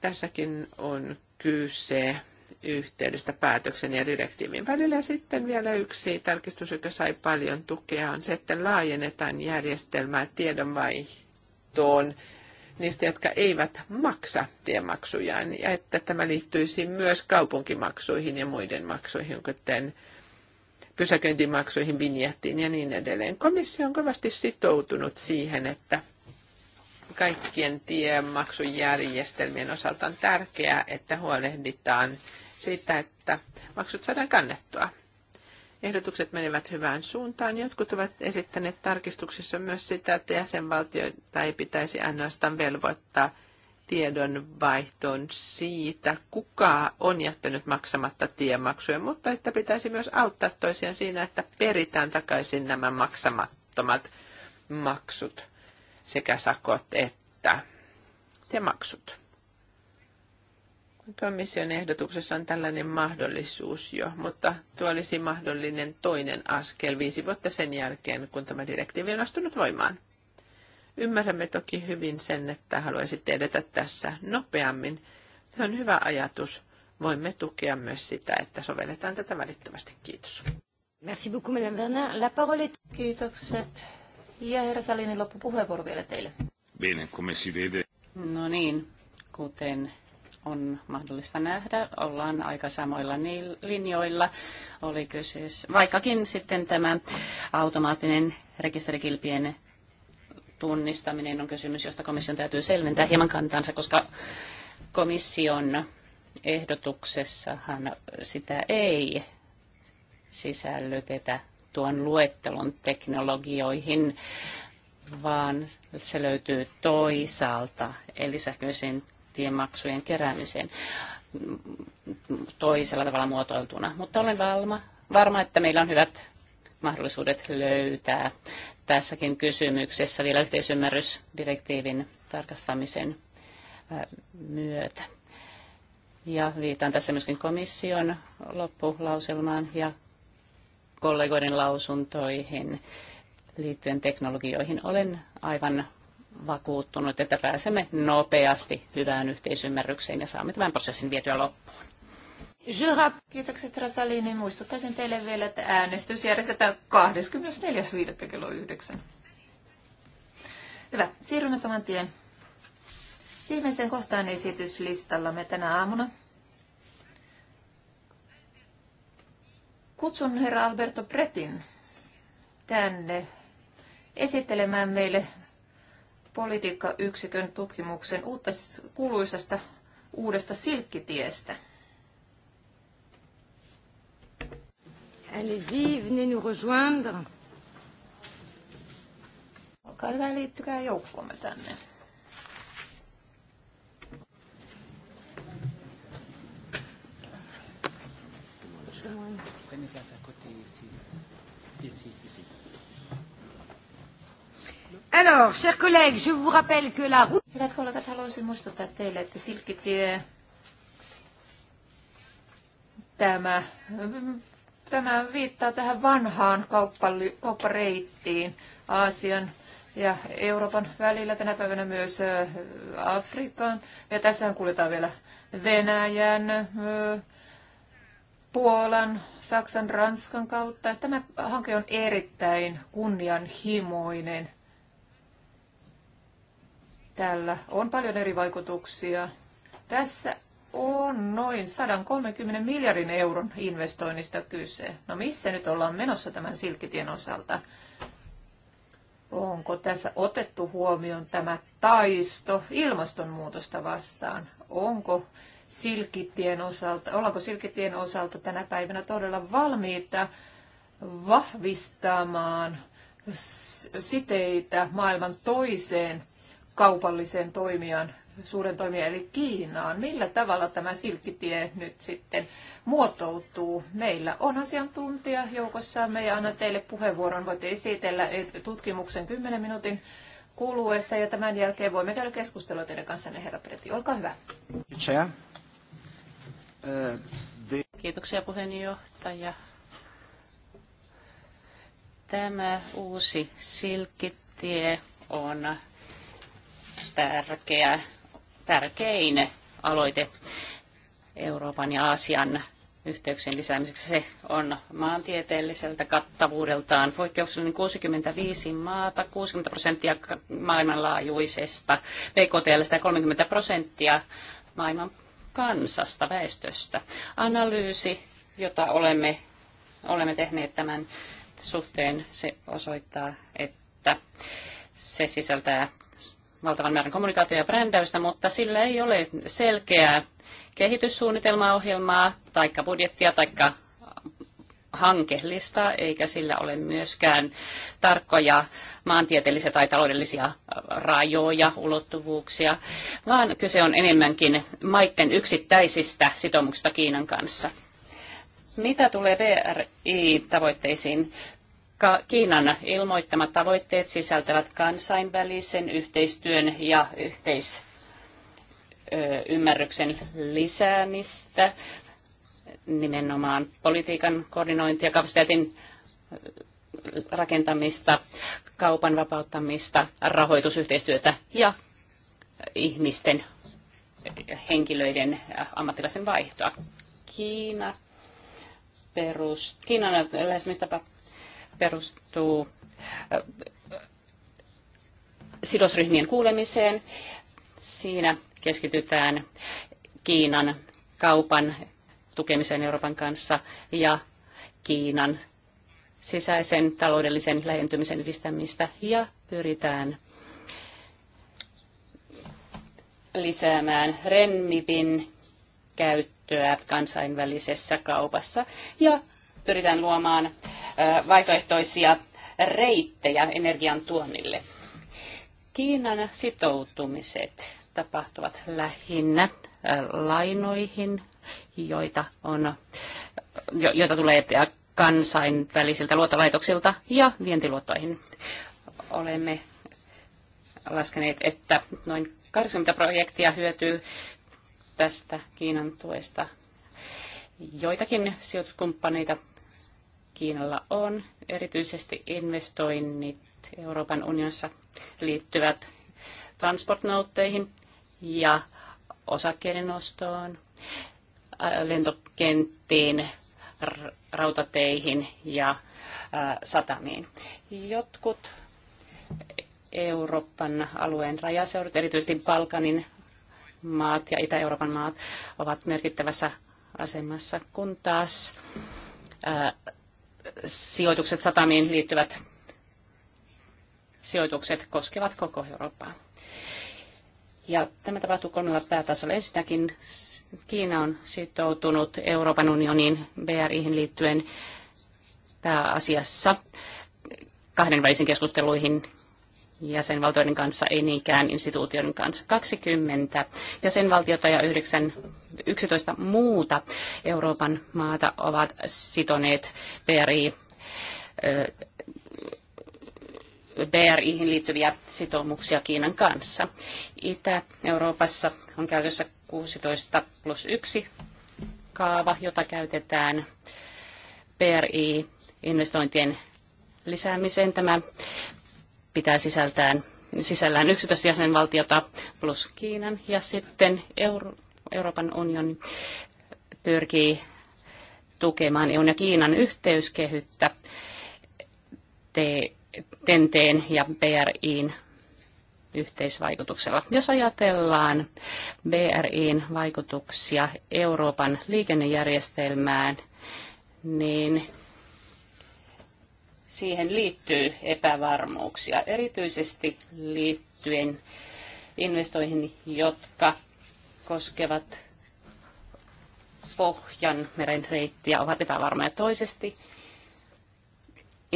C: Tässäkin on kyse yhteydestä päätöksen ja direktiivin välillä. sitten vielä yksi tarkistus, joka sai paljon tukea, on se, että laajennetaan järjestelmää tiedonvaihtoon niistä, jotka eivät maksa tiemaksujaan, ja että tämä liittyisi myös kaupunkimaksuihin ja muiden maksuihin, kuten pysäköintimaksuihin, vinjettiin ja niin edelleen. Komissio on kovasti sitoutunut siihen, että kaikkien tiemaksujärjestelmien osalta on tärkeää, että huolehditaan siitä, että maksut saadaan kannettua. Ehdotukset menevät hyvään suuntaan. Jotkut ovat esittäneet tarkistuksissa myös sitä, että jäsenvaltioita ei pitäisi ainoastaan velvoittaa tiedonvaihtoon siitä, kuka on jättänyt maksamatta tiemaksuja, mutta että pitäisi myös auttaa toisiaan siinä, että peritään takaisin nämä maksamattomat maksut sekä sakot että se maksut. Komission ehdotuksessa on tällainen mahdollisuus jo, mutta tuo olisi mahdollinen toinen askel viisi vuotta sen jälkeen, kun tämä direktiivi on astunut voimaan. Ymmärrämme toki hyvin sen, että haluaisitte edetä tässä nopeammin. Se on hyvä ajatus. Voimme tukea myös sitä, että sovelletaan tätä välittömästi. Kiitos.
D: Merci beaucoup, Madame Bernard. La parole est... Kiitokset. Ja herra Salinin loppupuheenvuoro vielä teille.
C: Bene, come si vede.
D: No niin, kuten on mahdollista nähdä, ollaan aika samoilla linjoilla. Oli kyseessä, vaikkakin sitten tämä automaattinen rekisterikilpien tunnistaminen on kysymys, josta komission täytyy selventää hieman kantansa, koska komission ehdotuksessahan sitä ei sisällytetä tuon luettelon teknologioihin, vaan se löytyy toisaalta, eli sähköisen tiemaksujen keräämiseen toisella tavalla muotoiltuna. Mutta olen valma, varma, että meillä on hyvät mahdollisuudet löytää tässäkin kysymyksessä vielä yhteisymmärrysdirektiivin tarkastamisen myötä. Ja viitaan tässä myöskin komission loppulauselmaan ja kollegoiden lausuntoihin liittyen teknologioihin. Olen aivan vakuuttunut, että pääsemme nopeasti hyvään yhteisymmärrykseen ja saamme tämän prosessin vietyä loppuun.
B: kiitokset Rasalini. Muistuttaisin teille vielä, että
D: äänestys järjestetään 24.5. kello 9.
B: Hyvä, siirrymme saman tien Viimeisen kohtaan esityslistallamme tänä aamuna. Kutsun herra Alberto Pretin tänne esittelemään meille politiikkayksikön tutkimuksen uutta kuuluisasta uudesta silkkitiestä. Allez-y, venez nous rejoindre. Olkaa hyvä, liittykää joukkoomme tänne.
D: témoigne. Prenez
B: Alors, chers collègues, je vous rappelle que la route... Hyvät kollegat, haluaisin muistuttaa teille, että Silkkitie, tämä, tämä viittaa tähän vanhaan kauppali, kauppareittiin Aasian ja Euroopan välillä, tänä päivänä myös äh, Afrikaan. Ja tässähän kuljetaan vielä Venäjän, äh, Puolan, Saksan, Ranskan kautta. Tämä hanke on erittäin kunnianhimoinen. Tällä on paljon eri vaikutuksia. Tässä on noin 130 miljardin euron investoinnista kyse. No missä nyt ollaan menossa tämän silkitien osalta? Onko tässä otettu huomioon tämä taisto ilmastonmuutosta vastaan? Onko Silkitien osalta, ollaanko Silkitien osalta tänä päivänä todella valmiita vahvistamaan siteitä maailman toiseen kaupalliseen toimijan, suuren toimijan eli Kiinaan. Millä tavalla tämä silkkitie nyt sitten muotoutuu? Meillä on asiantuntija joukossamme ja annan teille puheenvuoron. Voitte esitellä tutkimuksen 10 minuutin kuluessa ja tämän jälkeen voimme käydä keskustelua teidän kanssanne, herra Preti. Olkaa hyvä.
A: Chair.
D: Kiitoksia puheenjohtaja. Tämä uusi silkkitie on tärkeä, tärkein aloite Euroopan ja Aasian yhteyksien lisäämiseksi. Se on maantieteelliseltä kattavuudeltaan poikkeuksellinen 65 maata, 60 prosenttia maailmanlaajuisesta BKTL 30 prosenttia maailman kansasta, väestöstä. Analyysi, jota olemme, olemme tehneet tämän suhteen, se osoittaa, että se sisältää valtavan määrän kommunikaatio- ja brändäystä, mutta sillä ei ole selkeää kehityssuunnitelmaa, ohjelmaa, taikka budjettia, taikka hankelista, eikä sillä ole myöskään tarkkoja maantieteellisiä tai taloudellisia äh, rajoja, ulottuvuuksia, vaan kyse on enemmänkin maiden yksittäisistä sitoumuksista Kiinan kanssa. Mitä tulee BRI-tavoitteisiin? Kiinan ilmoittamat tavoitteet sisältävät kansainvälisen yhteistyön ja yhteis ymmärryksen lisäämistä, nimenomaan politiikan koordinointia, kapasiteetin rakentamista, kaupan vapauttamista, rahoitusyhteistyötä ja ihmisten, henkilöiden ammattilaisen vaihtoa. Kiina perus, Kiinan lähestymistapa perustuu äh, sidosryhmien kuulemiseen. Siinä keskitytään Kiinan kaupan tukemiseen Euroopan kanssa ja Kiinan sisäisen taloudellisen lähentymisen edistämistä ja pyritään lisäämään renmipin käyttöä kansainvälisessä kaupassa ja pyritään luomaan vaihtoehtoisia reittejä energian tuonnille. Kiinan sitoutumiset tapahtuvat lähinnä lainoihin, joita, on, jo, joita tulee kansainvälisiltä luottolaitoksilta ja vientiluottoihin. Olemme laskeneet, että noin 80 projektia hyötyy tästä Kiinan tuesta. Joitakin sijoituskumppaneita Kiinalla on, erityisesti investoinnit Euroopan unionissa liittyvät transportnoutteihin ja osakkeiden ostoon, lentokenttiin, rautateihin ja satamiin.
C: Jotkut
D: Euroopan alueen rajaseudut, erityisesti Balkanin maat ja Itä-Euroopan maat, ovat merkittävässä asemassa, kun taas sijoitukset satamiin liittyvät sijoitukset koskevat koko Eurooppaa. Ja tämä tapahtuu kolmella päätasolla. Ensinnäkin Kiina on sitoutunut Euroopan unionin BRIhin liittyen pääasiassa kahdenvälisiin keskusteluihin jäsenvaltioiden kanssa, ei niinkään instituutioiden kanssa. 20 jäsenvaltiota ja 9, 11 muuta Euroopan maata ovat sitoneet BRI BRIhin liittyviä sitoumuksia Kiinan kanssa. Itä-Euroopassa on käytössä 16 plus 1 kaava, jota käytetään BRI-investointien lisäämiseen. Tämä pitää sisältään, sisällään 11 jäsenvaltiota plus Kiinan ja sitten Euro- Euroopan unioni pyrkii tukemaan EUn ja Kiinan yhteyskehyttä TENTEen ja BRIin yhteisvaikutuksella. Jos ajatellaan BRIin vaikutuksia Euroopan liikennejärjestelmään, niin siihen liittyy epävarmuuksia, erityisesti liittyen investoihin, jotka koskevat Pohjanmeren reittiä, ovat epävarmoja toisesti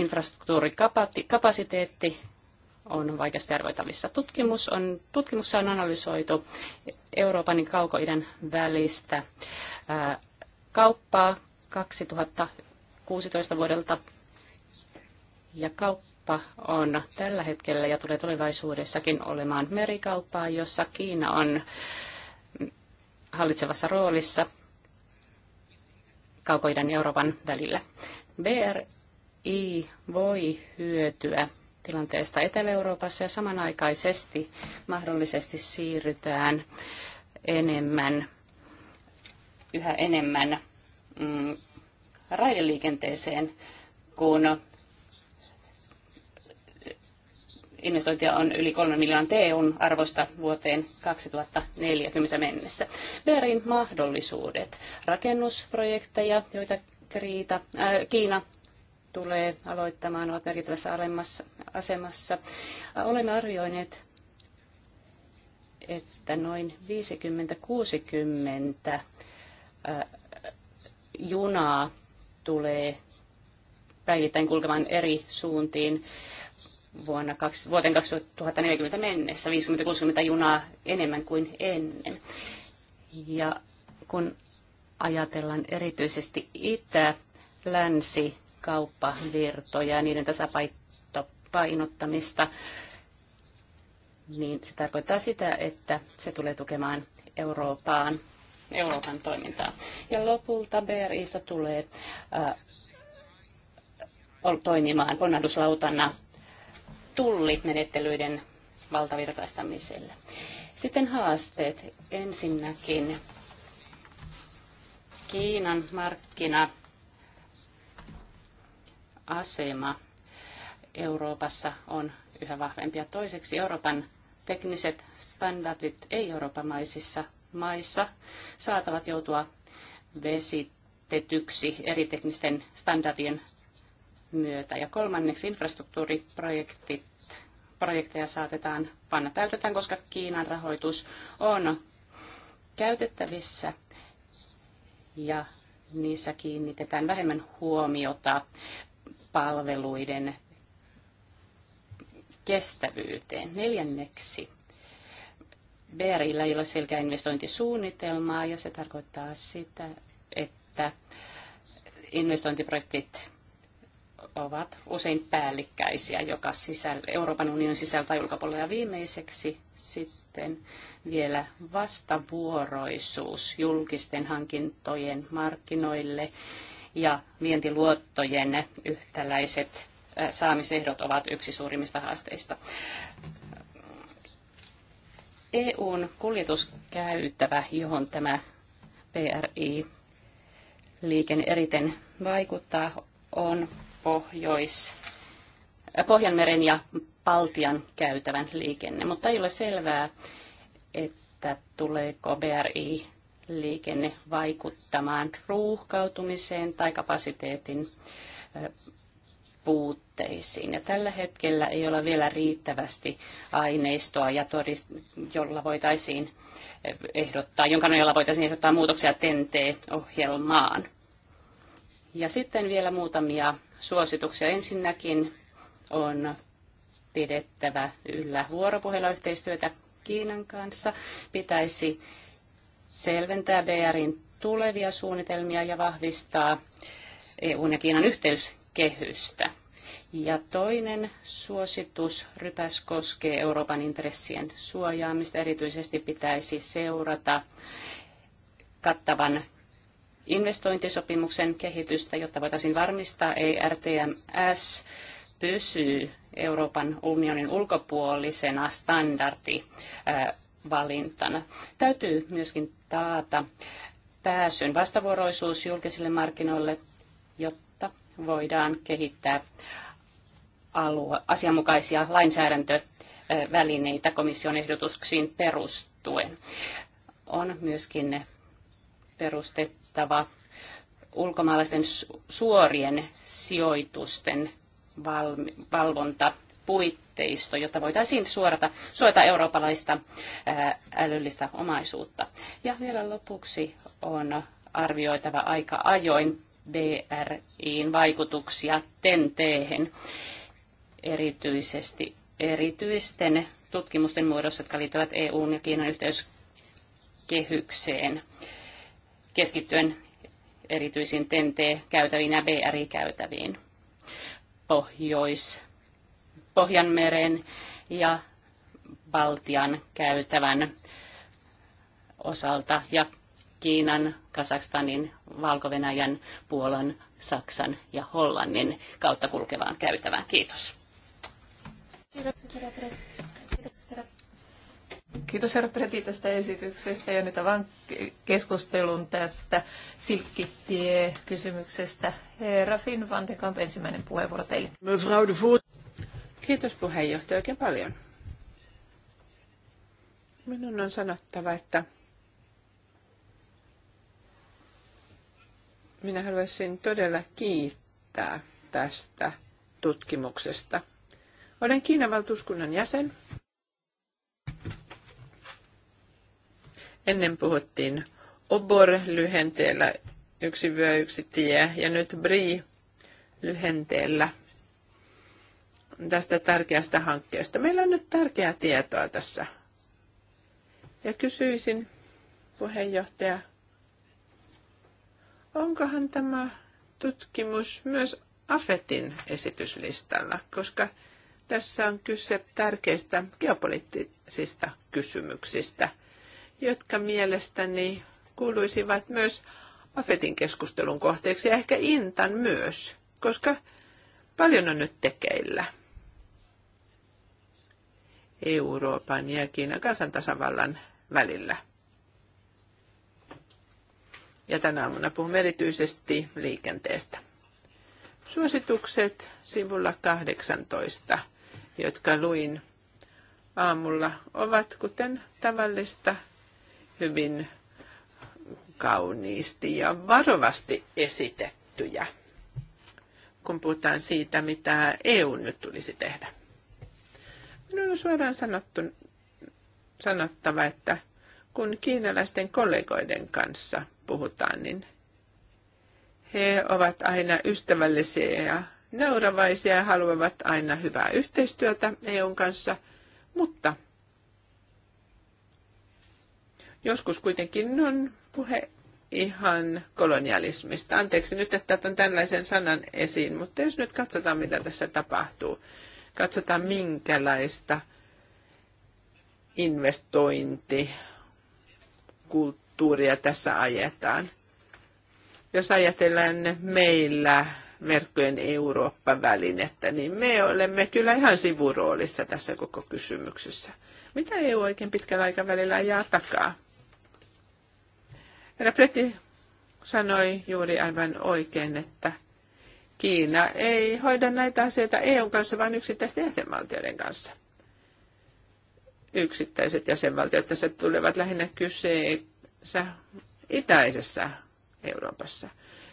D: infrastruktuurikapasiteetti on vaikeasti arvoitavissa. Tutkimus on, tutkimussa on analysoitu Euroopan ja kaukoidän välistä ää, kauppaa 2016 vuodelta. Ja kauppa on tällä hetkellä ja tulee tulevaisuudessakin olemaan merikauppaa, jossa Kiina on hallitsevassa roolissa kaukoidän Euroopan välillä. BR EI voi hyötyä tilanteesta Etelä-Euroopassa ja samanaikaisesti mahdollisesti siirrytään enemmän, yhä enemmän mm, raideliikenteeseen, kun investointia on yli 3 miljoonan TEUn arvosta vuoteen 2040 mennessä. Berin mahdollisuudet, rakennusprojekteja, joita Kriita, äh, Kiina tulee aloittamaan, ovat merkittävässä alemmassa asemassa. Olemme arvioineet, että noin 50-60 junaa tulee päivittäin kulkemaan eri suuntiin vuonna, vuoteen 2040 mennessä, 50-60 junaa enemmän kuin ennen. Ja kun ajatellaan erityisesti itä, länsi kauppavirtoja ja niiden tasapainottamista, niin se tarkoittaa sitä, että se tulee tukemaan Euroopan, Euroopan toimintaa. Ja lopulta BRIstä tulee äh, toimimaan ponnahduslautana tullimenettelyiden valtavirtaistamiselle. Sitten haasteet. Ensinnäkin Kiinan markkina asema Euroopassa on yhä vahvempi. Ja toiseksi Euroopan tekniset standardit ei-eurooppamaisissa maissa saatavat joutua vesitetyksi eri teknisten standardien myötä. Ja kolmanneksi infrastruktuuriprojektit projekteja saatetaan panna täytetään, koska Kiinan rahoitus on käytettävissä ja niissä kiinnitetään vähemmän huomiota palveluiden kestävyyteen. Neljänneksi, BRillä ei ole selkeä investointisuunnitelmaa ja se tarkoittaa sitä, että investointiprojektit ovat usein päällikkäisiä, joka sisällä, Euroopan unionin tai ulkopuolella. Ja viimeiseksi sitten vielä vastavuoroisuus julkisten hankintojen markkinoille ja vientiluottojen yhtäläiset saamisehdot ovat yksi suurimmista haasteista. EUn kuljetuskäyttävä, johon tämä PRI-liikenne eriten vaikuttaa, on Pohjois, Pohjanmeren ja Baltian käytävän liikenne, mutta ei ole selvää, että tuleeko BRI liikenne vaikuttamaan ruuhkautumiseen tai kapasiteetin puutteisiin. Ja tällä hetkellä ei ole vielä riittävästi aineistoa, ja todist- jolla voitaisiin ehdottaa, jonka nojalla voitaisiin ehdottaa muutoksia ten ohjelmaan Ja sitten vielä muutamia suosituksia. Ensinnäkin on pidettävä yllä vuoropuheluyhteistyötä Kiinan kanssa. Pitäisi selventää BRin tulevia suunnitelmia ja vahvistaa EUn ja Kiinan yhteyskehystä. Ja toinen suositus rypäs koskee Euroopan intressien suojaamista. Erityisesti pitäisi seurata kattavan investointisopimuksen kehitystä, jotta voitaisiin varmistaa ERTMS pysyy Euroopan unionin ulkopuolisena standardivalintana. Täytyy myöskin taata pääsyn vastavuoroisuus julkisille markkinoille, jotta voidaan kehittää alue, asianmukaisia lainsäädäntövälineitä komission ehdotuksiin perustuen. On myöskin perustettava ulkomaalaisten suorien sijoitusten valvonta puitteisto, jotta voitaisiin suorata, suojata eurooppalaista älyllistä omaisuutta. Ja vielä lopuksi on arvioitava aika ajoin BRIin vaikutuksia ten erityisesti erityisten tutkimusten muodossa, jotka liittyvät EUn ja Kiinan yhteyskehykseen, keskittyen erityisiin tente käytäviin ja BRI-käytäviin. Pohjois- Pohjanmeren ja Baltian käytävän osalta ja Kiinan, Kasakstanin, Valko-Venäjän, Puolan, Saksan ja Hollannin kautta kulkevaan käytävään. Kiitos.
B: Kiitos herra Preti tästä esityksestä ja nyt avaan keskustelun tästä silkkitie-kysymyksestä. Herra Finn Vantekamp,
C: ensimmäinen puheenvuoro teille. Kiitos puheenjohtaja oikein paljon. Minun on sanottava, että minä haluaisin todella kiittää tästä tutkimuksesta. Olen Kiinan valtuuskunnan jäsen. Ennen puhuttiin OBOR-lyhenteellä 1-1 tie ja nyt BRI-lyhenteellä tästä tärkeästä hankkeesta. Meillä on nyt tärkeää tietoa tässä. Ja kysyisin puheenjohtaja, onkohan tämä tutkimus myös AFETin esityslistalla, koska tässä on kyse tärkeistä geopoliittisista kysymyksistä, jotka mielestäni kuuluisivat myös AFETin keskustelun kohteeksi ja ehkä Intan myös, koska paljon on nyt tekeillä. Euroopan ja Kiinan kansantasavallan välillä. Ja tänä aamuna puhumme erityisesti liikenteestä. Suositukset sivulla 18, jotka luin aamulla, ovat kuten tavallista hyvin kauniisti ja varovasti esitettyjä, kun puhutaan siitä, mitä EU nyt tulisi tehdä. Minun on suoraan sanottu, sanottava, että kun kiinalaisten kollegoiden kanssa puhutaan, niin he ovat aina ystävällisiä ja nauravaisia ja haluavat aina hyvää yhteistyötä EUn kanssa, mutta joskus kuitenkin on puhe ihan kolonialismista. Anteeksi nyt, että otan tällaisen sanan esiin, mutta jos nyt katsotaan, mitä tässä tapahtuu, katsotaan minkälaista investointikulttuuria tässä ajetaan. Jos ajatellaan meillä verkkojen Eurooppa-välinettä, niin me olemme kyllä ihan sivuroolissa tässä koko kysymyksessä. Mitä EU oikein pitkällä aikavälillä ajaa takaa? Herra Pretti sanoi juuri aivan oikein, että Kiina ei hoida näitä asioita EUn kanssa, vaan yksittäisten jäsenvaltioiden kanssa. Yksittäiset jäsenvaltiot tässä tulevat lähinnä kyseessä itäisessä Euroopassa.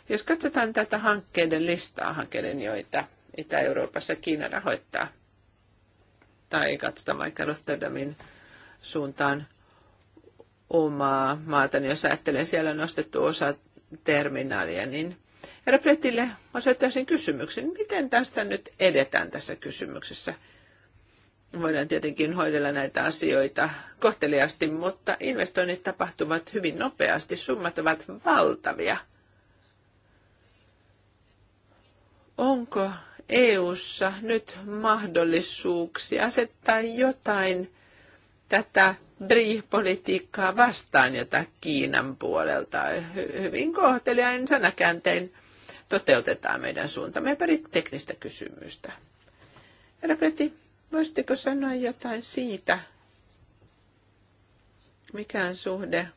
C: Jos katsotaan tätä hankkeiden listaa, hankkeiden, joita Itä-Euroopassa Kiina rahoittaa, tai katsotaan vaikka Rotterdamin suuntaan omaa maata, niin jos ajattelee, siellä nostettu osa terminaalia, niin Herra Pretille osoittaisin kysymyksen, miten tästä nyt edetään tässä kysymyksessä? Voidaan tietenkin hoidella näitä asioita kohteliasti, mutta investoinnit tapahtuvat hyvin nopeasti. Summat ovat valtavia. Onko EU:ssa nyt mahdollisuuksia asettaa jotain tätä brief politiikkaa vastaan, jota Kiinan puolelta hyvin kohteliain sanakääntein toteutetaan meidän suuntamme pari teknistä kysymystä. Herra Preti, voisitteko sanoa jotain siitä, mikä on suhde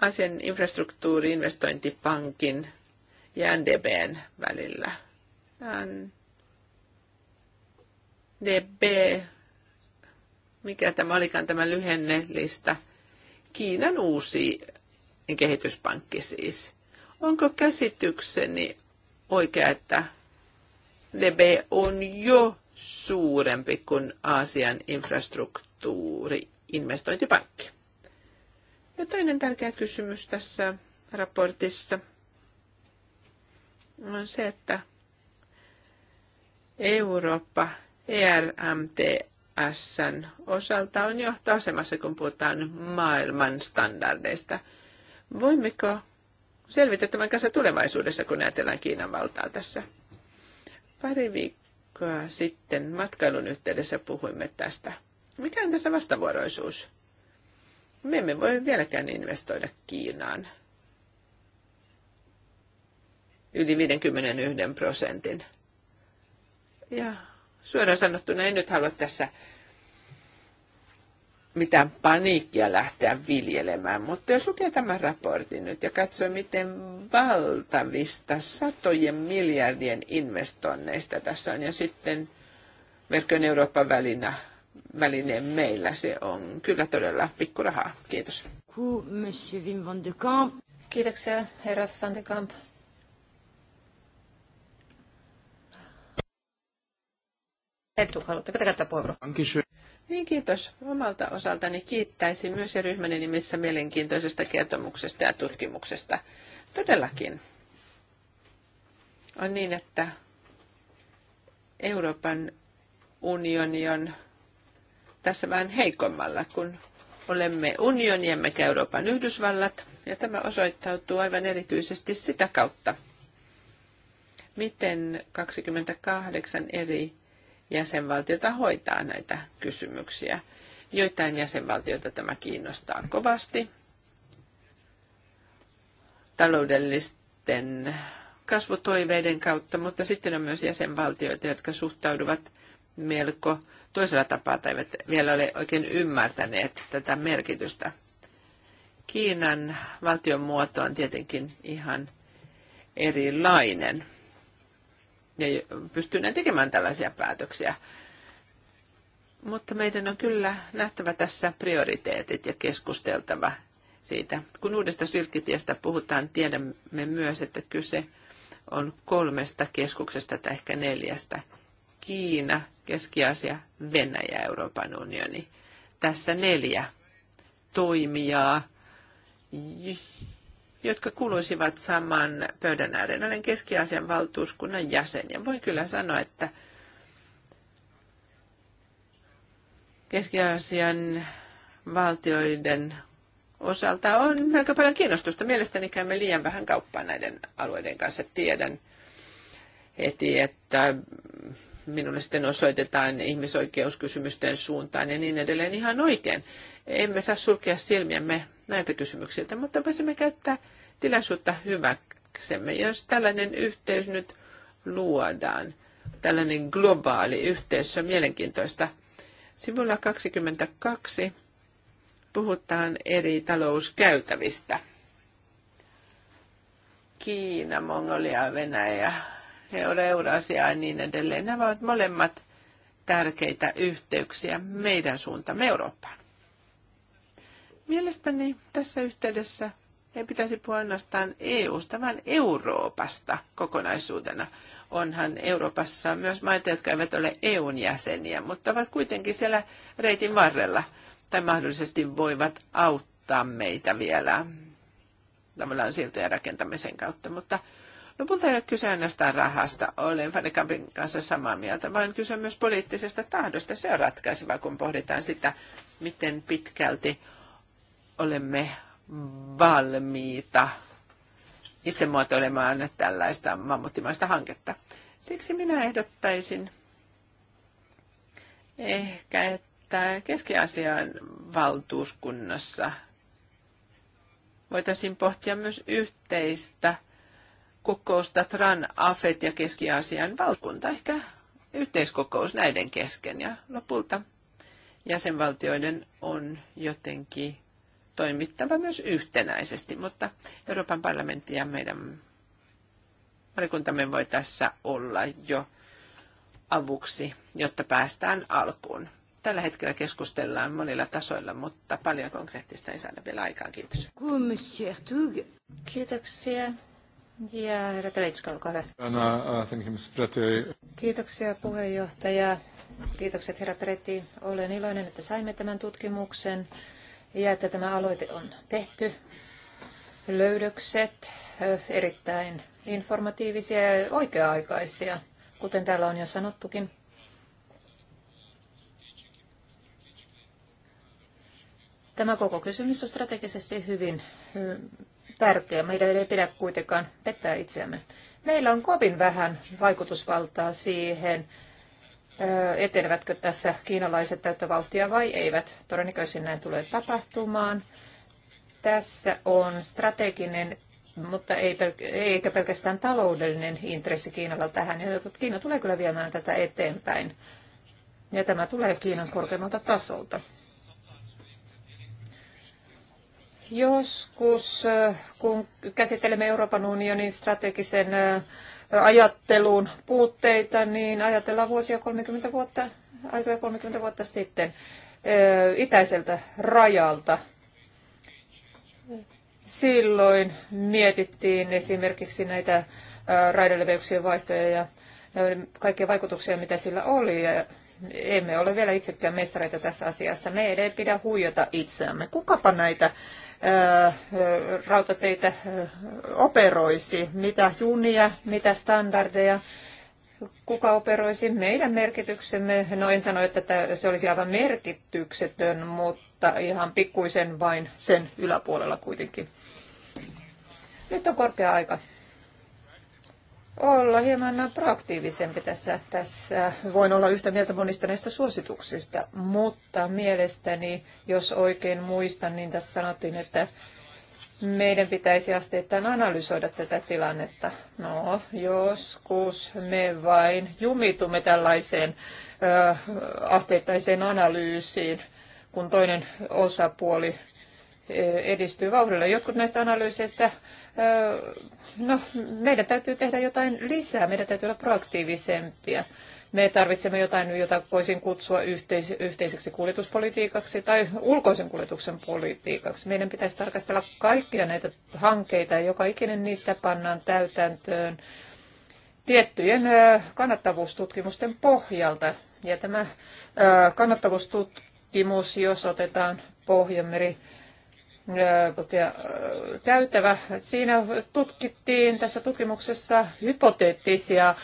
C: asian infrastruktuuri-investointipankin
D: ja NDBn
C: välillä? NDB mikä tämä olikaan tämä lyhennelista, Kiinan uusi kehityspankki siis. Onko käsitykseni oikea, että DB on jo suurempi kuin Aasian infrastruktuuri-investointipankki? Ja toinen tärkeä kysymys tässä raportissa on se, että Eurooppa ERMT SN osalta on johtoasemassa, kun puhutaan maailman standardeista. Voimmeko selvitä tämän kanssa tulevaisuudessa, kun ajatellaan Kiinan valtaa tässä? Pari viikkoa sitten matkailun yhteydessä puhuimme tästä. Mikä on tässä vastavuoroisuus? Me emme voi vieläkään investoida Kiinaan. Yli 51 prosentin. Ja Suoraan sanottuna en nyt halua tässä mitään paniikkia lähteä viljelemään, mutta jos lukee tämän raportin nyt ja katsoo, miten valtavista satojen miljardien investoinneista tässä on, ja sitten Verkkojen Euroopan välinä, välineen meillä se on kyllä todella pikkurahaa. Kiitos.
B: Kiitoksia, herra Van de Kamp.
C: Etu, haluatteko te käyttää puheenvuoron? Niin, kiitos. Omalta osaltani kiittäisin myös ja ryhmäni nimissä mielenkiintoisesta kertomuksesta ja tutkimuksesta. Todellakin on niin, että Euroopan unioni on tässä vähän heikommalla, kun olemme unioni emmekä Euroopan Yhdysvallat, ja tämä osoittautuu aivan erityisesti sitä kautta, miten 28 eri jäsenvaltiota hoitaa näitä kysymyksiä. Joitain jäsenvaltioita tämä kiinnostaa kovasti. Taloudellisten kasvutoiveiden kautta, mutta sitten on myös jäsenvaltioita, jotka suhtautuvat melko toisella tapaa tai eivät vielä ole oikein ymmärtäneet tätä merkitystä. Kiinan valtion muoto on tietenkin ihan erilainen ja pystyneet tekemään tällaisia päätöksiä. Mutta meidän on kyllä nähtävä tässä prioriteetit ja keskusteltava siitä. Kun uudesta sylkkitiestä puhutaan, tiedämme myös, että kyse on kolmesta keskuksesta tai ehkä neljästä. Kiina, Keski-Asia, Venäjä, Euroopan unioni. Tässä neljä toimijaa, jotka kuuluisivat saman pöydän ääreen. Olen Keski-Aasian valtuuskunnan jäsen ja voin kyllä sanoa, että Keski-Aasian valtioiden osalta on aika paljon kiinnostusta. Mielestäni käymme liian vähän kauppaa näiden alueiden kanssa. Tiedän heti, että minulle sitten osoitetaan ihmisoikeuskysymysten suuntaan ja niin edelleen ihan oikein. Emme saa sulkea silmiämme Näitä kysymyksiä, mutta voisimme käyttää tilaisuutta hyväksemme. Jos tällainen yhteys nyt luodaan, tällainen globaali yhteys, on mielenkiintoista. Sivulla 22 puhutaan eri talouskäytävistä. Kiina, Mongolia, Venäjä, Eurasia ja niin edelleen. Nämä ovat molemmat tärkeitä yhteyksiä meidän suuntamme Eurooppaan. Mielestäni tässä yhteydessä ei pitäisi puhua ainoastaan EU-sta, vaan Euroopasta kokonaisuutena. Onhan Euroopassa myös maita, jotka eivät ole EUn jäseniä, mutta ovat kuitenkin siellä reitin varrella tai mahdollisesti voivat auttaa meitä vielä tavallaan siltojen rakentamisen kautta. Mutta lopulta ei ole kyse ainoastaan rahasta, olen Fanikampin kanssa samaa mieltä, vaan kyse myös poliittisesta tahdosta. Se on ratkaiseva, kun pohditaan sitä, miten pitkälti olemme valmiita itse muotoilemaan tällaista mammuttimaista hanketta. Siksi minä ehdottaisin ehkä, että keskiasian valtuuskunnassa voitaisiin pohtia myös yhteistä kokousta Tran, Afet ja Keski-Aasian valtuuskunta, ehkä yhteiskokous näiden kesken. Ja lopulta jäsenvaltioiden on jotenkin toimittava myös yhtenäisesti, mutta Euroopan parlamentti ja meidän valikuntamme voi tässä olla jo avuksi, jotta päästään alkuun. Tällä hetkellä keskustellaan monilla tasoilla, mutta paljon konkreettista ei saada vielä aikaan. Kiitos.
B: Kiitoksia. Ja herra Telitska, olkaa hyvä.
C: Uh,
B: Kiitoksia puheenjohtaja. Kiitokset herra Peretti. Olen iloinen, että saimme tämän tutkimuksen ja että tämä aloite on tehty. Löydökset erittäin informatiivisia ja oikea-aikaisia, kuten täällä on jo sanottukin. Tämä koko kysymys on strategisesti hyvin tärkeä. Meidän ei pidä kuitenkaan pettää itseämme. Meillä on kovin vähän vaikutusvaltaa siihen, etenevätkö tässä kiinalaiset täyttä vauhtia vai eivät. Todennäköisesti näin tulee tapahtumaan. Tässä on strateginen, mutta ei pelk- eikä pelkästään taloudellinen intressi Kiinalla tähän. Ja Kiina tulee kyllä viemään tätä eteenpäin. Ja tämä tulee Kiinan korkeammalta tasolta. Joskus, kun käsittelemme Euroopan unionin strategisen ajatteluun puutteita, niin ajatellaan vuosia 30 vuotta, aikoja 30 vuotta sitten itäiseltä rajalta. Silloin mietittiin esimerkiksi näitä raideleveyksien vaihtoja ja kaikkia vaikutuksia, mitä sillä oli. Ja emme ole vielä itsekään mestareita tässä asiassa. Meidän ei pidä huijata itseämme. Kukapa näitä rautateitä operoisi, mitä junia, mitä standardeja, kuka operoisi meidän merkityksemme. No en sano, että se olisi aivan merkityksetön, mutta ihan pikkuisen vain sen yläpuolella kuitenkin. Nyt on korkea aika olla hieman proaktiivisempi tässä. Tässä voin olla yhtä mieltä monista näistä suosituksista, mutta mielestäni, jos oikein muistan, niin tässä sanottiin, että meidän pitäisi asteittain analysoida tätä tilannetta. No, joskus me vain jumitumme tällaiseen ö, asteittaiseen analyysiin, kun toinen osapuoli edistyy vauhdilla. Jotkut näistä analyyseistä, no meidän täytyy tehdä jotain lisää, meidän täytyy olla proaktiivisempia. Me tarvitsemme jotain, jota voisin kutsua yhteis- yhteiseksi kuljetuspolitiikaksi tai ulkoisen kuljetuksen politiikaksi. Meidän pitäisi tarkastella kaikkia näitä hankkeita ja joka ikinen niistä pannaan täytäntöön tiettyjen kannattavuustutkimusten pohjalta. Ja tämä kannattavuustutkimus, jos otetaan Pohjanmeri käytävä. Siinä tutkittiin tässä tutkimuksessa hypoteettisia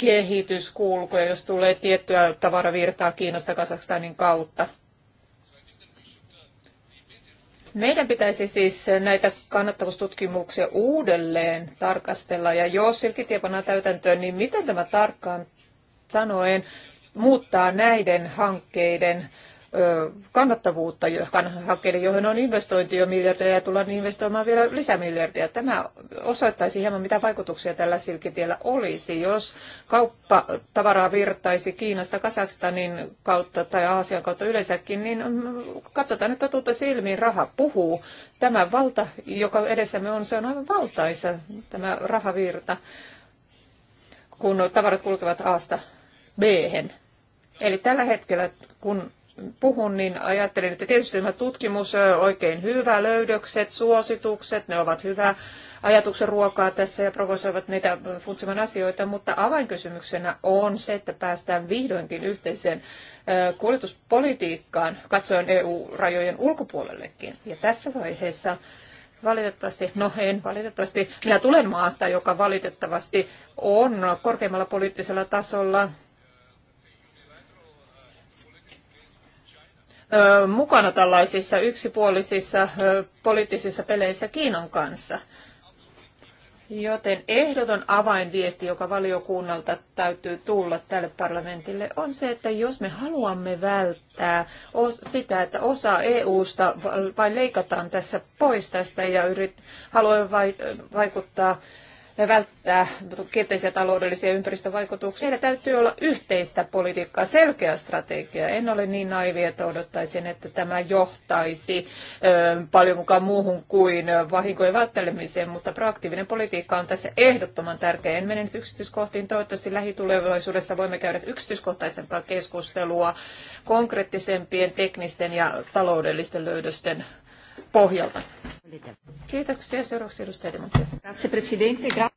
B: kehityskulkuja, jos tulee tiettyä tavaravirtaa Kiinasta Kasakstanin kautta. Meidän pitäisi siis näitä kannattavuustutkimuksia uudelleen tarkastella, ja jos silkitie pannaan täytäntöön, niin miten tämä tarkkaan sanoen muuttaa näiden hankkeiden kannattavuutta hakkeiden, johon on investointi jo miljardeja ja tullaan investoimaan vielä lisämiljardeja. Tämä osoittaisi hieman, mitä vaikutuksia tällä silkitiellä olisi, jos kauppa tavaraa virtaisi Kiinasta Kasakstanin kautta tai Aasian kautta yleensäkin, niin katsotaan nyt totuutta silmiin, raha puhuu. Tämä valta, joka edessämme on, se on aivan valtaisa, tämä rahavirta, kun tavarat kulkevat Aasta b -hen. Eli tällä hetkellä, kun puhun, niin ajattelin, että tietysti tämä tutkimus on oikein hyvä, löydökset, suositukset, ne ovat hyvä ajatuksen ruokaa tässä ja provosoivat meitä funtsimaan asioita, mutta avainkysymyksenä on se, että päästään vihdoinkin yhteiseen kuljetuspolitiikkaan katsoen EU-rajojen ulkopuolellekin. Ja tässä vaiheessa valitettavasti, no en valitettavasti, minä tulen maasta, joka valitettavasti on korkeimmalla poliittisella tasolla mukana tällaisissa yksipuolisissa poliittisissa peleissä Kiinan kanssa. Joten ehdoton avainviesti, joka valiokunnalta täytyy tulla tälle parlamentille, on se, että jos me haluamme välttää sitä, että osa EU-sta vain leikataan tässä pois tästä ja yrit, haluamme vaikuttaa välttää kielteisiä taloudellisia ympäristövaikutuksia. Meillä täytyy olla yhteistä politiikkaa, selkeä strategia. En ole niin naivi, että odottaisin, että tämä johtaisi paljon mukaan muuhun kuin vahinkojen välttelemiseen, mutta proaktiivinen politiikka on tässä ehdottoman tärkeä. En mene nyt yksityiskohtiin. Toivottavasti lähitulevaisuudessa voimme käydä yksityiskohtaisempaa keskustelua konkreettisempien teknisten ja taloudellisten löydösten pohjalta.
D: Kiitoksia. Seuraavaksi edustaja Demontia.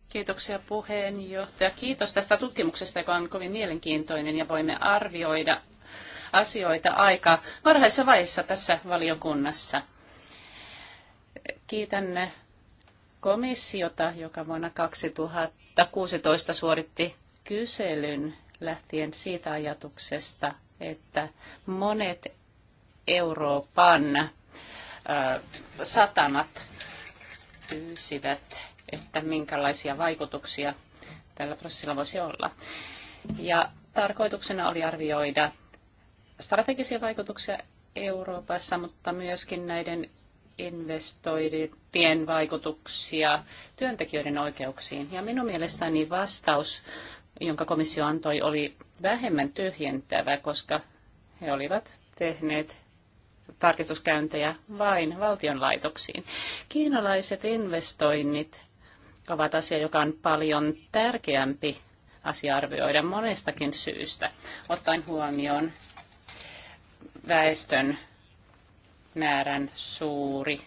D: Kiitoksia puheenjohtaja. Kiitos tästä tutkimuksesta, joka on kovin mielenkiintoinen ja voimme arvioida asioita aika varhaisessa vaiheessa tässä valiokunnassa. Kiitän komissiota, joka vuonna 2016 suoritti kyselyn lähtien siitä ajatuksesta, että monet Euroopan satamat pyysivät, että minkälaisia vaikutuksia tällä prosessilla voisi olla. Ja tarkoituksena oli arvioida strategisia vaikutuksia Euroopassa, mutta myöskin näiden investointien vaikutuksia työntekijöiden oikeuksiin. Ja minun mielestäni vastaus, jonka komissio antoi, oli vähemmän tyhjentävä, koska he olivat tehneet tarkistuskäyntejä vain valtion laitoksiin. Kiinalaiset investoinnit ovat asia, joka on paljon tärkeämpi asia arvioida monestakin syystä, ottaen huomioon väestön määrän suuri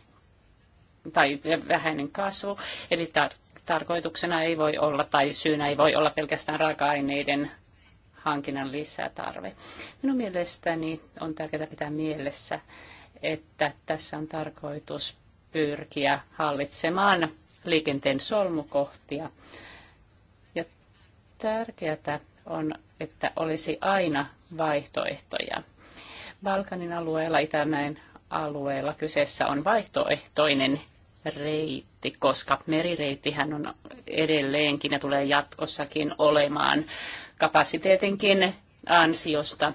D: tai vähäinen kasvu. Eli tar- tarkoituksena ei voi olla tai syynä ei voi olla pelkästään raaka-aineiden hankinnan lisätarve. Minun mielestäni on tärkeää pitää mielessä, että tässä on tarkoitus pyrkiä hallitsemaan liikenteen solmukohtia. Ja tärkeää on, että olisi aina vaihtoehtoja. Balkanin alueella, Itämäen alueella kyseessä on vaihtoehtoinen reitti, koska merireittihän on edelleenkin ja tulee jatkossakin olemaan kapasiteetinkin ansiosta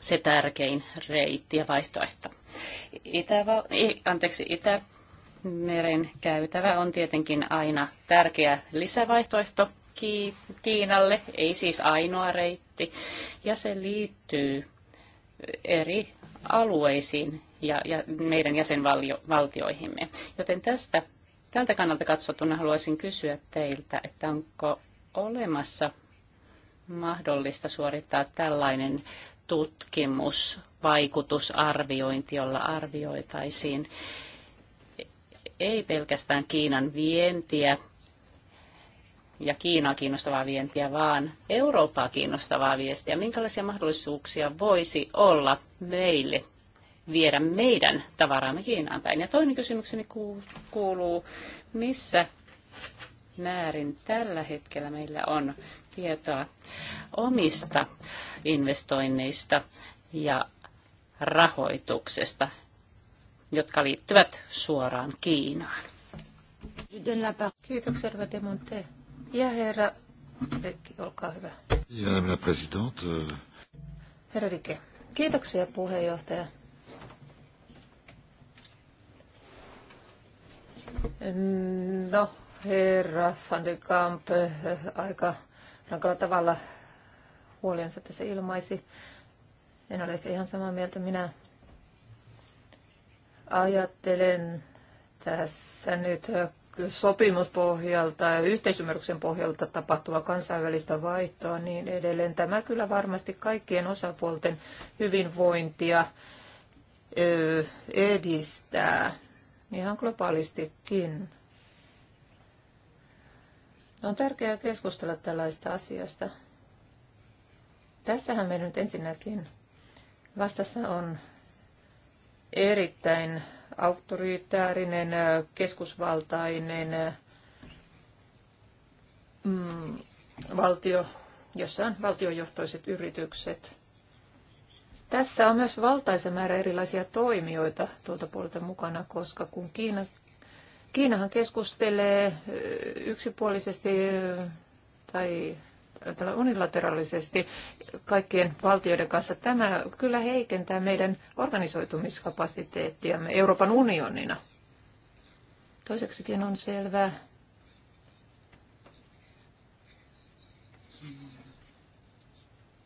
D: se tärkein reitti ja vaihtoehto. Itä, anteeksi, Itä meren käytävä on tietenkin aina tärkeä lisävaihtoehto Kiinalle, ei siis ainoa reitti, ja se liittyy eri alueisiin ja, ja meidän jäsenvaltioihimme. Joten tästä, tältä kannalta katsottuna haluaisin kysyä teiltä, että onko olemassa mahdollista suorittaa tällainen tutkimus, vaikutusarviointi, jolla arvioitaisiin ei pelkästään Kiinan vientiä ja Kiinaa kiinnostavaa vientiä, vaan Eurooppaa kiinnostavaa viestiä. Minkälaisia mahdollisuuksia voisi olla meille viedä meidän tavaraamme Kiinaan päin? Ja toinen kysymykseni kuuluu, missä määrin tällä hetkellä meillä on tietoa omista investoinneista ja rahoituksesta, jotka liittyvät suoraan Kiinaan.
B: Kiitoksia, Herra Demonte. Ja herra Rikki, olkaa hyvä.
A: Ja herra présidente. Euh,
B: herra Rikki, kiitoksia puheenjohtaja. Mm, no, herra Van de Kamp, aika rankalla tavalla huolensa tässä ilmaisi. En ole ehkä ihan samaa mieltä. Minä ajattelen tässä nyt sopimuspohjalta ja yhteisymmärryksen pohjalta tapahtuvaa kansainvälistä vaihtoa niin edelleen. Tämä kyllä varmasti kaikkien osapuolten hyvinvointia edistää ihan globaalistikin. On tärkeää keskustella tällaista asiasta. Tässähän me nyt ensinnäkin vastassa on erittäin auktoritäärinen, keskusvaltainen mm, valtio, jossa on valtiojohtoiset yritykset. Tässä on myös valtaisa määrä erilaisia toimijoita tuolta puolelta mukana, koska kun Kiina Kiinahan keskustelee yksipuolisesti tai unilateraalisesti kaikkien valtioiden kanssa. Tämä kyllä heikentää meidän organisoitumiskapasiteettiamme Euroopan unionina. Toiseksikin on selvää,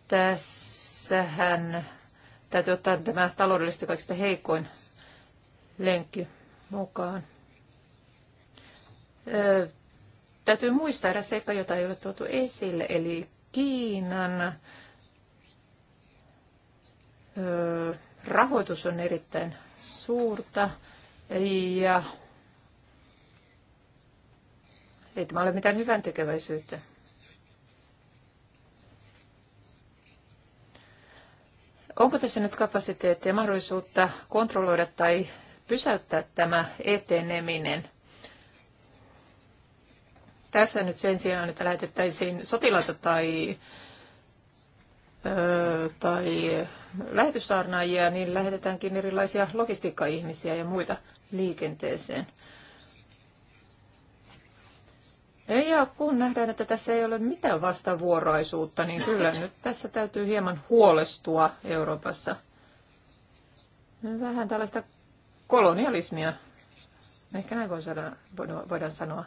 B: tässähän täytyy ottaa tämä taloudellisesti kaikista heikoin lenkki mukaan täytyy muistaa eräs seikka, jota ei ole tuotu esille, eli Kiinan rahoitus on erittäin suurta ja ei tämä ole mitään hyvän tekeväisyyttä. Onko tässä nyt kapasiteettia ja mahdollisuutta kontrolloida tai pysäyttää tämä eteneminen? Tässä nyt sen sijaan, että lähetettäisiin sotilaita tai, öö, tai lähetyssaarnaajia, niin lähetetäänkin erilaisia logistiikkaihmisiä ja muita liikenteeseen. Ja kun nähdään, että tässä ei ole mitään vastavuoroisuutta, niin kyllä nyt tässä täytyy hieman huolestua Euroopassa. Vähän tällaista kolonialismia, ehkä näin voidaan sanoa.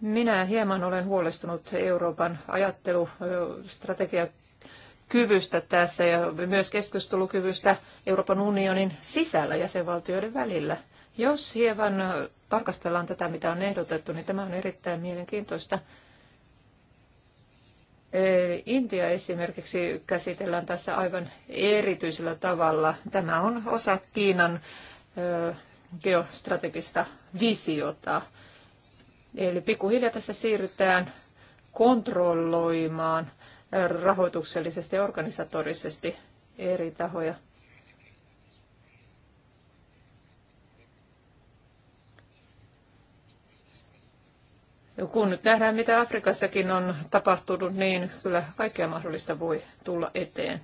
B: Minä hieman olen huolestunut Euroopan ajattelustrategiakyvystä tässä ja myös keskustelukyvystä Euroopan unionin sisällä jäsenvaltioiden välillä. Jos hieman tarkastellaan tätä, mitä on ehdotettu, niin tämä on erittäin mielenkiintoista. Intia esimerkiksi käsitellään tässä aivan erityisellä tavalla. Tämä on osa Kiinan geostrategista visiota. Eli pikkuhiljaa tässä siirrytään kontrolloimaan rahoituksellisesti ja organisatorisesti eri tahoja. Kun nyt nähdään, mitä Afrikassakin on tapahtunut, niin kyllä kaikkea mahdollista voi tulla eteen.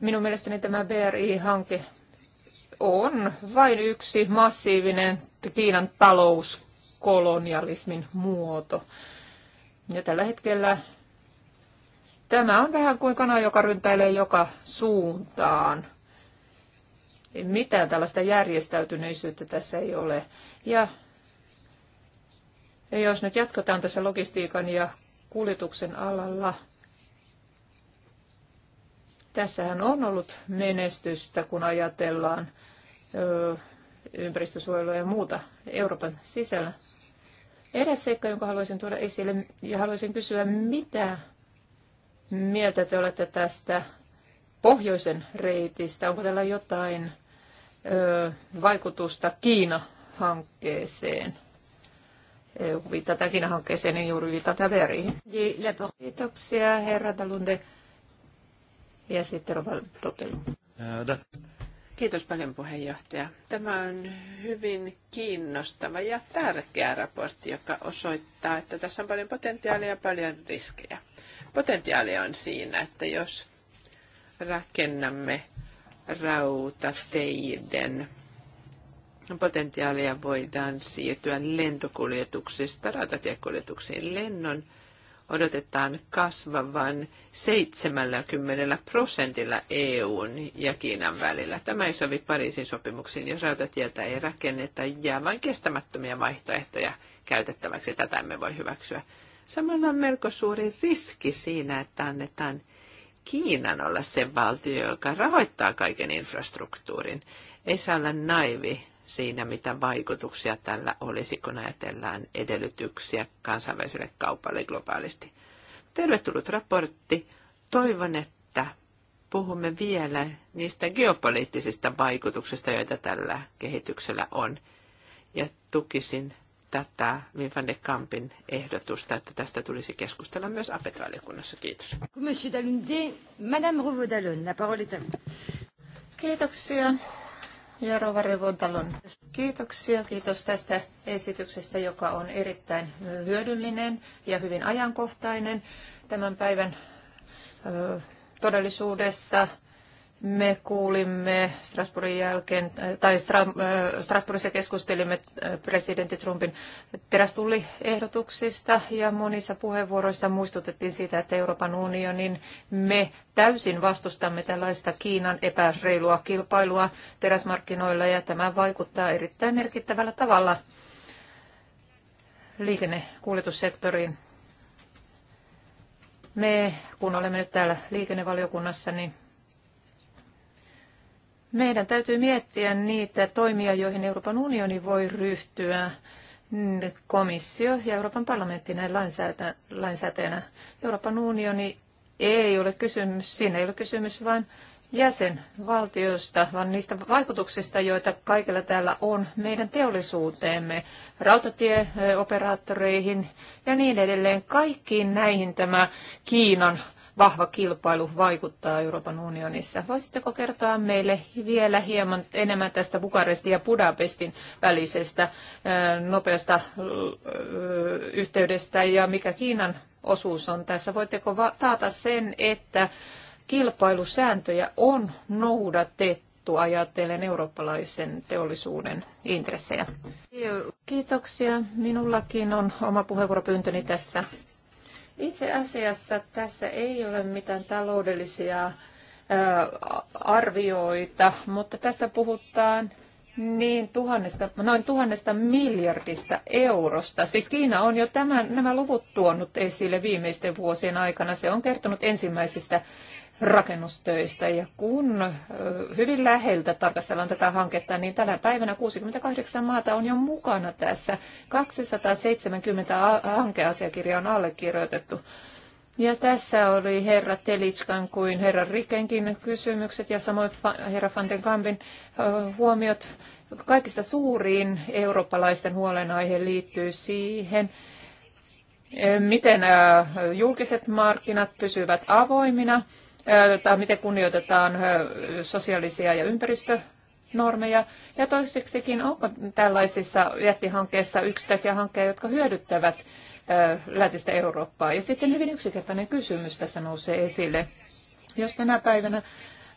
B: Minun mielestäni tämä BRI-hanke on vain yksi massiivinen Kiinan talous kolonialismin muoto. Ja tällä hetkellä tämä on vähän kuin kana, joka ryntäilee joka suuntaan. Mitään tällaista järjestäytyneisyyttä tässä ei ole. Ja jos nyt jatketaan tässä logistiikan ja kuljetuksen alalla, tässähän on ollut menestystä, kun ajatellaan ympäristösuojelua ja muuta Euroopan sisällä. Eräs seikka, jonka haluaisin tuoda esille ja haluaisin kysyä, mitä mieltä te olette tästä pohjoisen reitistä? Onko tällä jotain ö, vaikutusta Kiina-hankkeeseen? viittaa Kiina-hankkeeseen, niin juuri viittaa veriin.
C: Kiitoksia, herra Talunde. Ja sitten Roval Totelu. Äh, Kiitos paljon puheenjohtaja. Tämä on hyvin kiinnostava ja tärkeä raportti, joka osoittaa, että tässä on paljon potentiaalia ja paljon riskejä. Potentiaalia on siinä, että jos rakennamme rautateiden potentiaalia voidaan siirtyä lentokuljetuksista rautatiekuljetuksiin lennon odotetaan kasvavan 70 prosentilla EUn ja Kiinan välillä. Tämä ei sovi Pariisin sopimuksiin, jos rautatietä ei rakenneta, jää vain kestämättömiä vaihtoehtoja käytettäväksi. Tätä emme voi hyväksyä. Samalla on melko suuri riski siinä, että annetaan Kiinan olla se valtio, joka rahoittaa kaiken infrastruktuurin. Ei saa olla naivi siinä, mitä vaikutuksia tällä olisi, kun ajatellaan edellytyksiä kansainväliselle kaupalle globaalisti. Tervetullut raportti. Toivon, että puhumme vielä niistä geopoliittisista vaikutuksista, joita tällä kehityksellä on. Ja tukisin tätä Wim van de Kampin ehdotusta, että tästä tulisi keskustella myös apet Kiitos.
A: Monsieur Dalunde, Madame Revaud-Dallon, la parole est à vous.
B: Kiitoksia ja Rova Kiitoksia, kiitos tästä esityksestä, joka on erittäin hyödyllinen ja hyvin ajankohtainen tämän päivän todellisuudessa. Me kuulimme Strasbourgin jälkeen, äh, tai äh, Strasbourgissa keskustelimme äh, presidentti Trumpin terästulliehdotuksista ja monissa puheenvuoroissa muistutettiin siitä, että Euroopan unionin me täysin vastustamme tällaista Kiinan epäreilua kilpailua teräsmarkkinoilla ja tämä vaikuttaa erittäin merkittävällä tavalla liikennekuljetussektoriin. Me, kun olemme nyt täällä liikennevaliokunnassa, niin meidän täytyy miettiä niitä toimia, joihin Euroopan unioni voi ryhtyä komissio ja Euroopan parlamentti näin lainsäätä, lainsäätäjänä. Euroopan unioni ei ole kysymys, siinä ei ole kysymys vain jäsenvaltiosta, vaan niistä vaikutuksista, joita kaikilla täällä on meidän teollisuuteemme, rautatieoperaattoreihin ja niin edelleen. Kaikkiin näihin tämä Kiinan vahva kilpailu vaikuttaa Euroopan unionissa. Voisitteko kertoa meille vielä hieman enemmän tästä Bukarestin ja Budapestin välisestä nopeasta yhteydestä ja mikä Kiinan osuus on tässä? Voitteko taata sen, että kilpailusääntöjä on noudatettu ajatellen eurooppalaisen teollisuuden intressejä. Kiitoksia. Minullakin on oma puheenvuoropyyntöni tässä. Itse asiassa tässä ei ole mitään taloudellisia arvioita, mutta tässä puhutaan niin tuhannesta, noin tuhannesta miljardista eurosta. Siis Kiina on jo tämän, nämä luvut tuonut esille viimeisten vuosien aikana. Se on kertonut ensimmäisistä rakennustöistä. Ja kun hyvin läheltä tarkastellaan tätä hanketta, niin tänä päivänä 68 maata on jo mukana tässä. 270 hankeasiakirjaa on allekirjoitettu. Ja tässä oli herra Telitskan kuin herra Rikenkin kysymykset ja samoin herra Van den Kampin huomiot. Kaikista suurin eurooppalaisten huolenaihe liittyy siihen, miten julkiset markkinat pysyvät avoimina tai tota, miten kunnioitetaan sosiaalisia ja ympäristönormeja. Ja toiseksikin, onko tällaisissa jättihankkeissa yksittäisiä hankkeja, jotka hyödyttävät läntistä Eurooppaa? Ja sitten hyvin yksinkertainen kysymys tässä nousee esille. Jos tänä päivänä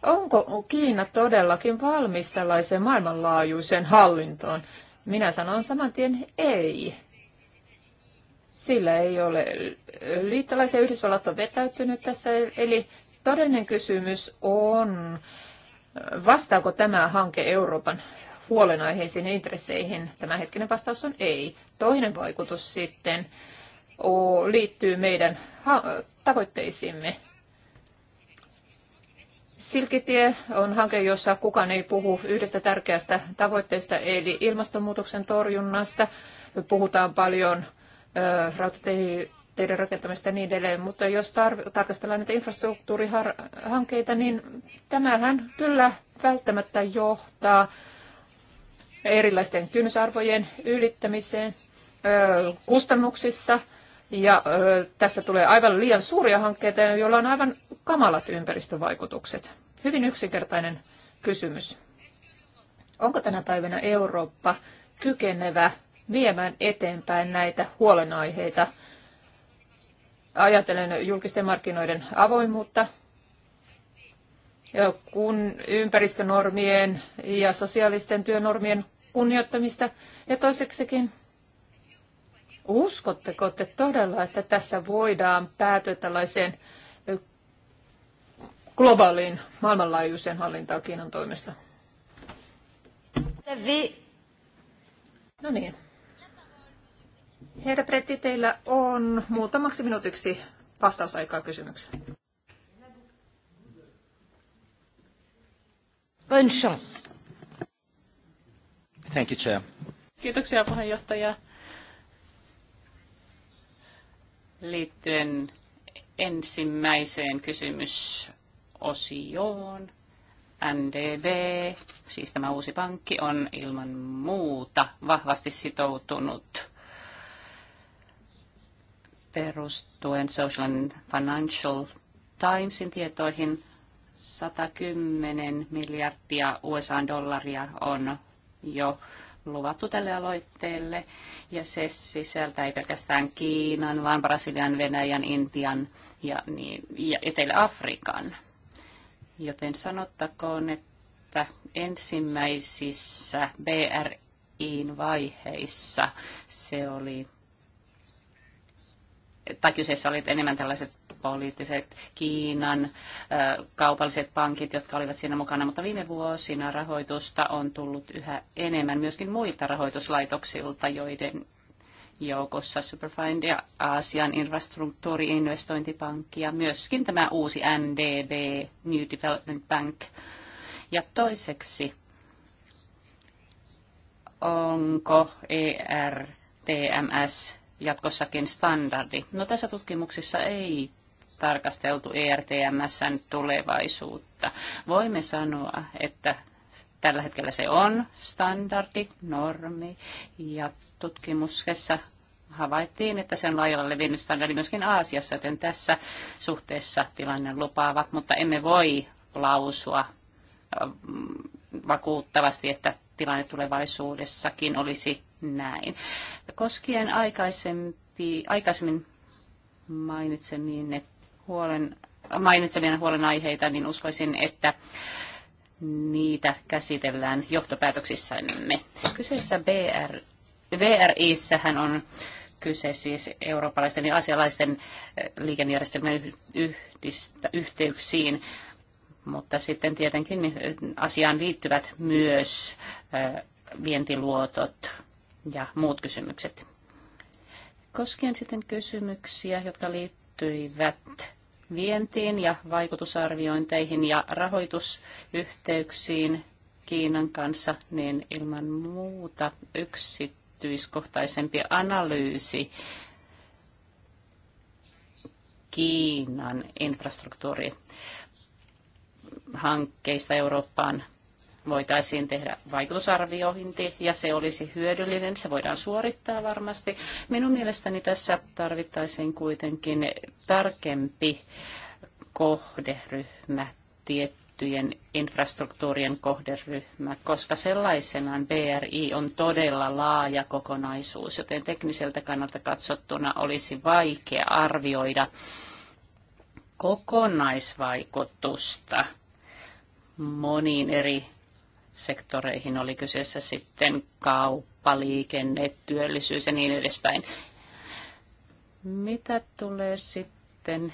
B: onko Kiina todellakin valmis tällaiseen maailmanlaajuiseen hallintoon? Minä sanon saman tien ei. Sillä ei ole liittolaisia. Yhdysvallat on vetäytynyt tässä, eli Todellinen kysymys on, vastaako tämä hanke Euroopan huolenaiheisiin ja intresseihin? Tämänhetkinen vastaus on ei. Toinen vaikutus sitten liittyy meidän tavoitteisiimme. Silkitie on hanke, jossa kukaan ei puhu yhdestä tärkeästä tavoitteesta, eli ilmastonmuutoksen torjunnasta. Puhutaan paljon rautatie teidän rakentamista ja niin edelleen, mutta jos tar- tarkastellaan näitä infrastruktuurihankkeita, niin tämähän kyllä välttämättä johtaa erilaisten kynnysarvojen ylittämiseen ö, kustannuksissa. Ja ö, tässä tulee aivan liian suuria hankkeita, joilla on aivan kamalat ympäristövaikutukset. Hyvin yksinkertainen kysymys. Onko tänä päivänä Eurooppa kykenevä viemään eteenpäin näitä huolenaiheita – ajatellen julkisten markkinoiden avoimuutta, kun ympäristönormien ja sosiaalisten työnormien kunnioittamista. Ja toiseksikin, uskotteko te todella, että tässä voidaan päätyä tällaiseen globaaliin maailmanlaajuiseen hallintaan Kiinan toimesta? No niin. Herra Pretti, teillä on muutamaksi minuutiksi vastausaikaa kysymykseen.
D: Bonne chance. Thank you, Chair. Kiitoksia puheenjohtaja. Liittyen ensimmäiseen kysymysosioon. NDB, siis tämä uusi pankki, on ilman muuta vahvasti sitoutunut perustuen Social and Financial Timesin tietoihin 110 miljardia USA-dollaria on jo luvattu tälle aloitteelle. Ja se sisältää ei pelkästään Kiinan, vaan Brasilian, Venäjän, Intian ja, niin, ja Etelä-Afrikan. Joten sanottakoon, että ensimmäisissä BRIin vaiheissa se oli tai kyseessä oli enemmän tällaiset poliittiset Kiinan kaupalliset pankit, jotka olivat siinä mukana, mutta viime vuosina rahoitusta on tullut yhä enemmän myöskin muilta rahoituslaitoksilta, joiden joukossa Superfind ja Aasian infrastruktuuriinvestointipankki ja myöskin tämä uusi NDB, New Development Bank. Ja toiseksi, onko ERTMS jatkossakin standardi. No tässä tutkimuksessa ei tarkasteltu ERTMSn tulevaisuutta. Voimme sanoa, että tällä hetkellä se on standardi, normi ja tutkimuksessa havaittiin, että se on laajalla levinnyt standardi myöskin Aasiassa, joten tässä suhteessa tilanne lupaava, mutta emme voi lausua äh, vakuuttavasti, että tilanne tulevaisuudessakin olisi näin. Koskien aikaisempi, aikaisemmin mainitsemiin huolen, mainitsemien huolenaiheita, niin uskoisin, että niitä käsitellään johtopäätöksissämme. Kyseessä BR, VRIssähän on kyse siis eurooppalaisten ja asialaisten eh, liikennejärjestelmien yhdistä, yhteyksiin, mutta sitten tietenkin eh, asiaan liittyvät myös eh, vientiluotot ja muut kysymykset. Koskien sitten kysymyksiä, jotka liittyivät vientiin ja vaikutusarviointeihin ja rahoitusyhteyksiin Kiinan kanssa, niin ilman muuta yksityiskohtaisempi analyysi Kiinan infrastruktuurihankkeista Eurooppaan voitaisiin tehdä vaikutusarviointi ja se olisi hyödyllinen. Se voidaan suorittaa varmasti. Minun mielestäni tässä tarvittaisiin kuitenkin tarkempi kohderyhmä tietty tiettyjen infrastruktuurien kohderyhmä, koska sellaisenaan BRI on todella laaja kokonaisuus, joten tekniseltä kannalta katsottuna olisi vaikea arvioida kokonaisvaikutusta moniin eri sektoreihin, oli kyseessä sitten kauppa, liikenne, työllisyys ja niin edespäin. Mitä tulee sitten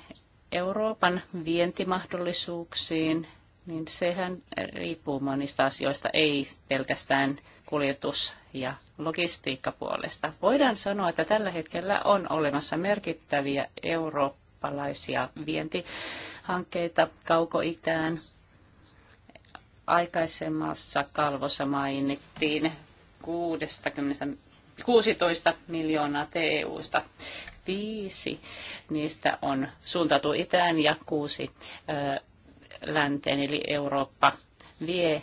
D: Euroopan vientimahdollisuuksiin, niin sehän riippuu monista asioista, ei pelkästään kuljetus- ja logistiikkapuolesta. Voidaan sanoa, että tällä hetkellä on olemassa merkittäviä eurooppalaisia vientihankkeita kaukoitään, aikaisemmassa kalvossa mainittiin 60, 16 miljoonaa EU-sta. Viisi niistä on suuntautu itään ja kuusi ö, länteen, eli Eurooppa vie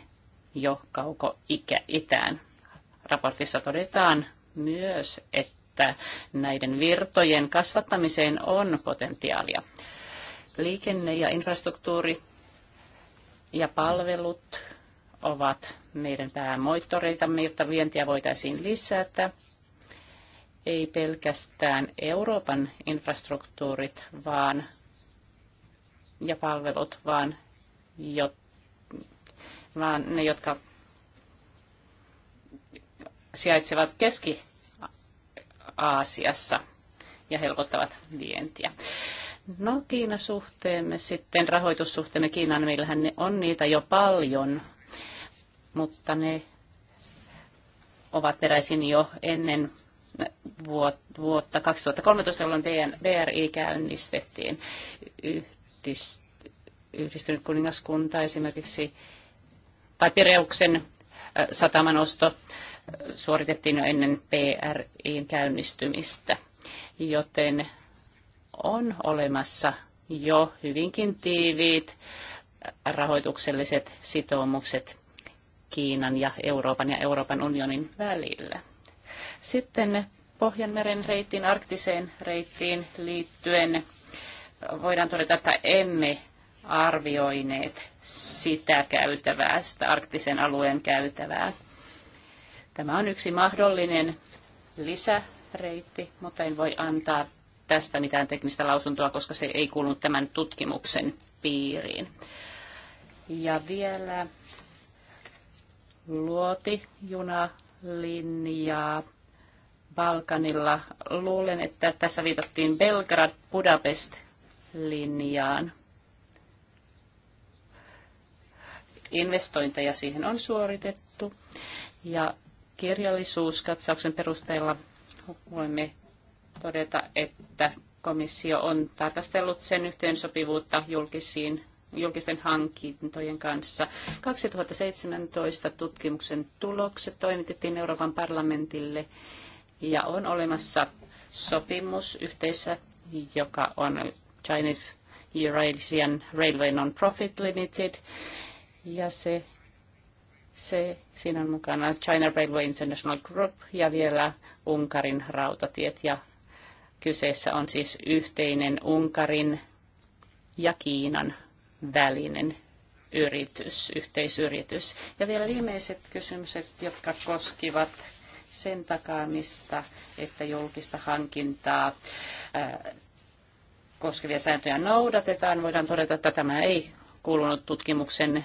D: jo kauko ikä, itään. Raportissa todetaan myös, että näiden virtojen kasvattamiseen on potentiaalia. Liikenne- ja infrastruktuuri ja palvelut ovat meidän päämoittoreitamme, jotta vientiä voitaisiin lisätä. Ei pelkästään Euroopan infrastruktuurit vaan ja palvelut, vaan, jo, vaan ne, jotka sijaitsevat Keski-Aasiassa ja helpottavat vientiä. No Kiinan suhteemme sitten, rahoitussuhteemme Kiinan meillähän ne on niitä jo paljon, mutta ne ovat peräisin jo ennen vuotta 2013, jolloin BRI käynnistettiin. Yhdistynyt kuningaskunta esimerkiksi, tai Pireuksen äh, satamanosto äh, suoritettiin jo ennen BRIin käynnistymistä, joten on olemassa jo hyvinkin tiiviit rahoitukselliset sitoumukset Kiinan ja Euroopan ja Euroopan unionin välillä. Sitten Pohjanmeren reittiin, arktiseen reittiin liittyen voidaan todeta, että emme arvioineet sitä käytävää, sitä arktisen alueen käytävää. Tämä on yksi mahdollinen lisäreitti, mutta en voi antaa tästä mitään teknistä lausuntoa, koska se ei kuulu tämän tutkimuksen piiriin. Ja vielä luoti junalinjaa Balkanilla. Luulen, että tässä viitattiin Belgrad-Budapest-linjaan. Investointeja siihen on suoritettu ja kirjallisuuskatsauksen perusteella voimme todeta, että komissio on tarkastellut sen yhteensopivuutta julkisiin julkisten hankintojen kanssa. 2017 tutkimuksen tulokset toimitettiin Euroopan parlamentille ja on olemassa sopimus yhteisö, joka on Chinese Eurasian Railway Non-Profit Limited ja se, se, siinä on mukana China Railway International Group ja vielä Unkarin rautatiet ja Kyseessä on siis yhteinen Unkarin ja Kiinan välinen yritys, yhteisyritys. Ja vielä viimeiset kysymykset, jotka koskivat sen takaamista, että julkista hankintaa äh, koskevia sääntöjä noudatetaan. Voidaan todeta, että tämä ei kuulunut tutkimuksen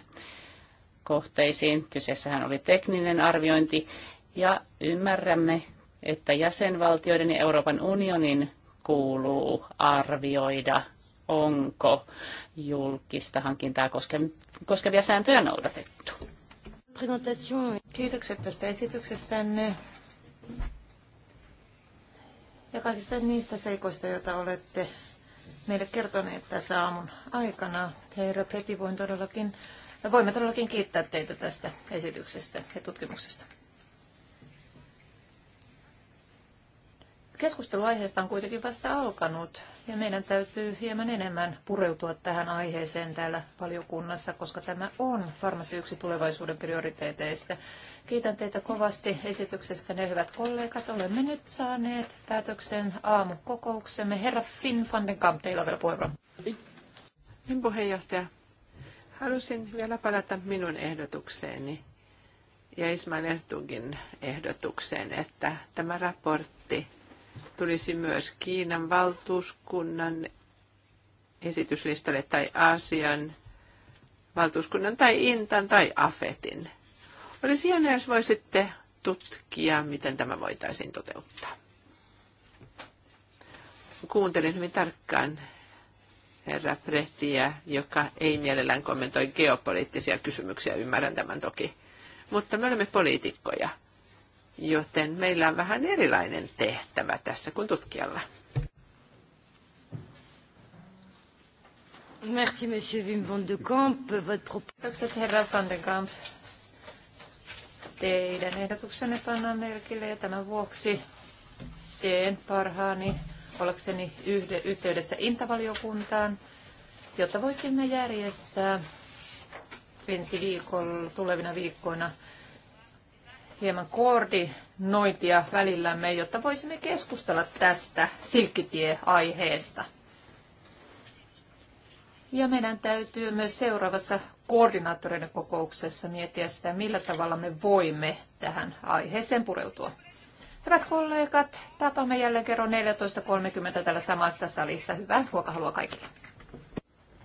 D: kohteisiin. Kyseessähän oli tekninen arviointi ja ymmärrämme että jäsenvaltioiden ja Euroopan unionin kuuluu arvioida, onko julkista hankintaa koskevia sääntöjä noudatettu.
B: Kiitokset tästä esityksestänne ja kaikista niistä seikoista, joita olette meille kertoneet tässä aamun aikana. Herra Peti, voin todellakin, voimme todellakin kiittää teitä tästä esityksestä ja tutkimuksesta. Keskustelu aiheesta on kuitenkin vasta alkanut ja meidän täytyy hieman enemmän pureutua tähän aiheeseen täällä valiokunnassa, koska tämä on varmasti yksi tulevaisuuden prioriteeteista. Kiitän teitä kovasti esityksestä, ne hyvät kollegat. Olemme nyt saaneet päätöksen aamukokouksemme. Herra Finn van den Kamp, teillä on vielä puheenvuoro.
C: Niin puheenjohtaja, halusin vielä palata minun ehdotukseeni ja Ismail Ertugin ehdotukseen, että tämä raportti – tulisi myös Kiinan valtuuskunnan esityslistalle tai Aasian valtuuskunnan tai Intan tai Afetin. Olisi hienoa, jos voisitte tutkia, miten tämä voitaisiin toteuttaa. Kuuntelin hyvin tarkkaan herra Prehtiä, joka ei mielellään kommentoi geopoliittisia kysymyksiä, ymmärrän tämän toki. Mutta me olemme poliitikkoja – joten meillä on vähän erilainen tehtävä tässä kuin tutkijalla.
A: Merci, monsieur Wim van de Kamp. Votre... Kiitokset, herra van de Kamp.
B: Teidän ehdotuksenne pannaan merkille ja tämän vuoksi teen parhaani ollakseni yhde, yhteydessä intavaliokuntaan, jotta voisimme järjestää ensi viikolla, tulevina viikkoina hieman koordinointia välillämme, jotta voisimme keskustella tästä silkkitieaiheesta. aiheesta Ja meidän täytyy myös seuraavassa koordinaattoreiden kokouksessa miettiä sitä, millä tavalla me voimme tähän aiheeseen pureutua. Hyvät kollegat, tapaamme jälleen kerran 14.30 täällä samassa salissa. Hyvää ruokahalua kaikille.